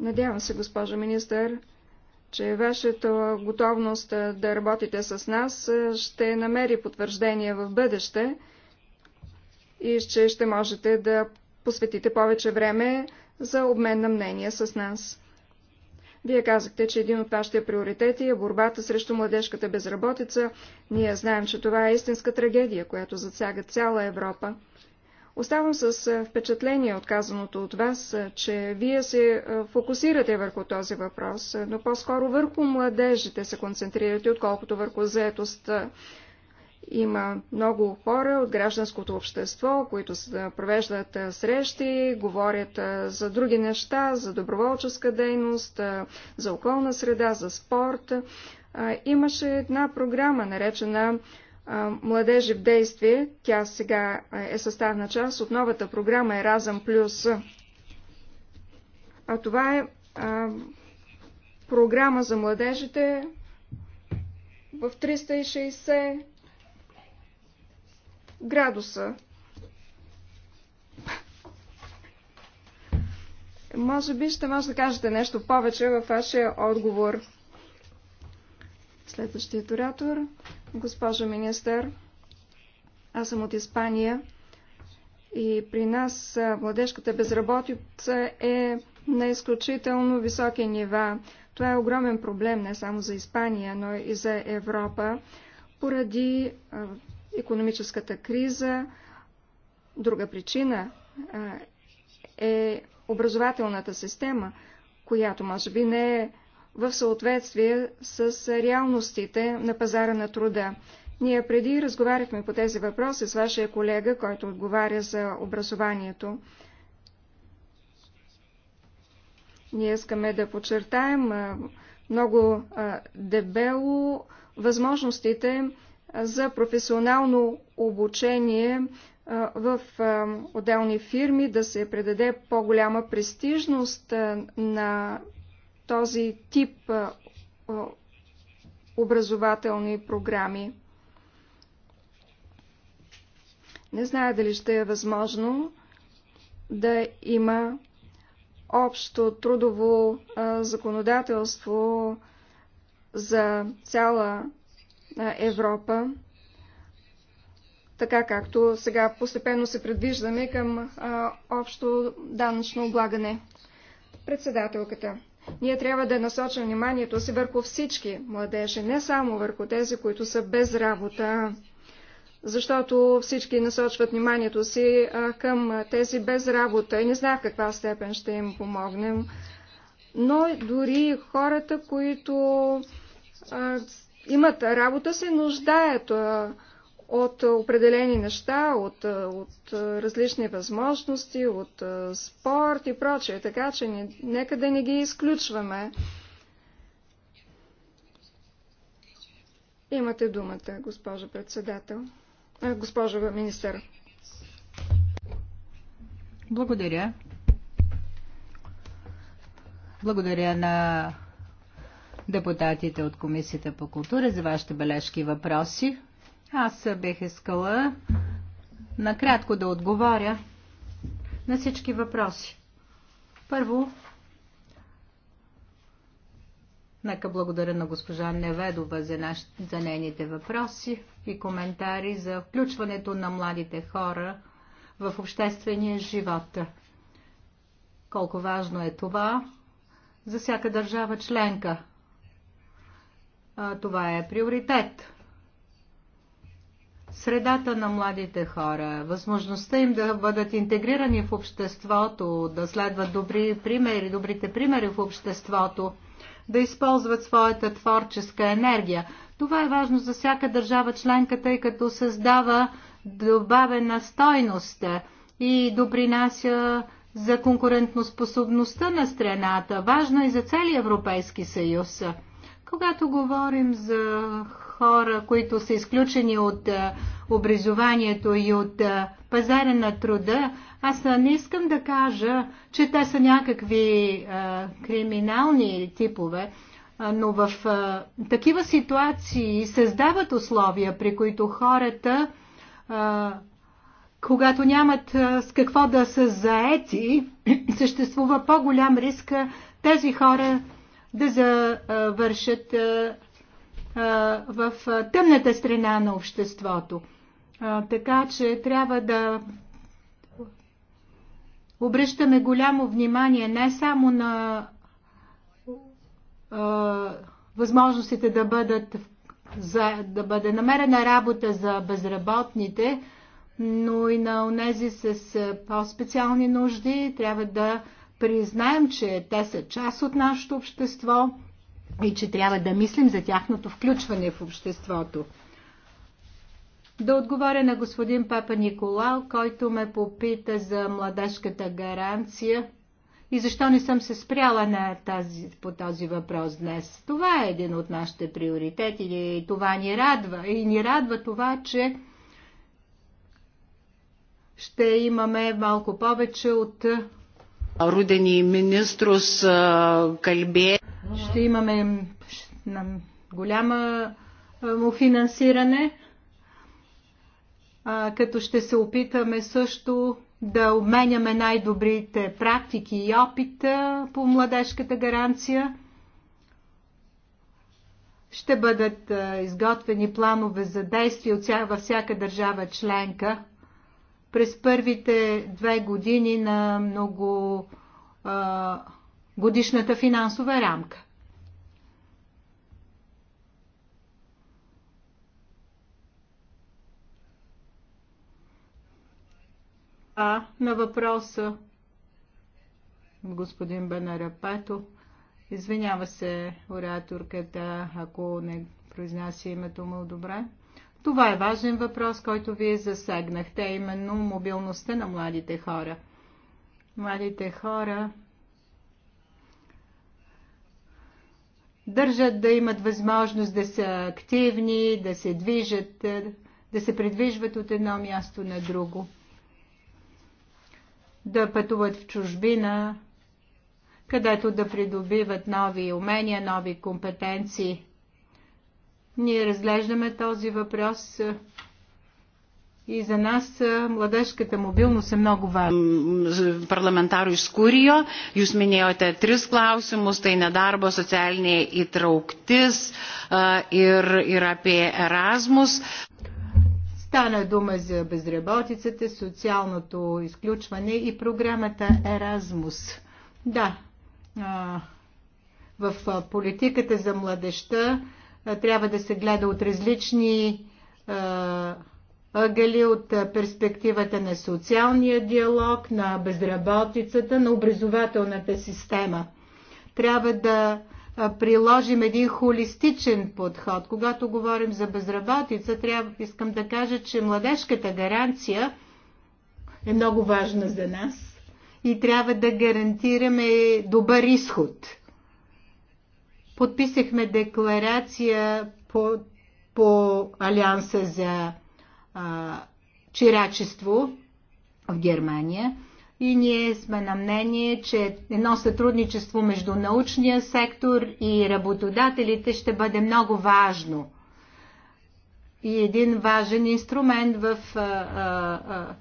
Надявам се, госпожа министър, че вашата готовност да работите с нас ще намери потвърждение в бъдеще и че ще можете да посветите повече време за обмен на мнения с нас. Вие казахте, че един от вашите приоритети е борбата срещу младежката безработица. Ние знаем, че това е истинска трагедия, която засяга цяла Европа. Оставам с е, впечатление от казаното от вас, е, че вие се е, фокусирате върху този въпрос, но по-скоро върху младежите се концентрирате, отколкото върху заетостта има много хора от гражданското общество, които провеждат срещи, говорят за други неща, за доброволческа дейност, за околна среда, за спорт. Имаше една програма, наречена Младежи в действие. Тя сега е съставна част от новата програма Еразъм Плюс. А това е програма за младежите в 360 градуса. Може би ще може да кажете нещо повече във вашия отговор. Следващият оратор, госпожа министър, аз съм от Испания и при нас младежката безработица е на изключително високи нива. Това е огромен проблем не само за Испания, но и за Европа, поради економическата криза. Друга причина е образователната система, която може би не е в съответствие с реалностите на пазара на труда. Ние преди разговаряхме по тези въпроси с вашия колега, който отговаря за образованието. Ние искаме да подчертаем много дебело възможностите за професионално обучение в отделни фирми, да се предаде по-голяма престижност на този тип образователни програми. Не зная дали ще е възможно да има общо трудово законодателство за цяла Европа, така както сега постепенно се предвиждаме към а, общо данъчно облагане. Председателката. Ние трябва да насочим вниманието си върху всички младежи, не само върху тези, които са без работа, защото всички насочват вниманието си а, към тези без работа и не знам в каква степен ще им помогнем. Но дори хората, които а, имат работа, се нуждаят от определени неща, от, от различни възможности, от спорт и прочее. Така че нека да не ги изключваме. Имате думата, госпожо председател. А, госпожо министър. Благодаря. Благодаря на депутатите от Комисията по култура за вашите бележки и въпроси. Аз бих искала накратко да отговоря на всички въпроси. Първо, нека благодаря на госпожа Неведова за, наш... за нейните въпроси и коментари за включването на младите хора в обществения живот. Колко важно е това за всяка държава членка – това е приоритет. Средата на младите хора, възможността им да бъдат интегрирани в обществото, да следват добри примери, добрите примери в обществото, да използват своята творческа енергия. Това е важно за всяка държава членка, тъй като създава добавена стойност и допринася за конкурентноспособността на страната, важна и е за целия Европейски съюз. Когато говорим за хора, които са изключени от образованието и от пазара на труда, аз не искам да кажа, че те са някакви а, криминални типове, а, но в а, такива ситуации създават условия, при които хората, а, когато нямат а, с какво да са заети, съществува по-голям риск тези хора да завършат в тъмната страна на обществото. Така че трябва да обръщаме голямо внимание не само на възможностите да бъдат за, да бъде намерена работа за безработните, но и на онези с по-специални нужди трябва да признаем, че те са част от нашето общество и че трябва да мислим за тяхното включване в обществото. Да отговоря на господин Папа Николао, който ме попита за младежката гаранция и защо не съм се спряла на тази, по този въпрос днес. Това е един от нашите приоритети и това ни радва. И ни радва това, че ще имаме малко повече от Rudenį ministrus kalbė. Ще имаме голяма му финансиране, като ще се опитаме също да обменяме най-добрите практики и опита по младежката гаранция. Ще бъдат изготвени планове за действие във всяка държава членка през първите две години на много а, годишната финансова рамка. А на въпроса господин Банарапато, извинява се ораторката, ако не произнася името му добре. Това е важен въпрос, който вие засегнахте, именно мобилността на младите хора. Младите хора държат да имат възможност да са активни, да се движат, да се придвижват от едно място на друго, да пътуват в чужбина, където да придобиват нови умения, нови компетенции. Ние разглеждаме този въпрос е, и за нас е, младежката мобилност е много важна. Парламентарų скурио. Kūrijo, jūs minėjote tris klausimus, tai nedarbo socialinė įtrauktis е, ir, ir apie Еразмус. Стана дума за безработицата, социалното изключване и програмата Еразмус. Да, в политиката за младеща е, трябва да се гледа от различни е, ъгъли, от е, перспективата на социалния диалог, на безработицата, на образователната система. Трябва да приложим един холистичен подход. Когато говорим за безработица, трябва, искам да кажа, че младежката гаранция е много важна за нас и трябва да гарантираме добър изход – подписахме декларация по, по Алианса за а, чирачество в Германия. И ние сме на мнение, че едно сътрудничество между научния сектор и работодателите ще бъде много важно. И един важен инструмент в а, а, а,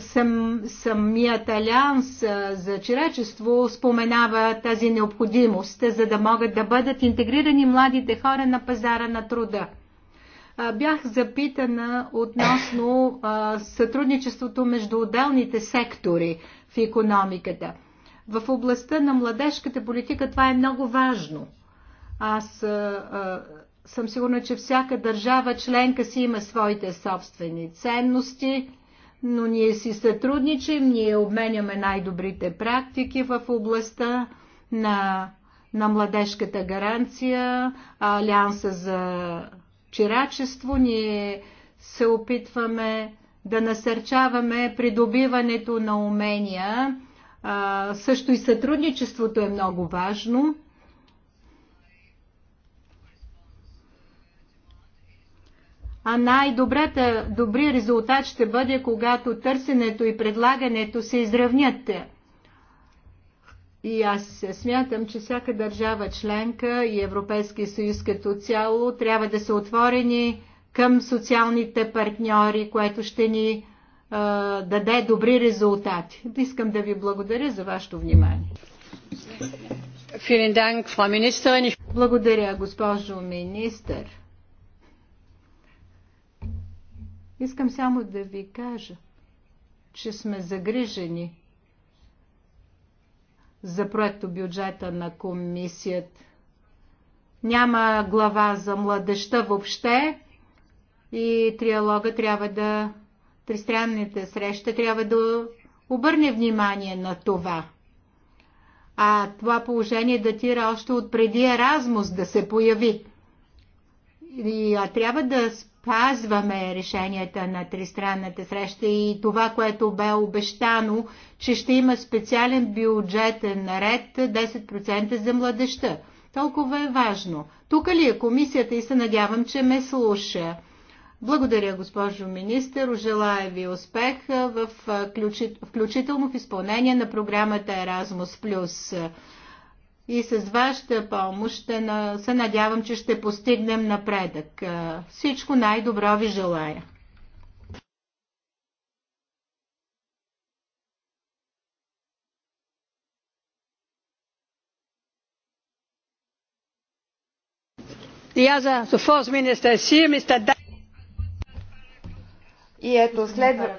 Сам, самият Алианс за чирачество споменава тази необходимост, за да могат да бъдат интегрирани младите хора на пазара на труда. Бях запитана относно сътрудничеството между отделните сектори в економиката. В областта на младежката политика това е много важно. Аз съм сигурна, че всяка държава членка си има своите собствени ценности, но ние си сътрудничим, ние обменяме най-добрите практики в областта на, на младежката гаранция, алианса за чирачество. Ние се опитваме да насърчаваме придобиването на умения. А, също и сътрудничеството е много важно. а най-добрата, добри резултат ще бъде, когато търсенето и предлагането се изравнят. И аз смятам, че всяка държава членка и Европейския съюз като цяло трябва да са отворени към социалните партньори, което ще ни е, даде добри резултати. Искам да ви благодаря за вашето внимание. Благодаря, госпожо министър. Искам само да ви кажа, че сме загрижени за проекто бюджета на комисията. Няма глава за младеща въобще и триалога трябва да, тристранните среща трябва да обърне внимание на това. А това положение датира още от преди Еразмус да се появи. И а трябва да спазваме решенията на тристранната среща и това, което бе обещано, че ще има специален бюджетен наред 10% за младеща. Толкова е важно. Тук ли е комисията и се надявам, че ме слуша. Благодаря, госпожо министър. Желая ви успех, в, включително в изпълнение на програмата Erasmus+ и с вашата помощ ще на... се надявам, че ще постигнем напредък. Всичко най-добро ви желая! и ето следва...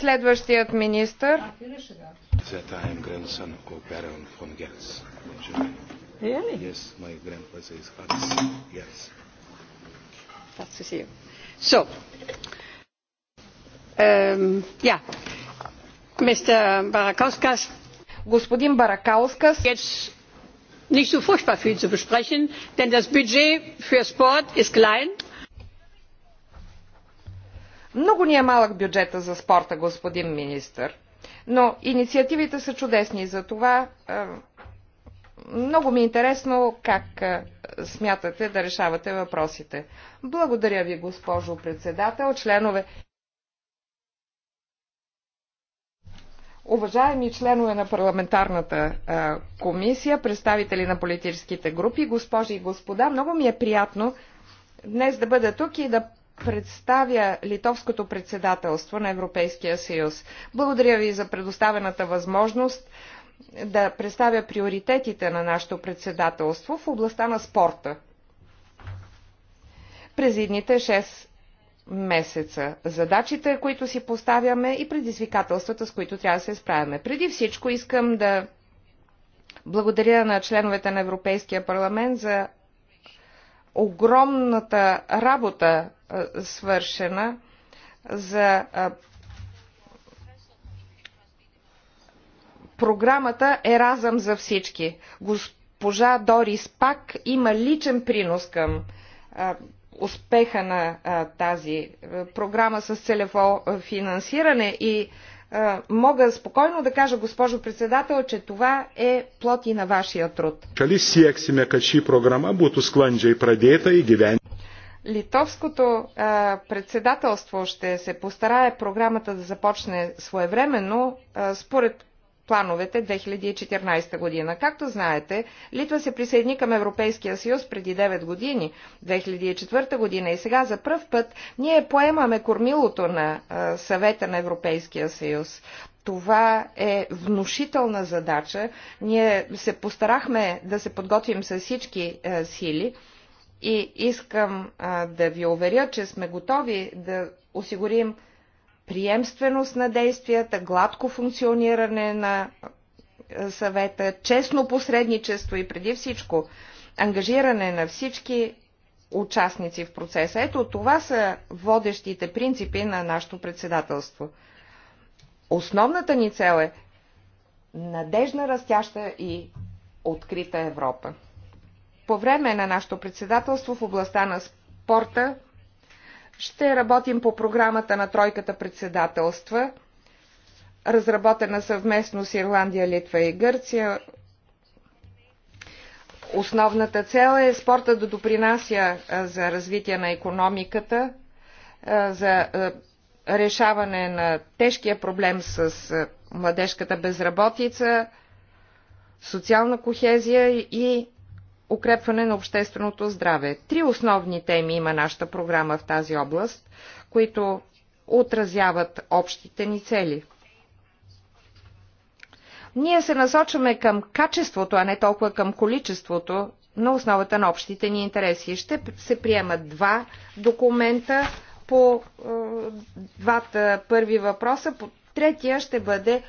Следващият министр. Господин Баракаускас. nicht so furchtbar viel zu besprechen, denn das Budget für Sport ist klein много ни е малък бюджета за спорта, господин министр, но инициативите са чудесни и за това е, много ми е интересно как е, смятате да решавате въпросите. Благодаря ви, госпожо председател, членове. Уважаеми членове на парламентарната е, комисия, представители на политическите групи, госпожи и господа, много ми е приятно днес да бъда тук и да представя литовското председателство на Европейския съюз. Благодаря ви за предоставената възможност да представя приоритетите на нашето председателство в областта на спорта. През едните 6 месеца, задачите, които си поставяме и предизвикателствата, с които трябва да се справяме. Преди всичко искам да благодаря на членовете на Европейския парламент за огромната работа свършена за програмата Еразъм за всички. Госпожа Дорис Пак има личен принос към успеха на тази програма с целево финансиране и мога спокойно да кажа, госпожо председател, че това е плод и на вашия труд. Шали сиексиме, програма ši скланджа и sklandžiai и гивен. Литовското а, председателство ще се постарае програмата да започне своевременно, а, според плановете 2014 година. Както знаете, Литва се присъедини към Европейския съюз преди 9 години, 2004 година и сега за пръв път ние поемаме кормилото на съвета на Европейския съюз. Това е внушителна задача. Ние се постарахме да се подготвим с всички сили и искам да ви уверя, че сме готови да осигурим приемственост на действията, гладко функциониране на е, съвета, честно посредничество и преди всичко ангажиране на всички участници в процеса. Ето това са водещите принципи на нашето председателство. Основната ни цел е надежна, растяща и открита Европа. По време на нашето председателство в областта на спорта ще работим по програмата на тройката председателства, разработена съвместно с Ирландия, Литва и Гърция. Основната цел е спорта да допринася за развитие на економиката, за решаване на тежкия проблем с младежката безработица, социална кохезия и укрепване на общественото здраве. Три основни теми има нашата програма в тази област, които отразяват общите ни цели. Ние се насочваме към качеството, а не толкова към количеството на основата на общите ни интереси. Ще се приемат два документа по е, двата първи въпроса. По третия ще бъде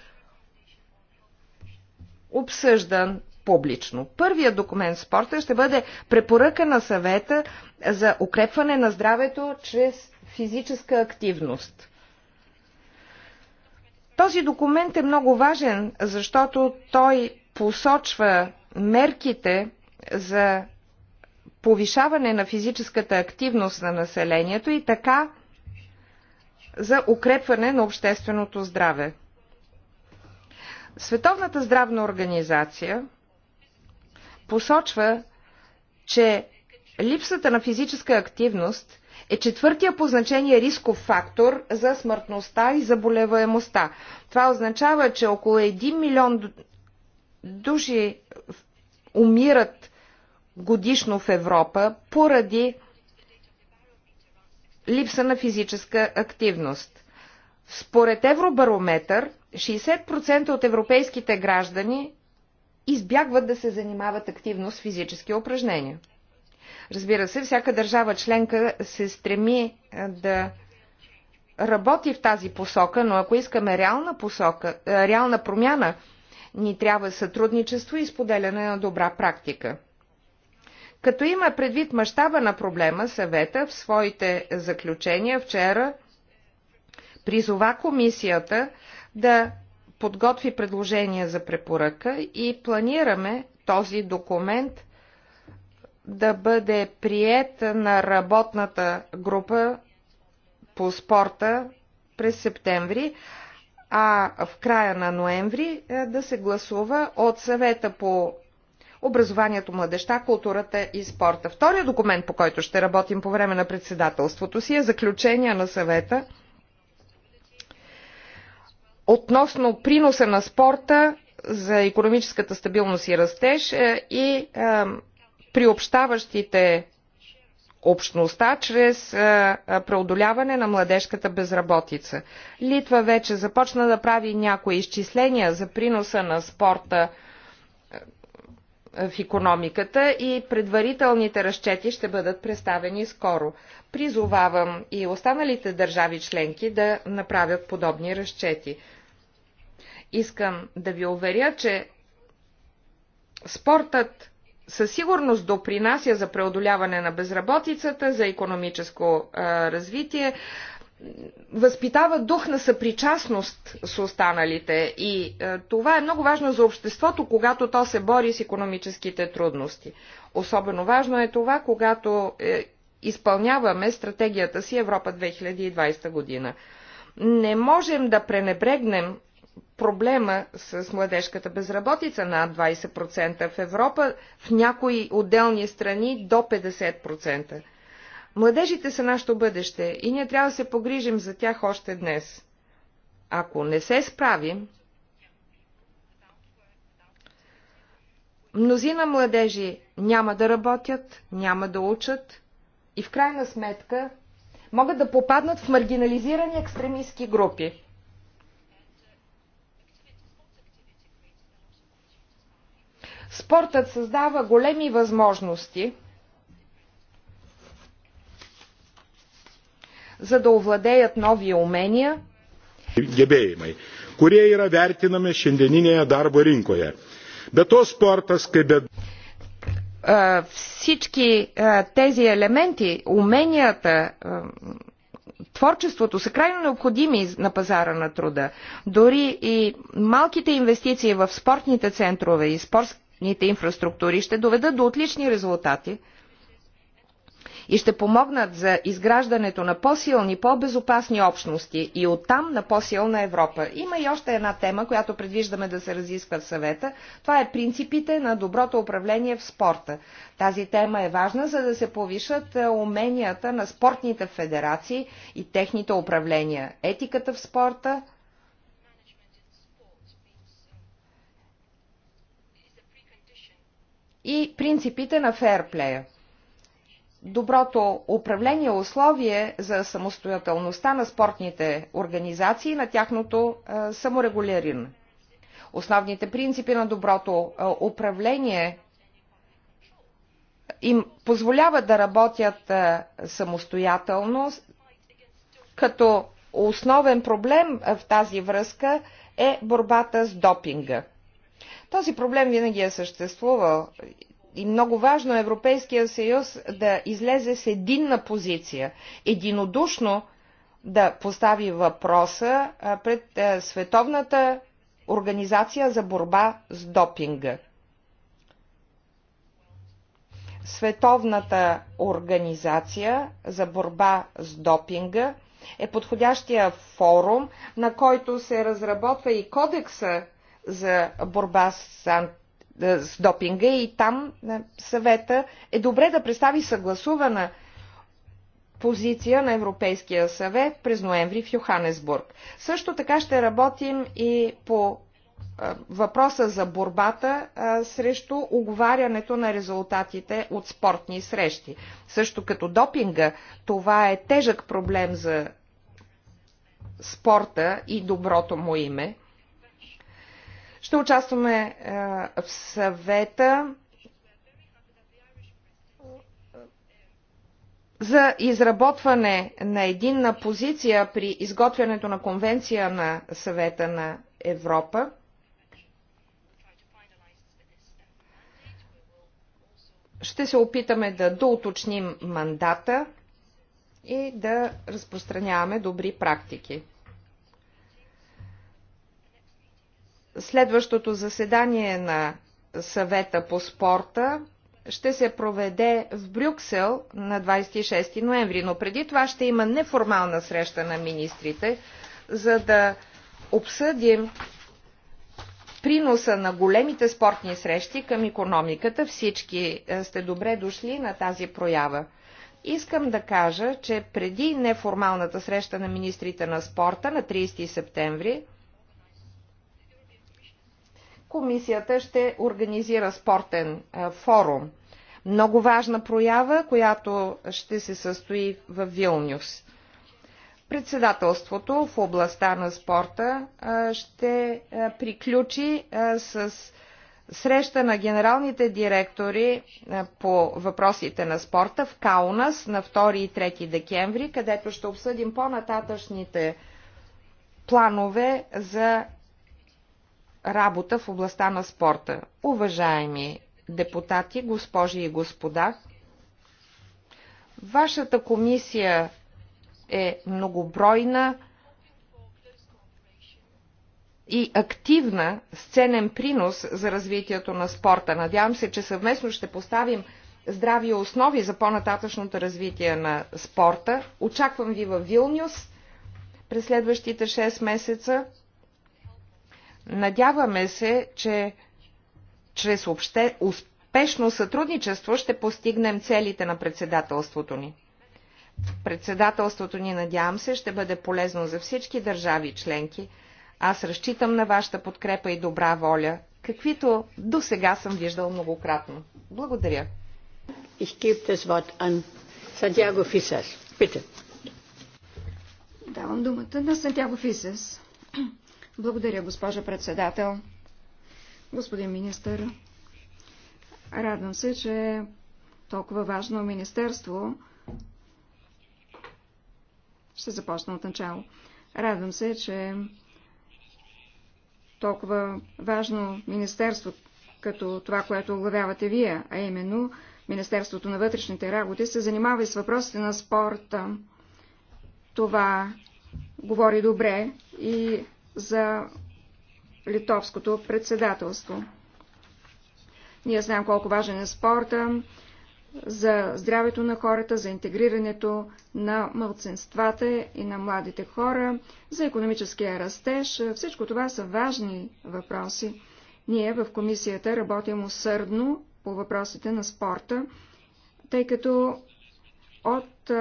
обсъждан публично. Първият документ в спорта ще бъде препоръка на съвета за укрепване на здравето чрез физическа активност. Този документ е много важен, защото той посочва мерките за повишаване на физическата активност на населението и така за укрепване на общественото здраве. Световната здравна организация посочва, че липсата на физическа активност е четвъртия по значение рисков фактор за смъртността и заболеваемостта. Това означава, че около 1 милион души умират годишно в Европа поради липса на физическа активност. Според Евробарометър, 60% от европейските граждани избягват да се занимават активно с физически упражнения. Разбира се, всяка държава членка се стреми е, да работи в тази посока, но ако искаме реална, посока, е, реална промяна, ни трябва сътрудничество и споделяне на добра практика. Като има предвид мащаба на проблема, съвета в своите заключения вчера призова комисията да подготви предложение за препоръка и планираме този документ да бъде прият на работната група по спорта през септември, а в края на ноември е, да се гласува от съвета по образованието, младеща, културата и спорта. Втория документ, по който ще работим по време на председателството си е заключение на съвета – относно приноса на спорта за економическата стабилност и растеж е, и е, приобщаващите общността чрез е, преодоляване на младежката безработица. Литва вече започна да прави някои изчисления за приноса на спорта в економиката и предварителните разчети ще бъдат представени скоро. Призовавам и останалите държави членки да направят подобни разчети. Искам да ви уверя, че спортът със сигурност допринася за преодоляване на безработицата, за економическо а, развитие, възпитава дух на съпричастност с останалите и а, това е много важно за обществото, когато то се бори с економическите трудности. Особено важно е това, когато е, изпълняваме стратегията си Европа 2020 година. Не можем да пренебрегнем проблема с младежката безработица над 20% в Европа, в някои отделни страни до 50%. Младежите са нашето бъдеще и ние трябва да се погрижим за тях още днес. Ако не се справим, мнозина младежи няма да работят, няма да учат и в крайна сметка могат да попаднат в маргинализирани екстремистски групи. Спортът създава големи възможности за да овладеят нови умения. Gebėjimai, kurie yra vertinami šiandieninėje darbo rinkoje. Be to sportas, kaip е, Всички е, тези елементи, уменията, е, творчеството са крайно необходими на пазара на труда. Дори и малките инвестиции в спортните центрове и спорт, ните инфраструктури ще доведат до отлични резултати и ще помогнат за изграждането на по-силни, по-безопасни общности и оттам на по-силна Европа. Има и още една тема, която предвиждаме да се разисква в съвета. Това е принципите на доброто управление в спорта. Тази тема е важна, за да се повишат е, уменията на спортните федерации и техните управления. Етиката в спорта, и принципите на ферплея. Доброто управление е условие за самостоятелността на спортните организации и на тяхното саморегулиране. Основните принципи на доброто управление им позволяват да работят самостоятелно, като основен проблем в тази връзка е борбата с допинга. Този проблем винаги е съществувал и много важно е Европейския съюз да излезе с единна позиция, единодушно да постави въпроса пред Световната организация за борба с допинга. Световната организация за борба с допинга е подходящия форум, на който се разработва и кодекса за борба с, с допинга и там е, съвета е добре да представи съгласувана позиция на Европейския съвет през ноември в Йоханесбург. Също така ще работим и по е, въпроса за борбата а, е, срещу оговарянето на резултатите от спортни срещи. Също като допинга, това е тежък проблем за спорта и доброто му име. Ще участваме е, в съвета за изработване на единна позиция при изготвянето на конвенция на съвета на Европа. Ще се опитаме да доуточним мандата и да разпространяваме добри практики. Следващото заседание на съвета по спорта ще се проведе в Брюксел на 26 ноември, но преди това ще има неформална среща на министрите, за да обсъдим приноса на големите спортни срещи към економиката. Всички е, сте добре дошли на тази проява. Искам да кажа, че преди неформалната среща на министрите на спорта на 30 септември комисията ще организира спортен форум. Много важна проява, която ще се състои в Вилнюс. Председателството в областта на спорта ще приключи с среща на генералните директори по въпросите на спорта в Каунас на 2 и 3 декември, където ще обсъдим по-нататъчните планове за работа в областта на спорта. Уважаеми депутати, госпожи и господа, вашата комисия е многобройна и активна с ценен принос за развитието на спорта. Надявам се, че съвместно ще поставим здрави основи за по-нататъчното развитие на спорта. Очаквам ви във Вилнюс през следващите 6 месеца. Надяваме се, че чрез обще, успешно сътрудничество ще постигнем целите на председателството ни. Председателството ни, надявам се, ще бъде полезно за всички държави членки. Аз разчитам на вашата подкрепа и добра воля, каквито до сега съм виждал многократно. Благодаря. Ich gebe das Wort an Santiago Fisas. Bitte. Давам думата на Сантьяго Фисес. Благодаря, госпожа председател. Господин министър, радвам се, че толкова важно министерство ще започна от начало. Радвам се, че толкова важно министерство, като това, което оглавявате вие, а именно Министерството на вътрешните работи, се занимава и с въпросите на спорта. Това говори добре и за литовското председателство. Ние знаем колко важен е спорта за здравето на хората, за интегрирането на мълценствата и на младите хора, за економическия растеж. Всичко това са важни въпроси. Ние в комисията работим усърдно по въпросите на спорта, тъй като от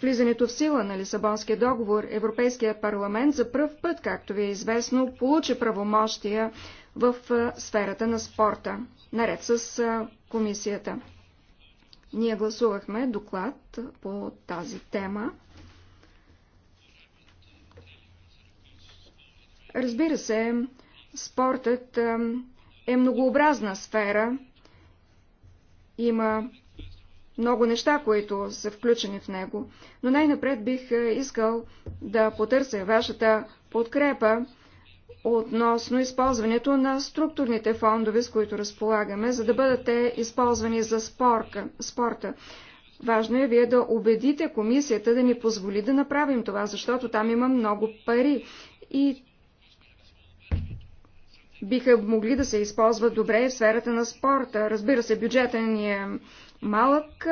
влизането в сила на Лисабонския договор, Европейския парламент за пръв път, както ви е известно, получи правомощия в сферата на спорта, наред с комисията. Ние гласувахме доклад по тази тема. Разбира се, спортът е многообразна сфера. Има много неща, които са включени в него. Но най-напред бих е, искал да потърся вашата подкрепа относно използването на структурните фондове, с които разполагаме, за да бъдат те използвани за спорка, спорта. Важно е вие да убедите комисията да ни позволи да направим това, защото там има много пари и биха могли да се използват добре в сферата на спорта. Разбира се, бюджета ни е малък,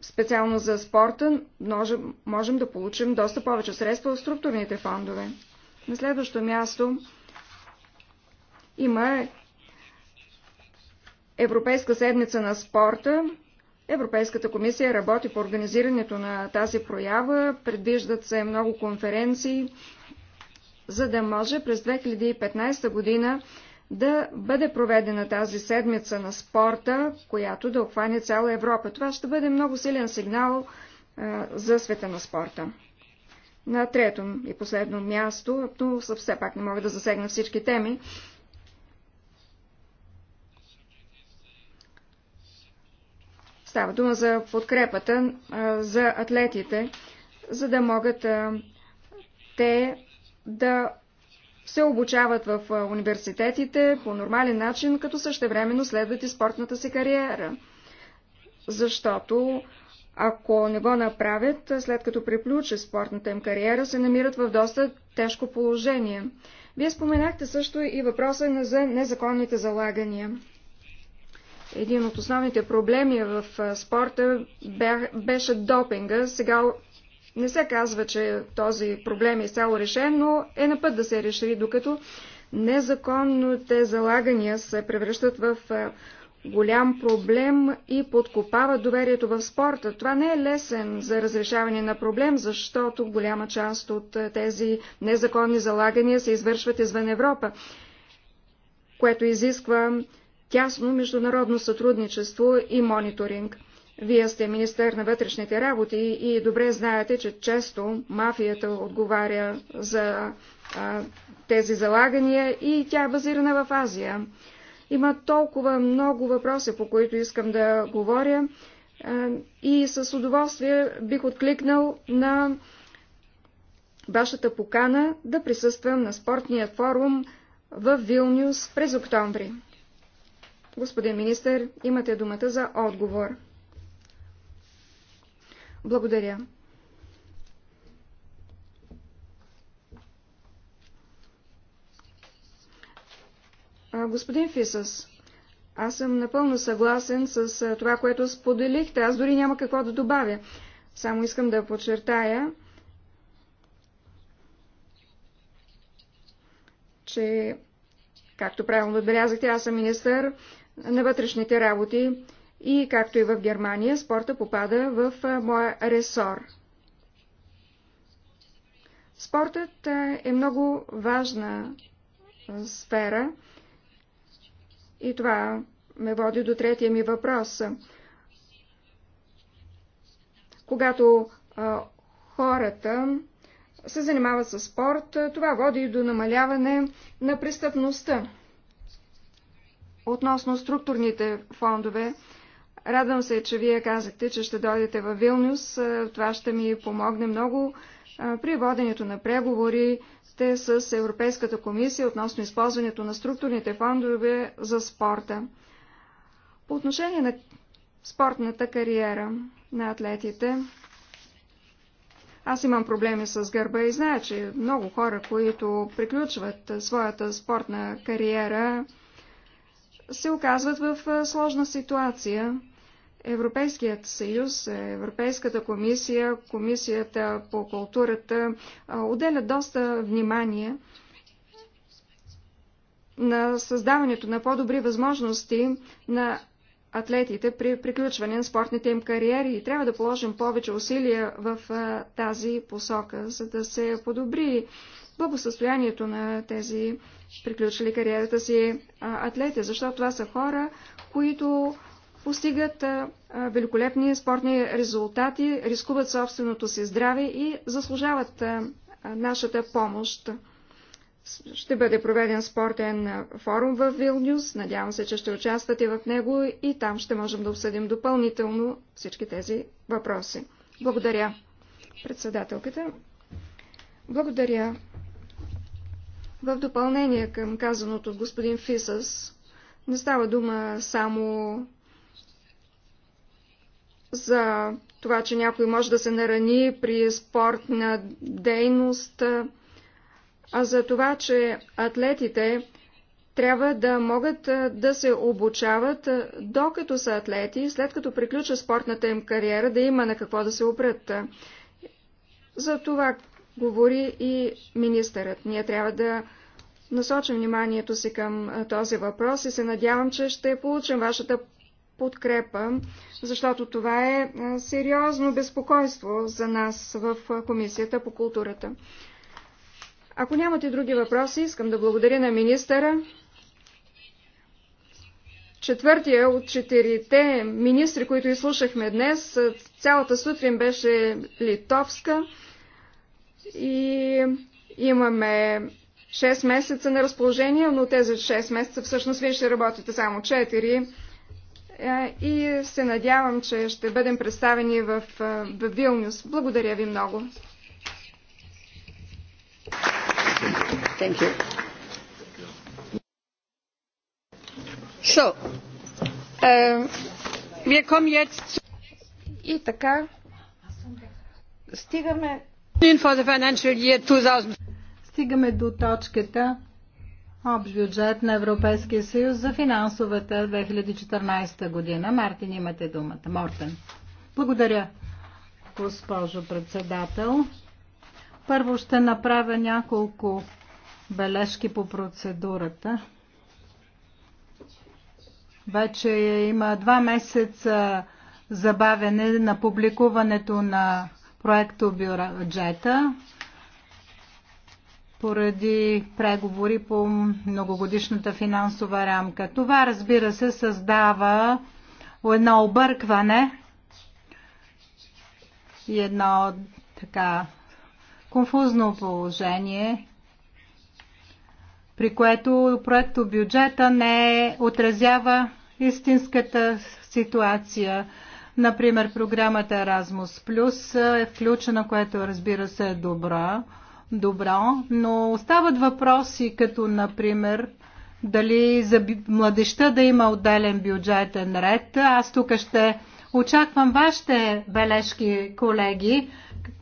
специално за спорта, можем, можем да получим доста повече средства от структурните фондове. На следващо място има Европейска седмица на спорта. Европейската комисия работи по организирането на тази проява. Предвиждат се много конференции, за да може през 2015 година да бъде проведена тази седмица на спорта, която да обхване цяла Европа. Това ще бъде много силен сигнал а, за света на спорта. На трето и последно място, но все пак не мога да засегна всички теми, Става дума за подкрепата а, за атлетите, за да могат а, те да се обучават в университетите по нормален начин, като същевременно следват и спортната си кариера. Защото ако не го направят, след като приключи спортната им кариера, се намират в доста тежко положение. Вие споменахте също и въпроса за незаконните залагания. Един от основните проблеми в спорта беше допинга. Сега не се казва, че този проблем е изцяло решен, но е на път да се реши, докато незаконните залагания се превръщат в е, голям проблем и подкопава доверието в спорта. Това не е лесен за разрешаване на проблем, защото голяма част от е, тези незаконни залагания се извършват извън Европа, което изисква тясно международно сътрудничество и мониторинг. Вие сте министър на вътрешните работи и добре знаете, че често мафията отговаря за а, тези залагания и тя е базирана в Азия. Има толкова много въпроси, по които искам да говоря а, и с удоволствие бих откликнал на вашата покана да присъствам на спортния форум в Вилнюс през октомври. Господин министър, имате думата за отговор. Благодаря. Господин Фисъс, аз съм напълно съгласен с това, което споделихте. Аз дори няма какво да добавя. Само искам да подчертая, че, както правилно отбелязахте, аз съм министър на вътрешните работи и както и в Германия, спорта попада в моя ресор. Спортът е много важна сфера и това ме води до третия ми въпрос. Когато а, хората се занимават с спорт, това води и до намаляване на престъпността. Относно структурните фондове, Радвам се, че вие казахте, че ще дойдете във Вилнюс. Това ще ми помогне много при воденето на преговори с Европейската комисия относно използването на структурните фондове за спорта. По отношение на спортната кариера на атлетите, аз имам проблеми с гърба и зная, че много хора, които приключват своята спортна кариера, се оказват в сложна ситуация – Европейският съюз, Европейската комисия, Комисията по културата отделя доста внимание на създаването на по-добри възможности на атлетите при приключване на спортните им кариери и трябва да положим повече усилия в тази посока, за да се подобри благосъстоянието на тези приключили кариерата си атлети, защото това са хора, които постигат великолепни спортни резултати, рискуват собственото си здраве и заслужават нашата помощ. Ще бъде проведен спортен форум в Вилнюс. Надявам се, че ще участвате в него и там ще можем да обсъдим допълнително всички тези въпроси. Благодаря, председателката. Благодаря. В допълнение към казаното от господин Фисъс, не става дума само за това, че някой може да се нарани при спортна дейност, а за това, че атлетите трябва да могат да се обучават докато са атлети, след като приключат спортната им кариера, да има на какво да се опрат. За това говори и министърът. Ние трябва да насочим вниманието си към този въпрос и се надявам, че ще получим вашата подкрепа, защото това е, е сериозно безпокойство за нас в е, Комисията по културата. Ако нямате други въпроси, искам да благодаря на министъра. Четвъртия от четирите министри, които изслушахме днес, е, цялата сутрин беше литовска и имаме 6 месеца на разположение, но тези 6 месеца всъщност вие ще работите само 4 е, и се надявам, че ще бъдем представени в, е, в Вилнюс. Благодаря ви много. Thank you. So, uh, wir kommen jetzt и така стигаме Stигаме до точката Общ бюджет на Европейския съюз за финансовата 2014 година. Мартин, имате думата. Мортен. Благодаря, госпожо председател. Първо ще направя няколко бележки по процедурата. Вече има два месеца забавяне на публикуването на проекто бюджета поради преговори по многогодишната финансова рамка. Това, разбира се, създава едно объркване и едно така конфузно положение, при което проекто бюджета не отразява истинската ситуация. Например, програмата Erasmus Plus е включена, което разбира се е добра добро, но остават въпроси като, например, дали за младеща да има отделен бюджетен ред. Аз тук ще очаквам вашите бележки, колеги.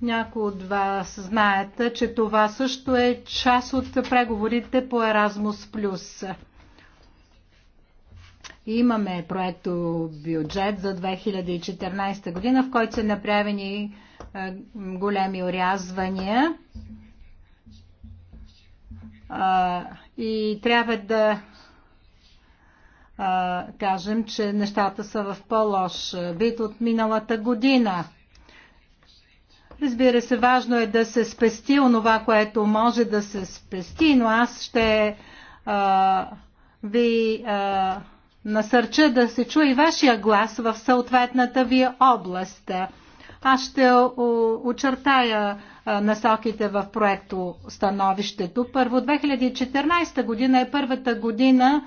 Някои от вас знаят, че това също е част от преговорите по Erasmus+. Имаме проекто бюджет за 2014 година, в който са направени е, големи орязвания а, и трябва да а, кажем, че нещата са в по-лош вид от миналата година. Разбира се, важно е да се спести онова, което може да се спести, но аз ще а, ви а, насърча да се чуе и вашия глас в съответната ви област. Аз ще очертая насоките в проекто становището. Първо, 2014 година е първата година,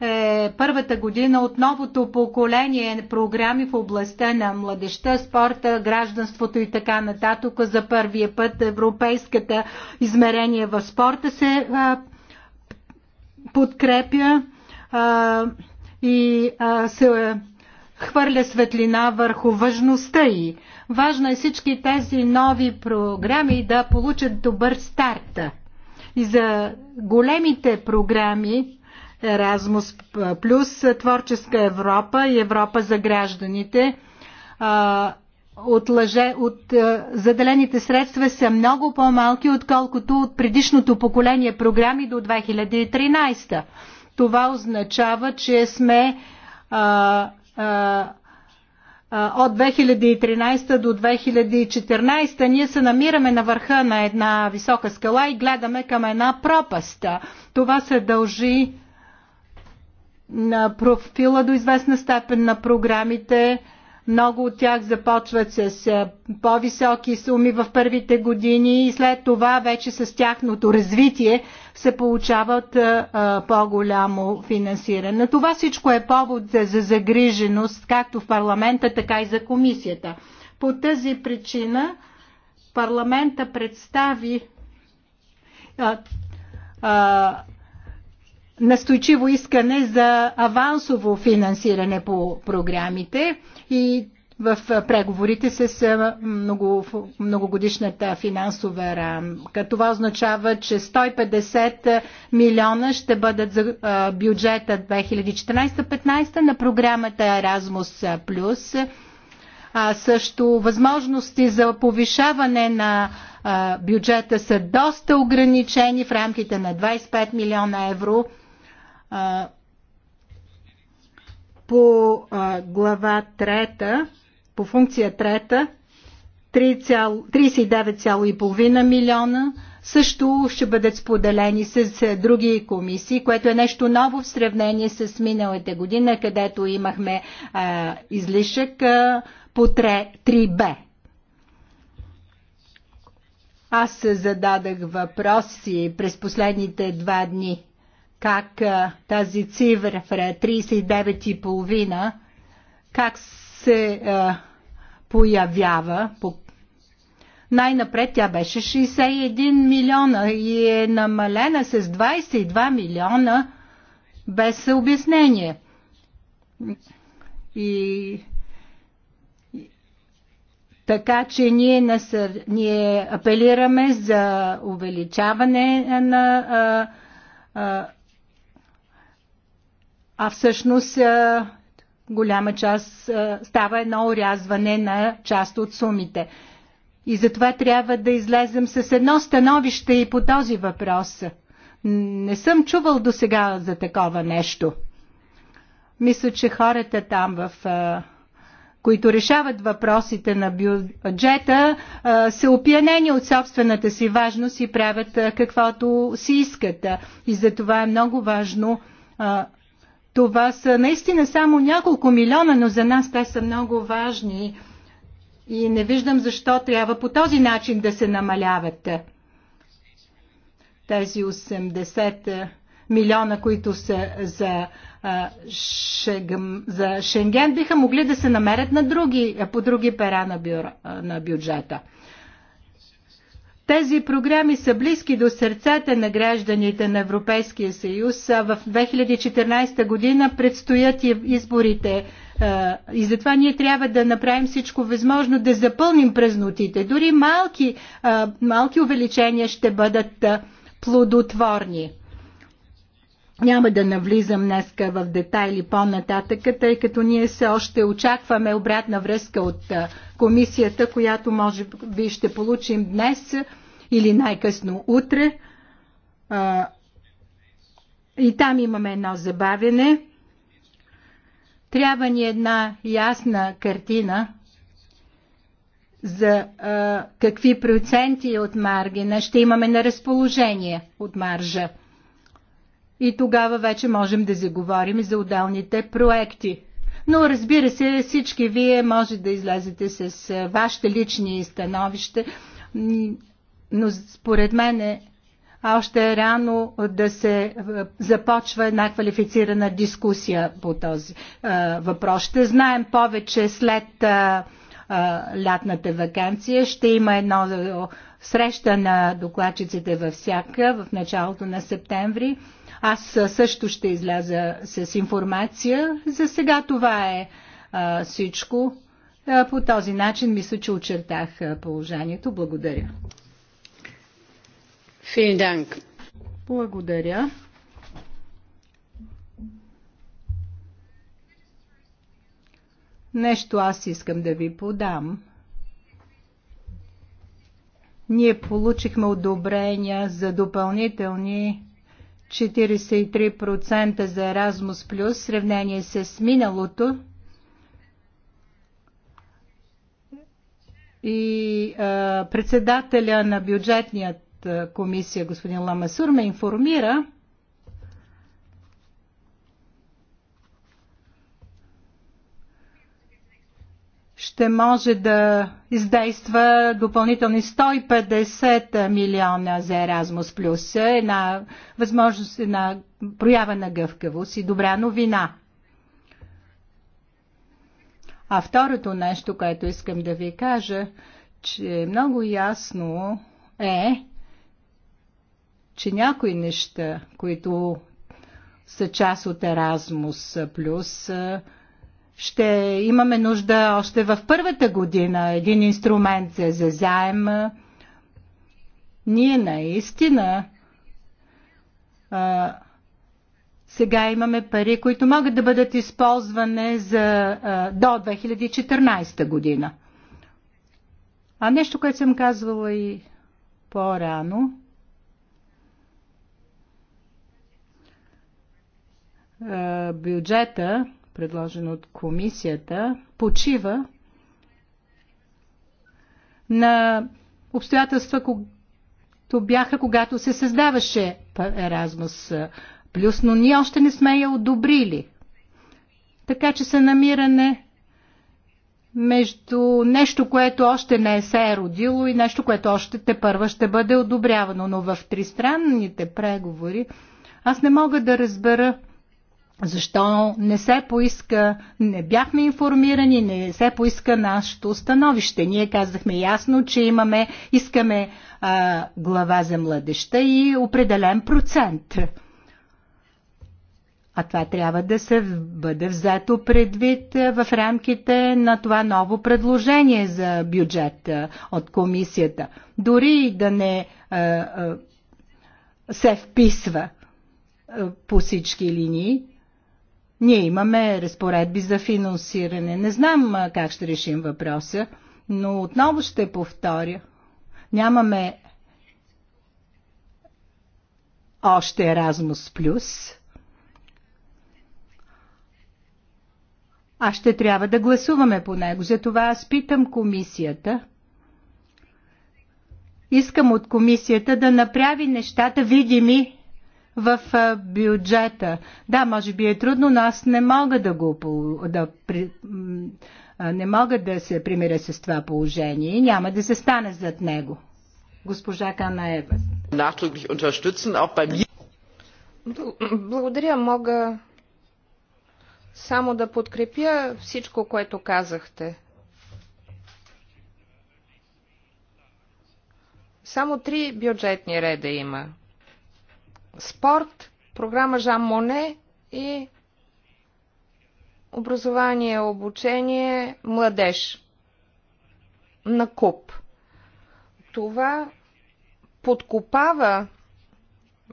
е първата година от новото поколение програми в областта на младеща, спорта, гражданството и така нататък. За първия път европейската измерение в спорта се а, подкрепя а, и а, се хвърля светлина върху важността и. Важно е всички тези нови програми да получат добър старт. И за големите програми Erasmus Plus, Творческа Европа и Европа за гражданите, от, лъже, от е, заделените средства са много по-малки, отколкото от предишното поколение програми до 2013. Това означава, че сме е, от 2013 до 2014 ние се намираме на върха на една висока скала и гледаме към една пропаст. Това се дължи на профила до известна степен на програмите, много от тях започват с по-високи суми в първите години и след това вече с тяхното развитие се получават по-голямо финансиране. Това всичко е повод за загриженост както в парламента, така и за комисията. По тази причина парламента представи настойчиво искане за авансово финансиране по програмите и в преговорите с много, многогодишната финансова рамка. Това означава, че 150 милиона ще бъдат за бюджета 2014-15 на програмата Erasmus+, а също възможности за повишаване на бюджета са доста ограничени в рамките на 25 милиона евро по глава 3, по функция 3, 39,5 милиона също ще бъдат споделени с други комисии, което е нещо ново в сравнение с миналата година, където имахме а, излишък а, по 3Б. Аз зададах въпроси през последните два дни как тази цифра 39,5 как се появява по най-напред тя беше 61 милиона и е намалена с 22 милиона без обяснение. И така че ние, насър... ние апелираме за увеличаване на а, а, а всъщност голяма част става едно урязване на част от сумите. И затова трябва да излезем с едно становище и по този въпрос. Не съм чувал до сега за такова нещо. Мисля, че хората там в които решават въпросите на бюджета, са опиянени от собствената си важност и правят каквото си искат. И затова е много важно това са наистина само няколко милиона, но за нас те са много важни и не виждам защо трябва по този начин да се намаляват тези 80 милиона, които са за, за Шенген, биха могли да се намерят на други, по други пера на, бюро, на бюджета. Тези програми са близки до сърцата на гражданите на Европейския съюз. В 2014 година предстоят и изборите и затова ние трябва да направим всичко възможно да запълним празнотите. Дори малки, малки увеличения ще бъдат плодотворни. Няма да навлизам днеска в детайли по-нататъка, тъй като ние все още очакваме обратна връзка от комисията, която може би ще получим днес или най-късно утре. И там имаме едно забавене. Трябва ни една ясна картина за а, какви проценти от маргина ще имаме на разположение от маржа. И тогава вече можем да заговорим за отделните проекти но разбира се, всички вие може да излезете с вашите лични становища, но според мен е още е рано да се започва една квалифицирана дискусия по този въпрос. Ще знаем повече след лятната вакансия. Ще има едно среща на докладчиците във всяка в началото на септември аз също ще изляза с информация. За сега това е а, всичко. А, по този начин мисля, че очертах положението. Благодаря. Филданк. Благодаря. Нещо аз искам да ви подам. Ние получихме одобрения за допълнителни 43% за Erasmus Plus в сравнение с миналото. И а, председателя на бюджетният комисия, господин Ламасур, ме информира, ще може да издейства допълнителни 150 милиона за Erasmus+. Плюс. Една възможност, на проява на гъвкавост и добра новина. А второто нещо, което искам да ви кажа, че е много ясно е, че някои неща, които са част от Erasmus+, ще имаме нужда още в първата година един инструмент за заем. Ние наистина а, сега имаме пари, които могат да бъдат използвани за, а, до 2014 година. А нещо, което съм казвала и по-рано, бюджета предложен от комисията, почива на обстоятелства, които бяха, когато се създаваше Еразмус Плюс, но ние още не сме я одобрили. Така че се намиране между нещо, което още не е се е родило и нещо, което още те първа ще бъде одобрявано. Но в тристранните преговори аз не мога да разбера защо не се поиска, не бяхме информирани, не се поиска нашето становище. Ние казахме ясно, че имаме, искаме а, глава за младеща и определен процент. А това трябва да се бъде взето предвид в рамките на това ново предложение за бюджет от комисията. Дори да не а, а, се вписва по всички линии, ние имаме разпоредби за финансиране. Не знам как ще решим въпроса, но отново ще повторя. Нямаме още Erasmus+. Плюс. А ще трябва да гласуваме по него. Затова аз питам комисията. Искам от комисията да направи нещата видими в бюджета. Да, може би е трудно, но аз не мога да го да, не мога да се примиря с това положение и няма да се стане зад него. Госпожа Канаева. Благодаря, мога само да подкрепя всичко, което казахте. Само три бюджетни реда има спорт, програма Жан Моне и образование, обучение, младеж на куп. Това подкопава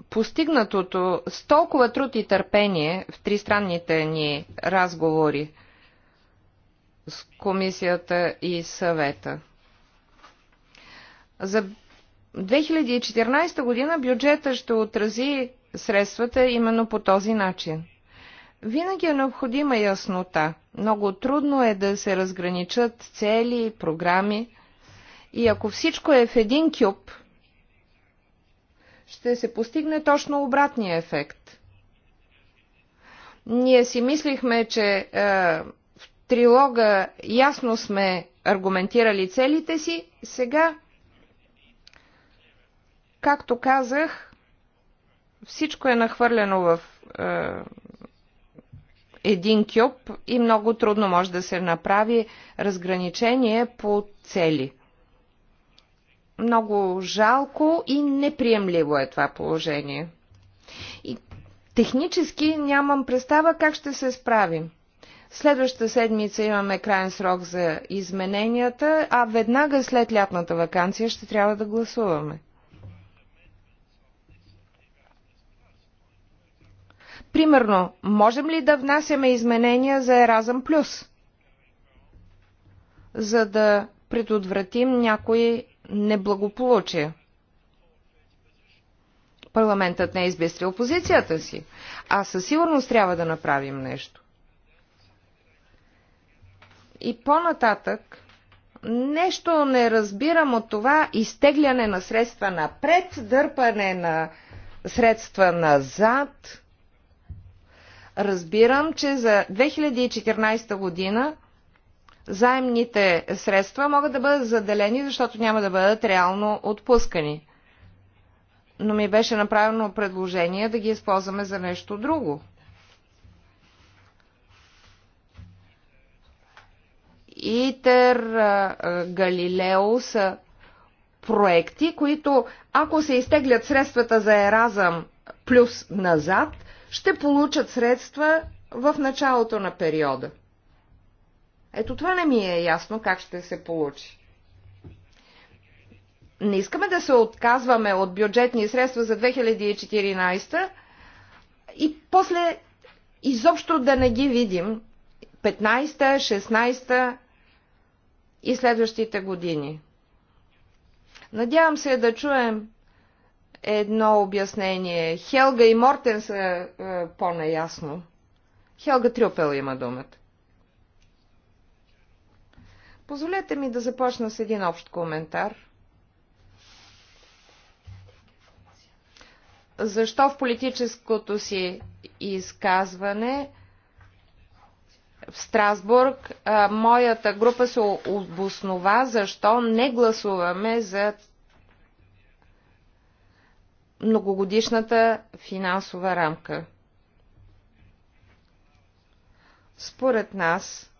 постигнатото с толкова труд и търпение в тристранните ни разговори с комисията и съвета. За 2014 година бюджета ще отрази средствата именно по този начин. Винаги е необходима яснота. Много трудно е да се разграничат цели, програми. И ако всичко е в един кюб, ще се постигне точно обратния ефект. Ние си мислихме, че е, в трилога ясно сме аргументирали целите си, сега Както казах, всичко е нахвърлено в е, един кюб и много трудно може да се направи разграничение по цели. Много жалко и неприемливо е това положение. И технически нямам представа как ще се справим. Следващата седмица имаме крайен срок за измененията, а веднага след лятната вакансия ще трябва да гласуваме. Примерно, можем ли да внасяме изменения за Еразъм Плюс, за да предотвратим някои неблагополучия? Парламентът не е избестрил позицията си, а със сигурност трябва да направим нещо. И по-нататък, нещо не разбирам от това изтегляне на средства напред, дърпане на средства назад – Разбирам, че за 2014 година заемните средства могат да бъдат заделени, защото няма да бъдат реално отпускани. Но ми беше направено предложение да ги използваме за нещо друго. ИТЕР, Галилео са проекти, които ако се изтеглят средствата за Еразъм плюс назад, ще получат средства в началото на периода. Ето това не ми е ясно как ще се получи. Не искаме да се отказваме от бюджетни средства за 2014 и после изобщо да не ги видим 15-та, 16-та и следващите години. Надявам се да чуем едно обяснение. Хелга и Мортен са е, по-наясно. Хелга Трюпел има думата. Позволете ми да започна с един общ коментар. Защо в политическото си изказване в Страсбург е, моята група се обоснова защо не гласуваме за многогодишната финансова рамка. Според нас,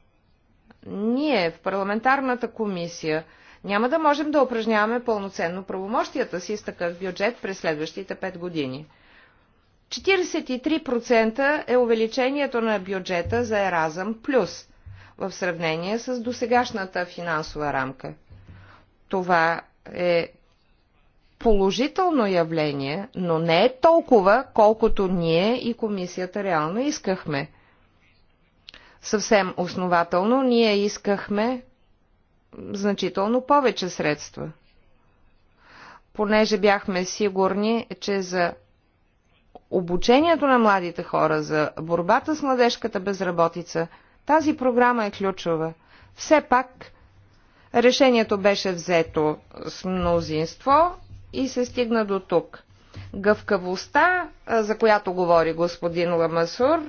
ние в парламентарната комисия няма да можем да упражняваме пълноценно правомощията си с такъв бюджет през следващите 5 години. 43% е увеличението на бюджета за Еразъм плюс в сравнение с досегашната финансова рамка. Това е положително явление, но не е толкова, колкото ние и комисията реално искахме. Съвсем основателно ние искахме значително повече средства. Понеже бяхме сигурни, че за обучението на младите хора, за борбата с младежката безработица, тази програма е ключова. Все пак, решението беше взето с мнозинство и се стигна до тук. Гъвкавостта, за която говори господин Ламасур,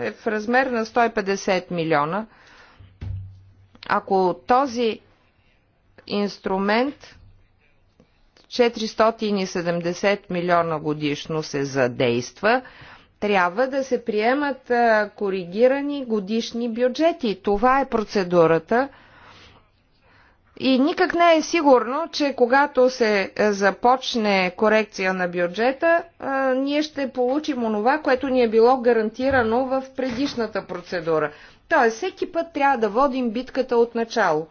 е в размер на 150 милиона. Ако този инструмент 470 милиона годишно се задейства, трябва да се приемат коригирани годишни бюджети. Това е процедурата, и никак не е сигурно, че когато се е, започне корекция на бюджета, е, ние ще получим онова, което ни е било гарантирано в предишната процедура. Тоест, всеки път трябва да водим битката от начало.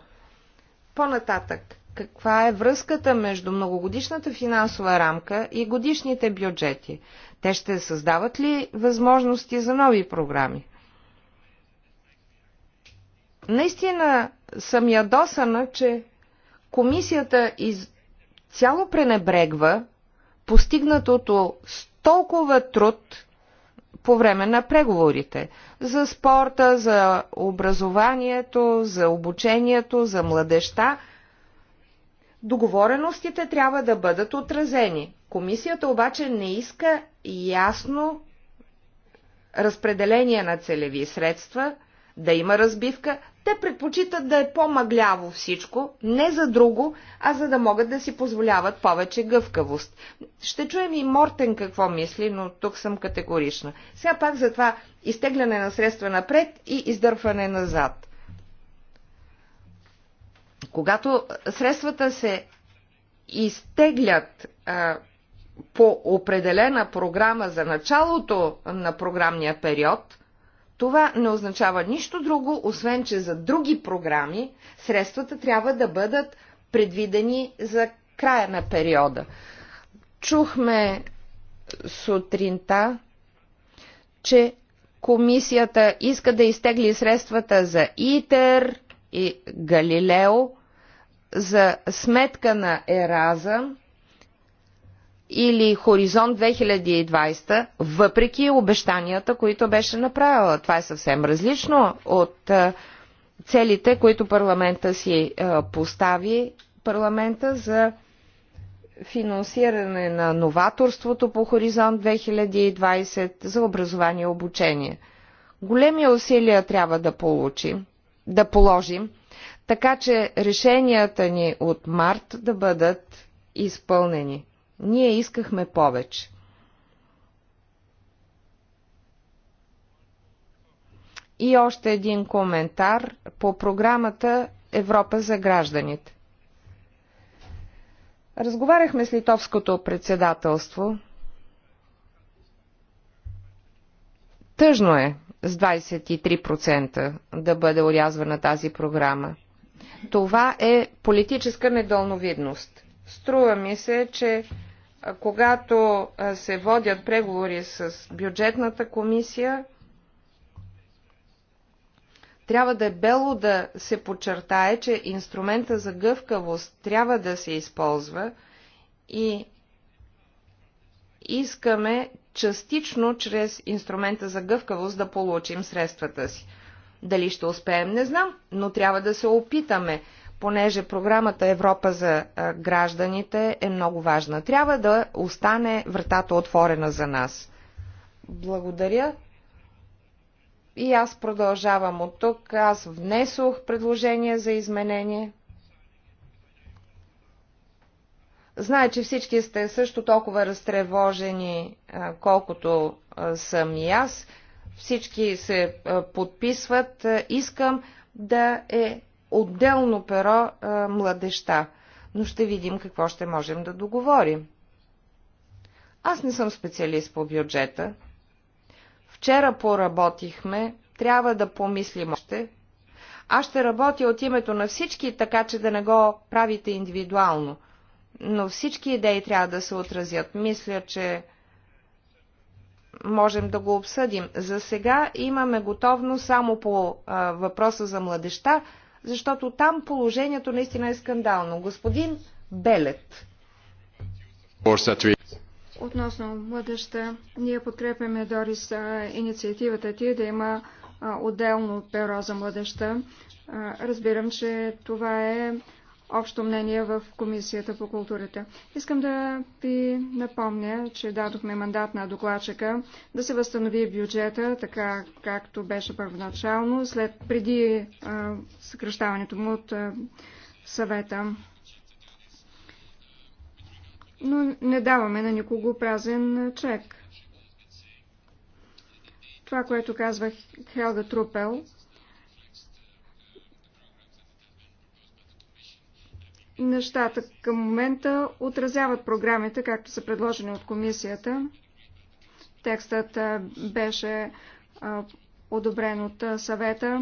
По-нататък, каква е връзката между многогодишната финансова рамка и годишните бюджети? Те ще създават ли възможности за нови програми? Наистина съм ядосана, че комисията цяло пренебрегва постигнатото с толкова труд по време на преговорите за спорта, за образованието, за обучението, за младеща. Договореностите трябва да бъдат отразени. Комисията обаче не иска ясно разпределение на целеви средства, да има разбивка, те предпочитат да е по-мъгляво всичко, не за друго, а за да могат да си позволяват повече гъвкавост. Ще чуем и Мортен какво мисли, но тук съм категорична. Сега пак за това изтегляне на средства напред и издърпване назад. Когато средствата се изтеглят а, по определена програма за началото на програмния период – това не означава нищо друго, освен че за други програми средствата трябва да бъдат предвидени за края на периода. Чухме сутринта, че комисията иска да изтегли средствата за ИТЕР и Галилео за сметка на Еразъм или Хоризонт 2020, въпреки обещанията, които беше направила. Това е съвсем различно от е, целите, които парламента си е, постави парламента за финансиране на новаторството по Хоризонт 2020 за образование и обучение. Големи усилия трябва да получим, да положим, така че решенията ни от март да бъдат изпълнени. Ние искахме повече. И още един коментар по програмата Европа за гражданите. Разговаряхме с литовското председателство. Тъжно е с 23% да бъде урязвана тази програма. Това е политическа недълновидност. Струва ми се, че когато се водят преговори с бюджетната комисия, трябва да е бело да се подчертае, че инструмента за гъвкавост трябва да се използва и искаме частично чрез инструмента за гъвкавост да получим средствата си. Дали ще успеем, не знам, но трябва да се опитаме понеже програмата Европа за гражданите е много важна. Трябва да остане вратата отворена за нас. Благодаря. И аз продължавам от тук. Аз внесох предложение за изменение. Знае, че всички сте също толкова разтревожени, колкото съм и аз. Всички се подписват. Искам да е отделно перо а, е, младеща, но ще видим какво ще можем да договорим. Аз не съм специалист по бюджета. Вчера поработихме, трябва да помислим още. Аз ще работя от името на всички, така че да не го правите индивидуално. Но всички идеи трябва да се отразят. Мисля, че можем да го обсъдим. За сега имаме готовно само по а, въпроса за младеща защото там положението наистина е скандално. Господин Белет. Относно младеща, ние подкрепяме Дорис инициативата ти да има отделно перо за младеща. Разбирам, че това е общо мнение в Комисията по културата. Искам да ви напомня, че дадохме мандат на докладчика да се възстанови бюджета, така както беше първоначално, след преди а, съкръщаването му от а, съвета. Но не даваме на никого празен чек. Това, което казва Хелга Трупел, нещата към момента отразяват програмите, както са предложени от комисията. Текстът беше одобрен от съвета,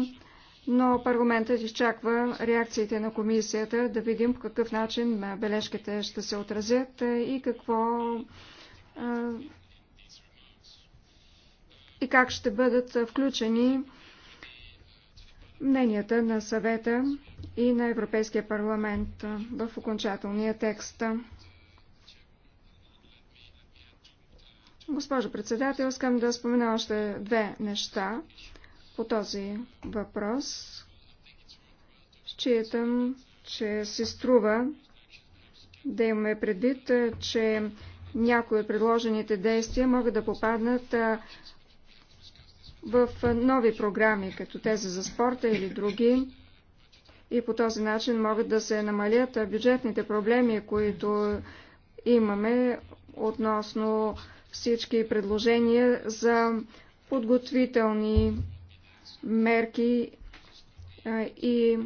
но парламентът изчаква реакциите на комисията, да видим по какъв начин бележките ще се отразят и какво и как ще бъдат включени мненията на съвета и на Европейския парламент в окончателния текст. Госпожо председател, искам да спомена още две неща по този въпрос. Считам, че си струва да имаме предвид, че някои от предложените действия могат да попаднат в нови програми, като тези за спорта или други и по този начин могат да се намалят бюджетните проблеми, които имаме относно всички предложения за подготвителни мерки и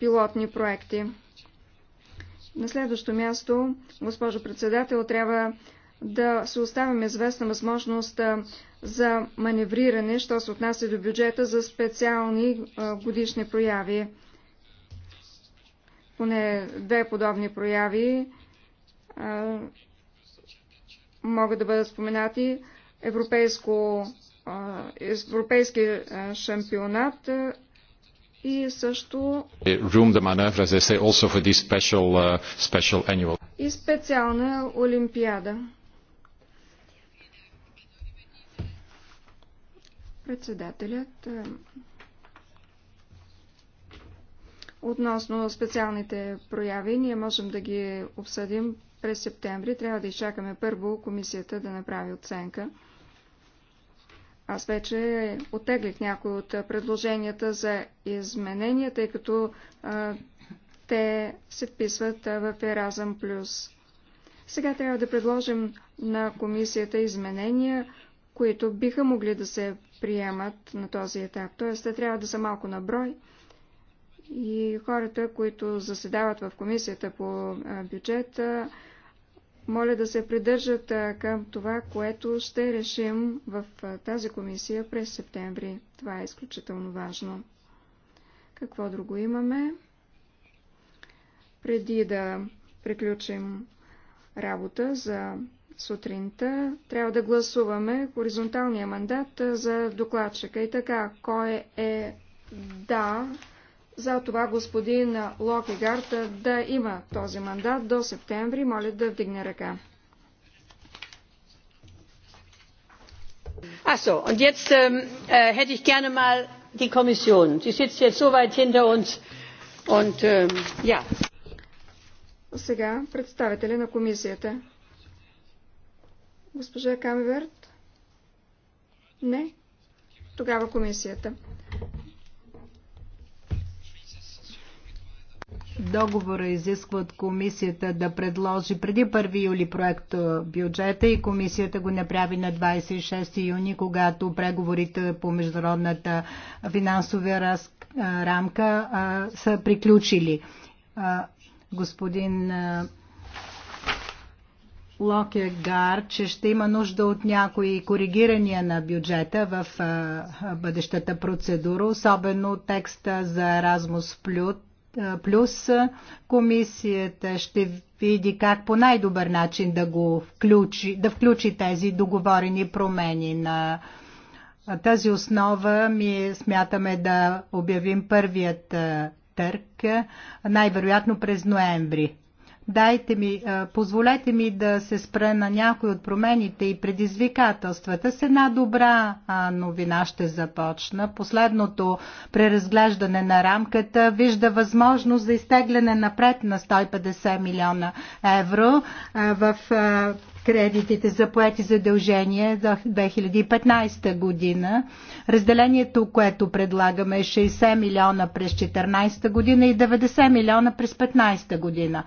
пилотни проекти. На следващо място, госпожо председател, трябва да се оставим известна възможност за маневриране, що се отнася до бюджета за специални годишни прояви. Поне две подобни прояви могат да бъдат споменати. Европейско, европейски шампионат и също uh, и специална олимпиада. Председателят е, относно специалните прояви, ние можем да ги обсъдим през септември. Трябва да изчакаме първо комисията да направи оценка. Аз вече отеглих някои от предложенията за изменения, тъй като а, е, те се вписват в Еразъм Плюс. Сега трябва да предложим на комисията изменения, които биха могли да се приемат на този етап. Тоест, те трябва да са малко на брой и хората, които заседават в комисията по бюджета, моля да се придържат към това, което ще решим в тази комисия през септември. Това е изключително важно. Какво друго имаме? Преди да приключим работа за сутринта трябва да гласуваме хоризонталния мандат за докладчика. И така, кой е да за това господин Локегард да има този мандат до септември, моля да вдигне ръка. Achso, und jetzt ähm, äh, hätte ich gerne mal die Kommission. Die sitzt jetzt so weit hinter uns. Und ähm, ja. Сега представители на комисията. Госпожа Камверт? Не? Тогава комисията. Договора изисква от комисията да предложи преди 1 юли проект бюджета и комисията го направи на 26 юни, когато преговорите по международната финансова рамка са приключили. господин Локегар, че ще има нужда от някои коригирания на бюджета в бъдещата процедура, особено текста за Erasmus плюс комисията ще види как по най-добър начин да го включи, да включи тези договорени промени на тази основа ми смятаме да обявим първият търк най-вероятно през ноември. Дайте ми, позволете ми да се спра на някои от промените и предизвикателствата. С една добра новина ще започна. Последното преразглеждане на рамката вижда възможност за изтегляне напред на 150 милиона евро в кредитите за поети задължения за 2015 година. Разделението, което предлагаме е 60 милиона през 2014 година и 90 милиона през 2015 година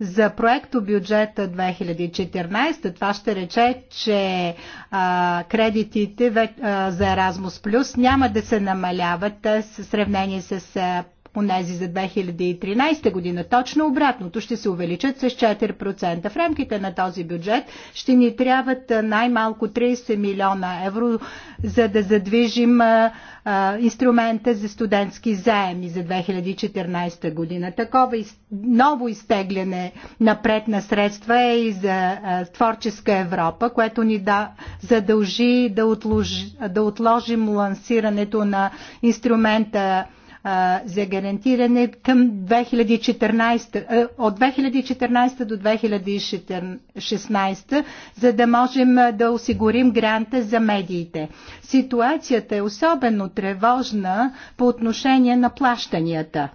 за проекто бюджета 2014. Това ще рече, че а, кредитите а, за Erasmus Plus няма да се намаляват в сравнение с онези за 2013 година. Точно обратното ще се увеличат с 4%. В рамките на този бюджет ще ни трябват най-малко 30 милиона евро, за да задвижим а, а, инструмента за студентски заеми за 2014 година. Такова из, ново изтегляне напред на средства е и за а, творческа Европа, което ни да, задължи да, отложи, да отложим лансирането на инструмента за гарантиране към 2014, от 2014 до 2016, за да можем да осигурим гранта за медиите. Ситуацията е особено тревожна по отношение на плащанията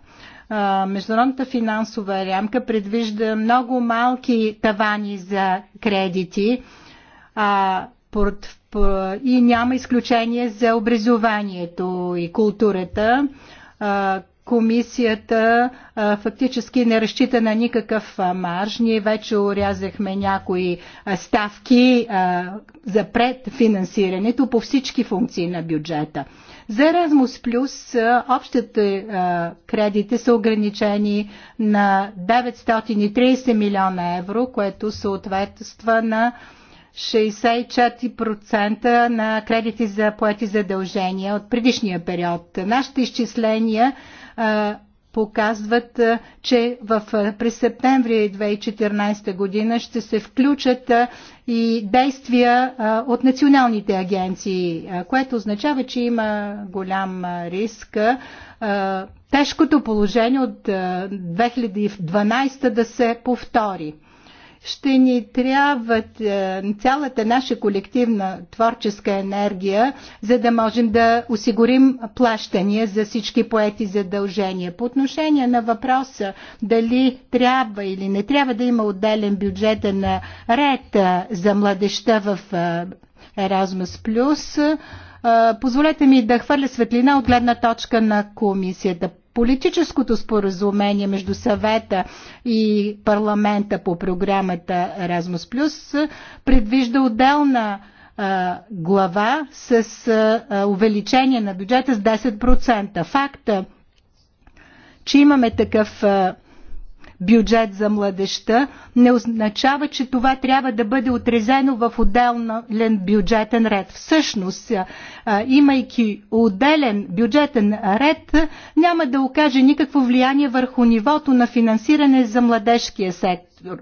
международната финансова рамка предвижда много малки тавани за кредити а, порт, и няма изключение за образованието и културата комисията а, фактически не разчита на никакъв а, марж. Ние вече урязахме някои а, ставки а, за предфинансирането по всички функции на бюджета. За Erasmus Plus общите а, кредити са ограничени на 930 милиона евро, което съответства на 64% на кредити за поети задължения от предишния период. Нашите изчисления а, показват, а, че в, през септември 2014 година ще се включат а, и действия а, от националните агенции, а, което означава, че има голям а, риск а, тежкото положение от а, 2012 да се повтори ще ни трябва е, цялата наша колективна творческа енергия, за да можем да осигурим плащания за всички поети задължения. По отношение на въпроса дали трябва или не трябва да има отделен бюджетен ред е, за младеща в е, Erasmus+, Позволете ми да хвърля светлина от гледна точка на комисията политическото споразумение между съвета и парламента по програмата Erasmus Plus предвижда отделна глава с увеличение на бюджета с 10%. Факта, че имаме такъв бюджет за младеща, не означава, че това трябва да бъде отрезено в отделен бюджетен ред. Всъщност, имайки отделен бюджетен ред, няма да окаже никакво влияние върху нивото на финансиране за младежкия сектор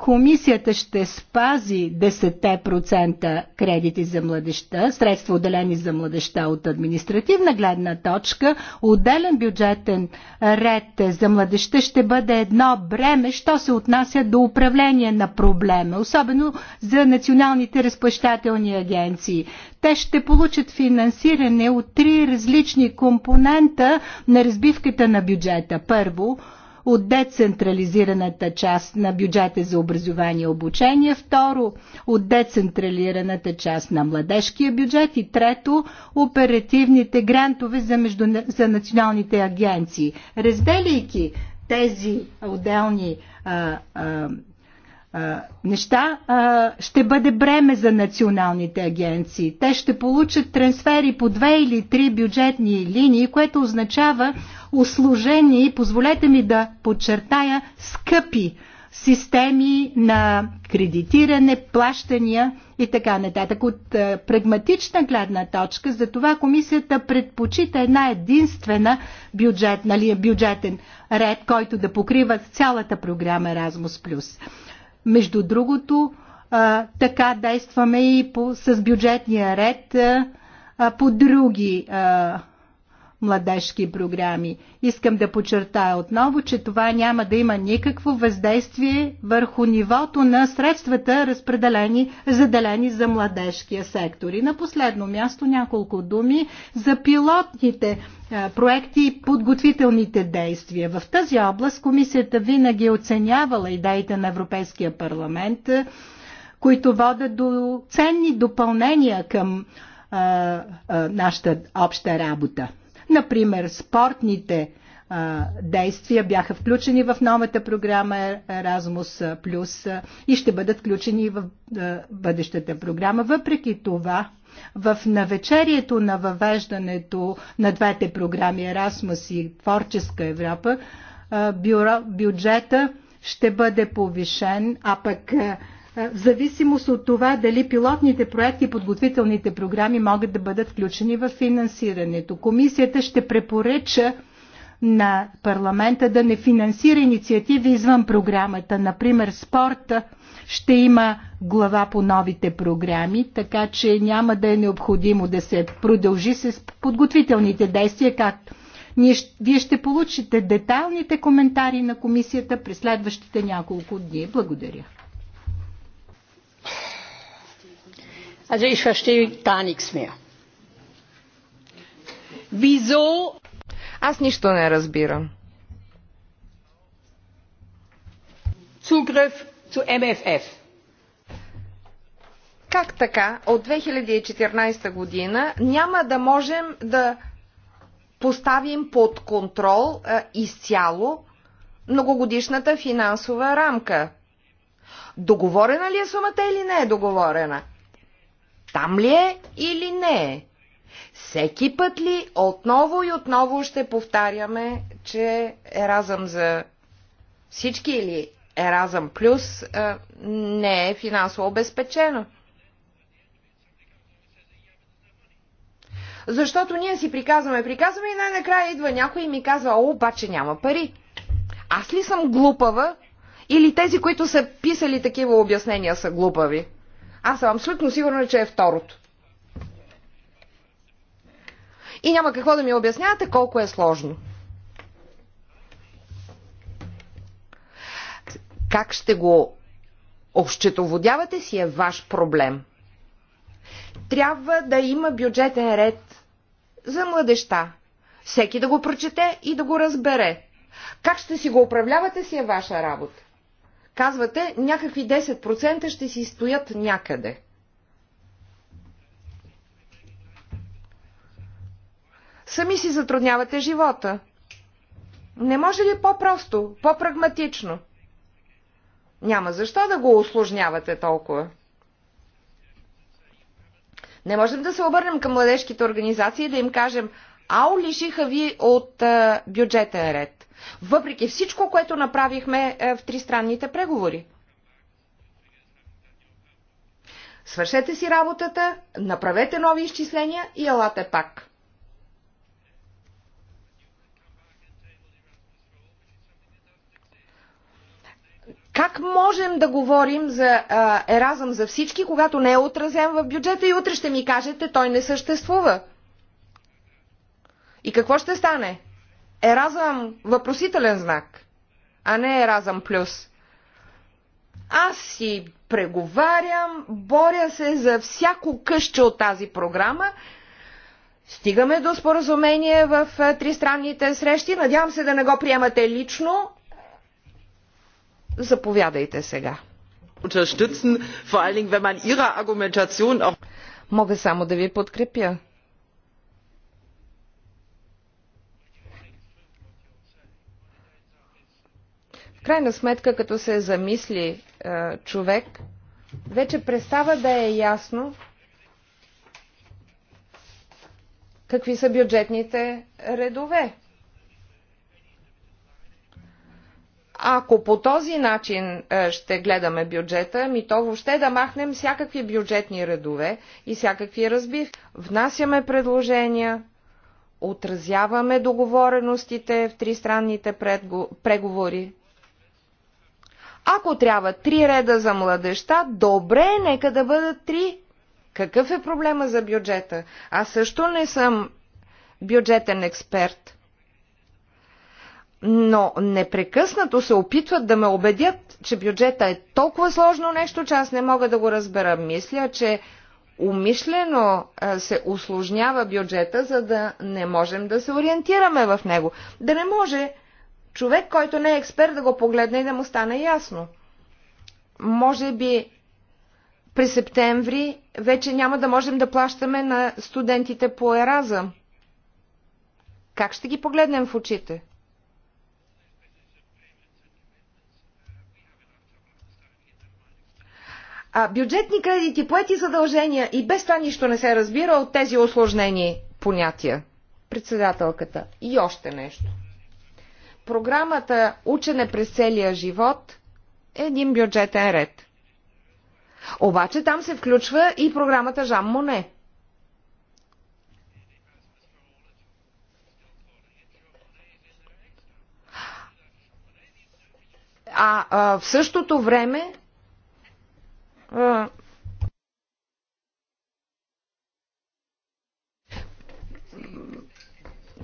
Комисията ще спази 10% кредити за младеща, средства отделени за младеща от административна гледна точка, отделен бюджетен ред за младеща ще бъде едно бреме, що се отнася до управление на проблема, особено за националните разплащателни агенции. Те ще получат финансиране от три различни компонента на разбивката на бюджета. Първо, от децентрализираната част на бюджета за образование и обучение, второ от децентралираната част на младежкия бюджет и трето оперативните грантове за, междуна... за националните агенции. Разделяйки тези отделни а, а, неща ще бъде бреме за националните агенции. Те ще получат трансфери по две или три бюджетни линии, което означава услужени, позволете ми да подчертая, скъпи системи на кредитиране, плащания и така нататък. От прагматична гледна точка, за това комисията предпочита една единствена нали, бюджетен ред, който да покрива цялата програма Erasmus+. Между другото, а, така действаме и по, с бюджетния ред а, по други а, младежки програми. Искам да подчертая отново, че това няма да има никакво въздействие върху нивото на средствата, разпределени, заделени за младежкия сектор. И на последно място няколко думи за пилотните е, проекти и подготвителните действия. В тази област комисията винаги е оценявала идеите на Европейския парламент, е, които водят до ценни допълнения към е, нашата обща работа. Например, спортните а, действия бяха включени в новата програма Erasmus Plus и ще бъдат включени в а, бъдещата програма. Въпреки това, в навечерието на въвеждането на двете програми Erasmus и Творческа Европа, бюро, бюджета ще бъде повишен, а пък в зависимост от това дали пилотните проекти и подготвителните програми могат да бъдат включени в финансирането. Комисията ще препоръча на парламента да не финансира инициативи извън програмата. Например, спорта ще има глава по новите програми, така че няма да е необходимо да се продължи с подготвителните действия, както ние, вие ще получите детайлните коментари на комисията през следващите няколко дни. Благодаря. Also ich verstehe gar nichts mehr. Wieso? Аз нищо не разбирам. Zugriff zu MFF. Как така от 2014 година няма да можем да поставим под контрол а, изцяло многогодишната финансова рамка? Договорена ли е сумата или не е договорена? Там ли е или не е? Всеки път ли отново и отново ще повтаряме, че Еразъм за всички или Еразъм плюс не е финансово обезпечено? Защото ние си приказваме, приказваме и най-накрая идва някой и ми казва, о, обаче няма пари. Аз ли съм глупава? Или тези, които са писали такива обяснения, са глупави? Аз съм абсолютно сигурна, че е второто. И няма какво да ми обяснявате колко е сложно. Как ще го общетоводявате си е ваш проблем. Трябва да има бюджетен ред за младеща. Всеки да го прочете и да го разбере. Как ще си го управлявате си е ваша работа. Казвате, някакви 10% ще си стоят някъде. Сами си затруднявате живота. Не може ли по-просто, по-прагматично? Няма защо да го осложнявате толкова. Не можем да се обърнем към младежките организации и да им кажем, ау лишиха ви от а, бюджетен ред въпреки всичко, което направихме е, в тристранните преговори. Свършете си работата, направете нови изчисления и елате пак. Как можем да говорим за а, еразъм за всички, когато не е отразен в бюджета и утре ще ми кажете, той не съществува? И какво ще стане? Еразъм въпросителен знак, а не Еразъм плюс. Аз си преговарям, боря се за всяко къще от тази програма. Стигаме до споразумение в е, тристранните срещи. Надявам се да не го приемате лично. Заповядайте сега. Мога само да ви подкрепя. В крайна сметка, като се замисли е, човек, вече престава да е ясно какви са бюджетните редове. Ако по този начин е, ще гледаме бюджета, ми то въобще да махнем всякакви бюджетни редове и всякакви разбив. Внасяме предложения, отразяваме договореностите в тристранните преговори. Ако трябва три реда за младеща, добре, нека да бъдат три. Какъв е проблема за бюджета? Аз също не съм бюджетен експерт. Но непрекъснато се опитват да ме убедят, че бюджета е толкова сложно нещо, че аз не мога да го разбера. Мисля, че умишлено се усложнява бюджета, за да не можем да се ориентираме в него. Да не може човек, който не е експерт, да го погледне и да му стане ясно. Може би през септември вече няма да можем да плащаме на студентите по Ераза. Как ще ги погледнем в очите? А, бюджетни кредити, поети задължения и без това нищо не се разбира от тези осложнени понятия. Председателката. И още нещо. Програмата Учене през целия живот е един бюджетен ред. Обаче там се включва и програмата Жан Моне. А, а в същото време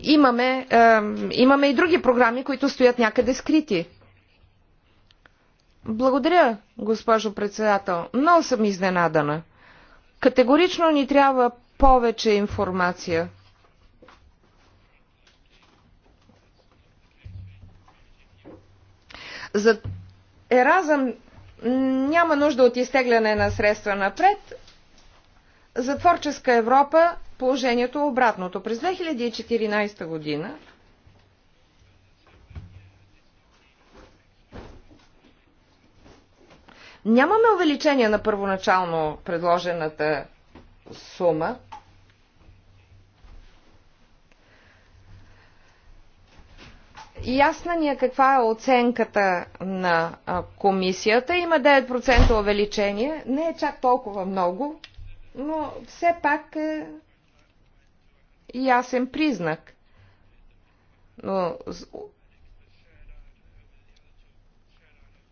имаме, е, имаме и други програми, които стоят някъде скрити. Благодаря, госпожо председател. Много съм изненадана. Категорично ни трябва повече информация. За Еразъм няма нужда от изтегляне на средства напред. За творческа Европа положението е обратното. През 2014 година нямаме увеличение на първоначално предложената сума. Ясна ни е каква е оценката на комисията. Има 9% увеличение. Не е чак толкова много, но все пак е ясен признак. Но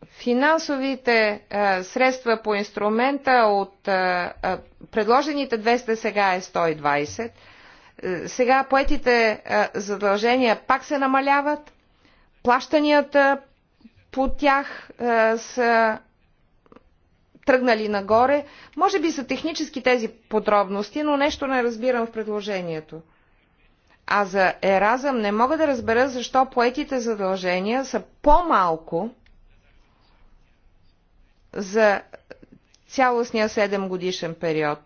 финансовите а, е, средства по инструмента от а, е, а, е, предложените 200 сега е 120. Сега поетите а, задължения пак се намаляват. Плащанията по тях а, са тръгнали нагоре. Може би са технически тези подробности, но нещо не разбирам в предложението. А за Еразъм не мога да разбера защо поетите задължения са по-малко за цялостния 7 годишен период.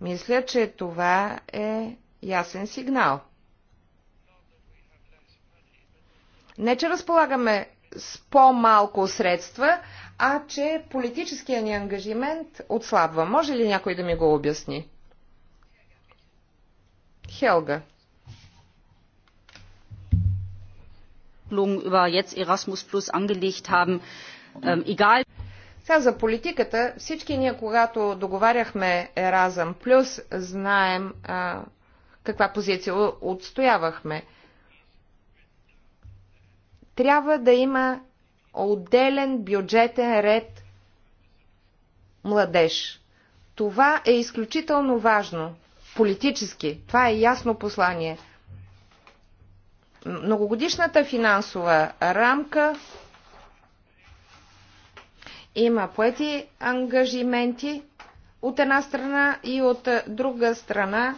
Мисля, че това е ясен сигнал. Не, че разполагаме с по-малко средства, а че политическия ни ангажимент отслабва. Може ли някой да ми го обясни? Хелга. Verhandlungen über jetzt Erasmus Plus angelegt haben, ähm, egal. Сега за политиката, всички ние, когато договаряхме Еразъм Плюс, знаем а, каква позиция отстоявахме. Трябва да има отделен бюджетен ред младеж. Това е изключително важно. Политически. Това е ясно послание – Многогодишната финансова рамка има поети ангажименти от една страна и от друга страна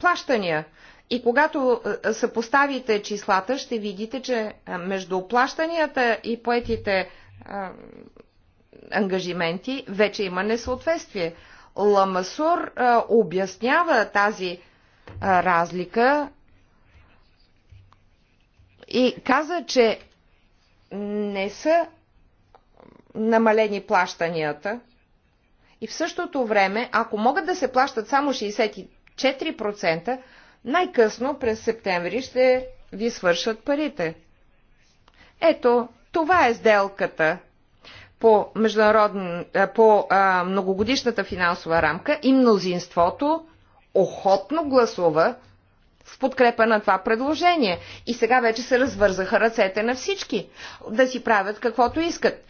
плащания. И когато съпоставите числата, ще видите, че между плащанията и поетите ангажименти вече има несъответствие. Ламасур обяснява тази разлика и каза, че не са намалени плащанията и в същото време, ако могат да се плащат само 64%, най-късно през септември ще ви свършат парите. Ето, това е сделката по, международн... по а, многогодишната финансова рамка и мнозинството охотно гласува в подкрепа на това предложение. И сега вече се развързаха ръцете на всички да си правят каквото искат.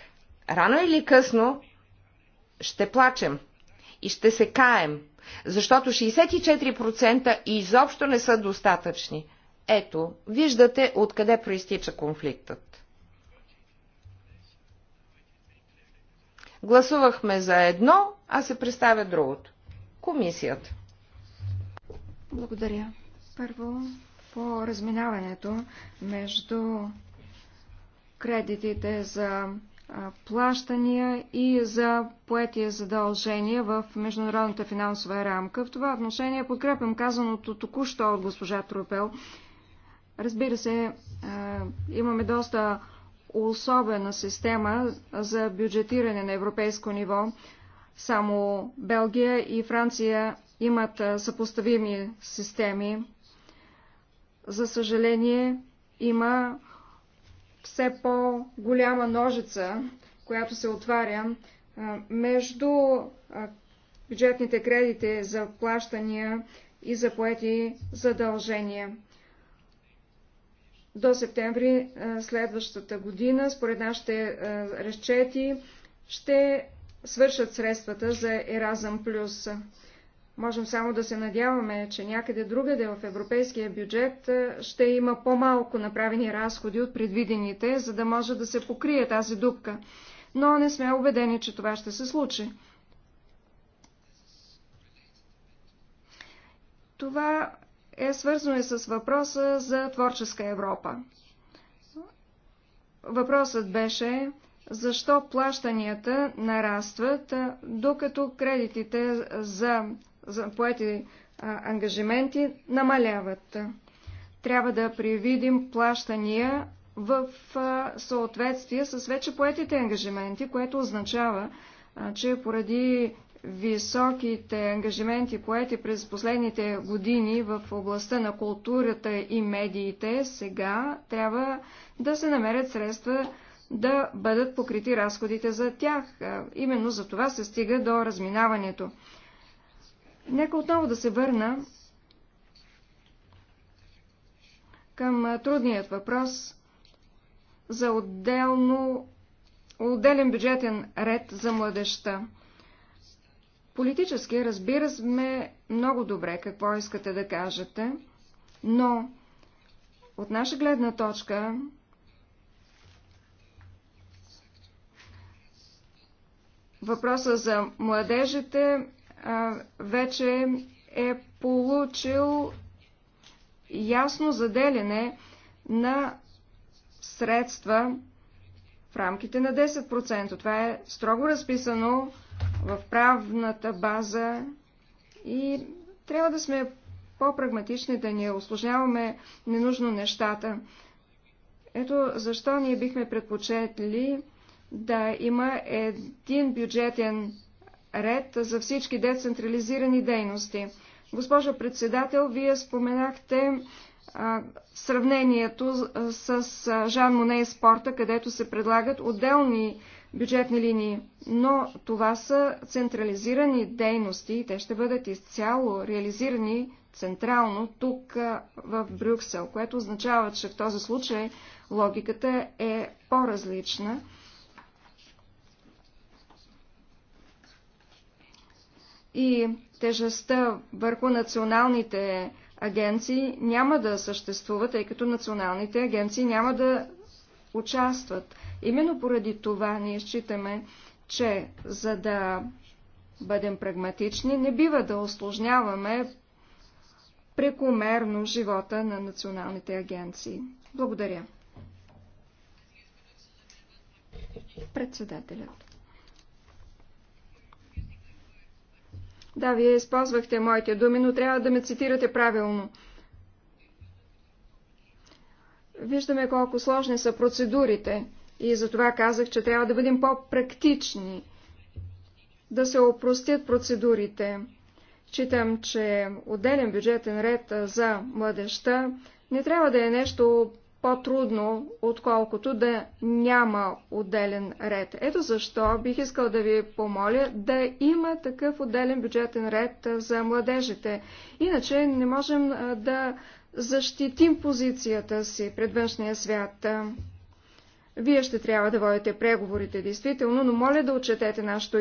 Рано или късно ще плачем и ще се каем, защото 64% изобщо не са достатъчни. Ето, виждате откъде проистича конфликтът. Гласувахме за едно, а се представя другото. Комисията. Благодаря. Първо, по разминаването между кредитите за плащания и за поетия задължения в международната финансова рамка. В това отношение подкрепям казаното току-що от госпожа Трупел. Разбира се, имаме доста особена система за бюджетиране на европейско ниво. Само Белгия и Франция имат съпоставими системи. За съжаление, има все по-голяма ножица, която се отваря между бюджетните кредити за плащания и за поети задължения. До септември следващата година, според нашите разчети, ще свършат средствата за Еразъм Плюс. Можем само да се надяваме, че някъде другаде в европейския бюджет е, ще има по-малко направени разходи от предвидените, за да може да се покрие тази дупка. Но не сме убедени, че това ще се случи. Това е свързано и с въпроса за творческа Европа. Въпросът беше защо плащанията нарастват, докато кредитите за за поети ангажименти намаляват. Трябва да привидим плащания в съответствие с вече поетите ангажименти, което означава, че поради високите ангажименти поети през последните години в областта на културата и медиите, сега трябва да се намерят средства да бъдат покрити разходите за тях. Именно за това се стига до разминаването. Нека отново да се върна към трудният въпрос за отделно, отделен бюджетен ред за младеща. Политически разбира сме много добре какво искате да кажете, но от наша гледна точка въпроса за младежите вече е получил ясно заделяне на средства в рамките на 10%. Това е строго разписано в правната база и трябва да сме по-прагматични, да ни осложняваме ненужно нещата. Ето защо ние бихме предпочетли да има един бюджетен ред за всички децентрализирани дейности. Госпожо председател, вие споменахте а, сравнението с а, Жан Моне и спорта, където се предлагат отделни бюджетни линии, но това са централизирани дейности и те ще бъдат изцяло реализирани централно тук а, в Брюксел, което означава, че в този случай логиката е по-различна и тежестта върху националните агенции няма да съществува, тъй като националните агенции няма да участват. Именно поради това ние считаме, че за да бъдем прагматични, не бива да осложняваме прекомерно живота на националните агенции. Благодаря. Председателят. Да, вие използвахте моите думи, но трябва да ме цитирате правилно. Виждаме колко сложни са процедурите и затова казах, че трябва да бъдем по-практични, да се опростят процедурите. Читам, че отделен бюджетен ред за младеща не трябва да е нещо по-трудно, отколкото да няма отделен ред. Ето защо бих искал да ви помоля да има такъв отделен бюджетен ред за младежите. Иначе не можем да защитим позицията си пред външния свят. Вие ще трябва да водите преговорите, действително, но моля да отчетете нашето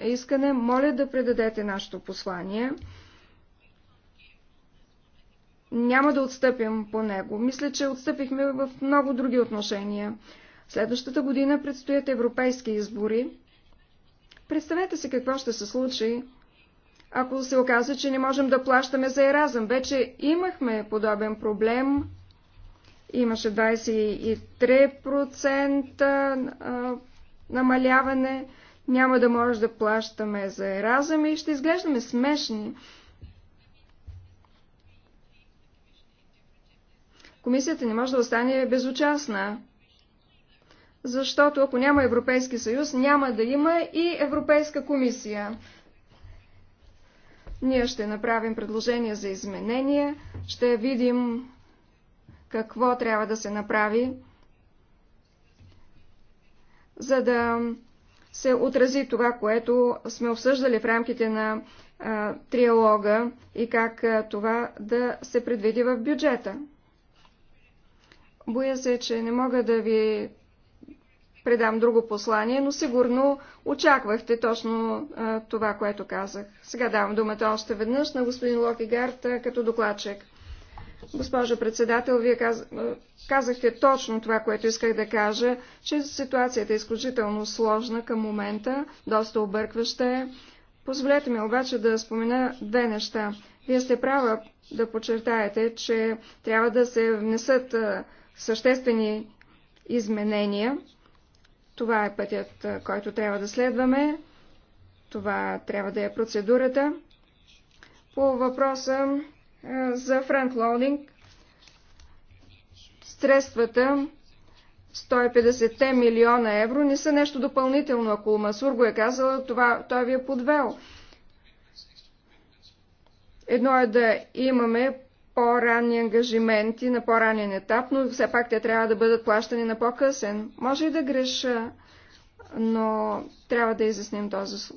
искане, моля да предадете нашето послание няма да отстъпим по него. Мисля, че отстъпихме в много други отношения. Следващата година предстоят европейски избори. Представете си какво ще се случи, ако се оказа, че не можем да плащаме за еразъм. Вече имахме подобен проблем. Имаше 23% намаляване. Няма да може да плащаме за еразъм и ще изглеждаме смешни. Комисията не може да остане безучастна, защото ако няма Европейски съюз, няма да има и Европейска комисия. Ние ще направим предложение за изменение, ще видим какво трябва да се направи, за да се отрази това, което сме обсъждали в рамките на а, триалога и как а, това да се предвиди в бюджета. Боя се, че не мога да ви предам друго послание, но сигурно очаквахте точно а, това, което казах. Сега давам думата още веднъж на господин Локи а, като докладчик. Госпожо председател, вие каз... казахте точно това, което исках да кажа, че ситуацията е изключително сложна към момента, доста объркваща е. Позволете ми обаче да спомена две неща. Вие сте права да подчертаете, че трябва да се внесат а, съществени изменения. Това е пътят, който трябва да следваме. Това трябва да е процедурата. По въпроса за Лоудинг, средствата 150 милиона евро не са нещо допълнително. Ако Масур го е казал, това, той ви е подвел. Едно е да имаме по-ранни ангажименти на по-ранен етап, но все пак те трябва да бъдат плащани на по-късен. Може и да греша, но трябва да изясним този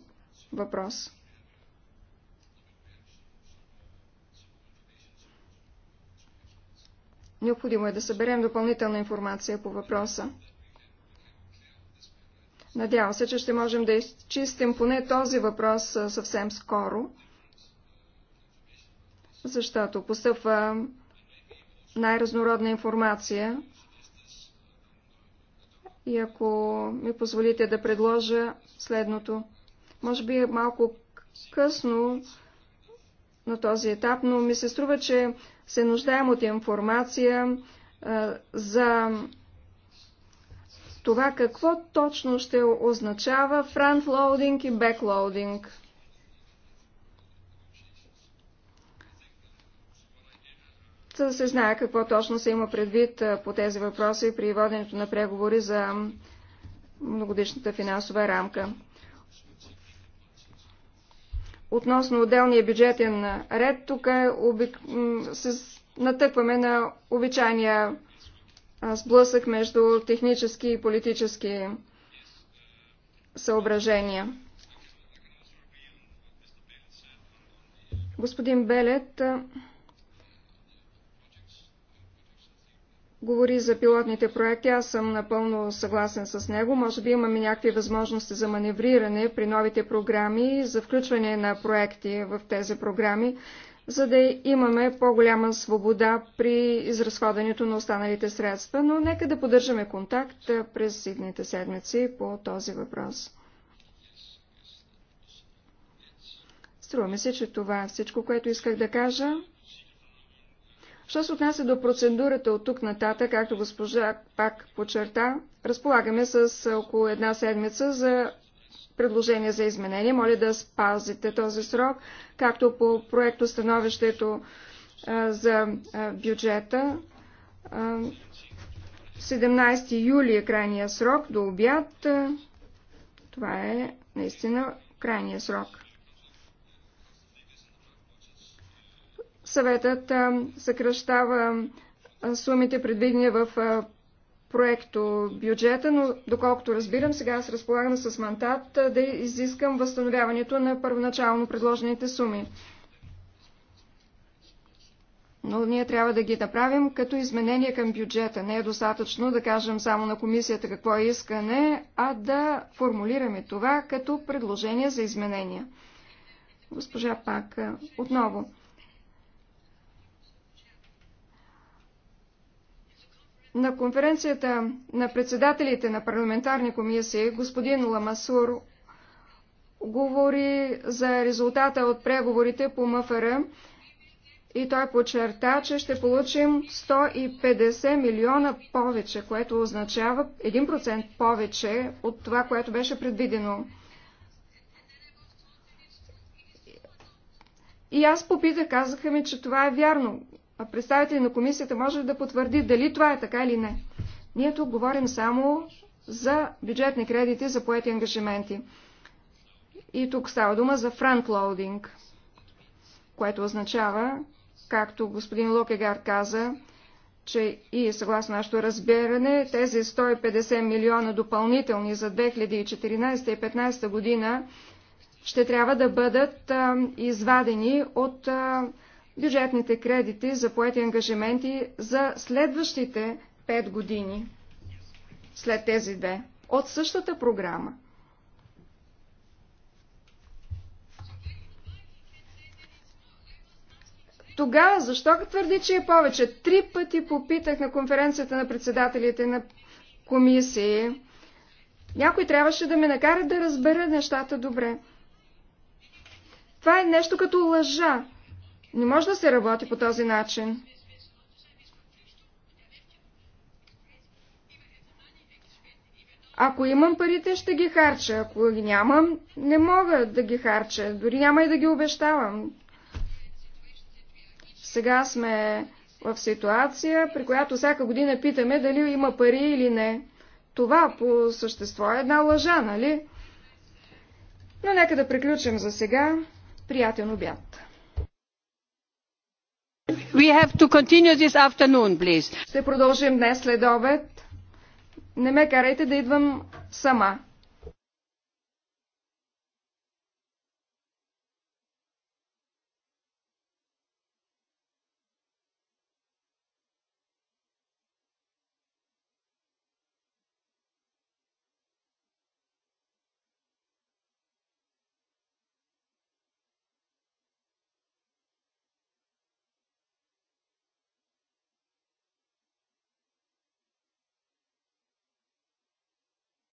въпрос. Необходимо е да съберем допълнителна информация по въпроса. Надявам се, че ще можем да изчистим поне този въпрос съвсем скоро защото постъпва най-разнородна информация. И ако ми позволите да предложа следното. Може би е малко късно на този етап, но ми се струва, че се нуждаем от информация а, за това какво точно ще означава фронтлоудинг и беклоудинг. да се знае какво точно се има предвид по тези въпроси при воденето на преговори за многодишната финансова рамка. Относно отделния бюджетен ред, тук е обик... се натъкваме на обичайния сблъсък между технически и политически съображения. Господин Белет говори за пилотните проекти, аз съм напълно съгласен с него. Може би имаме някакви възможности за маневриране при новите програми, за включване на проекти в тези програми, за да имаме по-голяма свобода при изразходването на останалите средства, но нека да поддържаме контакт през идните седмици по този въпрос. Струва ми се, че това е всичко, което исках да кажа. Що се отнася до процедурата от тук нататък, както госпожа пак подчерта, разполагаме с около една седмица за предложение за изменение. Моля да спазите този срок, както по проекто становището за бюджета. 17 юли е крайния срок до обяд. Това е наистина крайния срок. Съветът съкръщава сумите предвидени в проекто бюджета, но доколкото разбирам, сега аз разполагам с мандат да изискам възстановяването на първоначално предложените суми. Но ние трябва да ги направим като изменение към бюджета. Не е достатъчно да кажем само на комисията какво е искане, а да формулираме това като предложение за изменения. Госпожа Пак, отново. На конференцията на председателите на парламентарни комисии господин Ламасур говори за резултата от преговорите по МФР и той подчерта, че ще получим 150 милиона повече, което означава 1% повече от това, което беше предвидено. И аз попитах, казаха ми, че това е вярно представители на комисията може да потвърди дали това е така или не. Ние тук говорим само за бюджетни кредити за поети ангажименти. И тук става дума за фронтлоудинг, което означава, както господин Локегар каза, че и съгласно нашето разбиране, тези 150 милиона допълнителни за 2014 и 2015 година ще трябва да бъдат а, извадени от а, бюджетните кредити за поети ангажименти за следващите 5 години след тези две от същата програма. Тогава защо твърди, че е повече? Три пъти попитах на конференцията на председателите на комисии. Някой трябваше да ме накара да разбера нещата добре. Това е нещо като лъжа. Не може да се работи по този начин. Ако имам парите, ще ги харча. Ако ги нямам, не мога да ги харча. Дори няма и да ги обещавам. Сега сме в ситуация, при която всяка година питаме дали има пари или не. Това по същество е една лъжа, нали? Но нека да приключим за сега. Приятен обяд! Ще продължим днес след обед. Не ме карайте да идвам сама.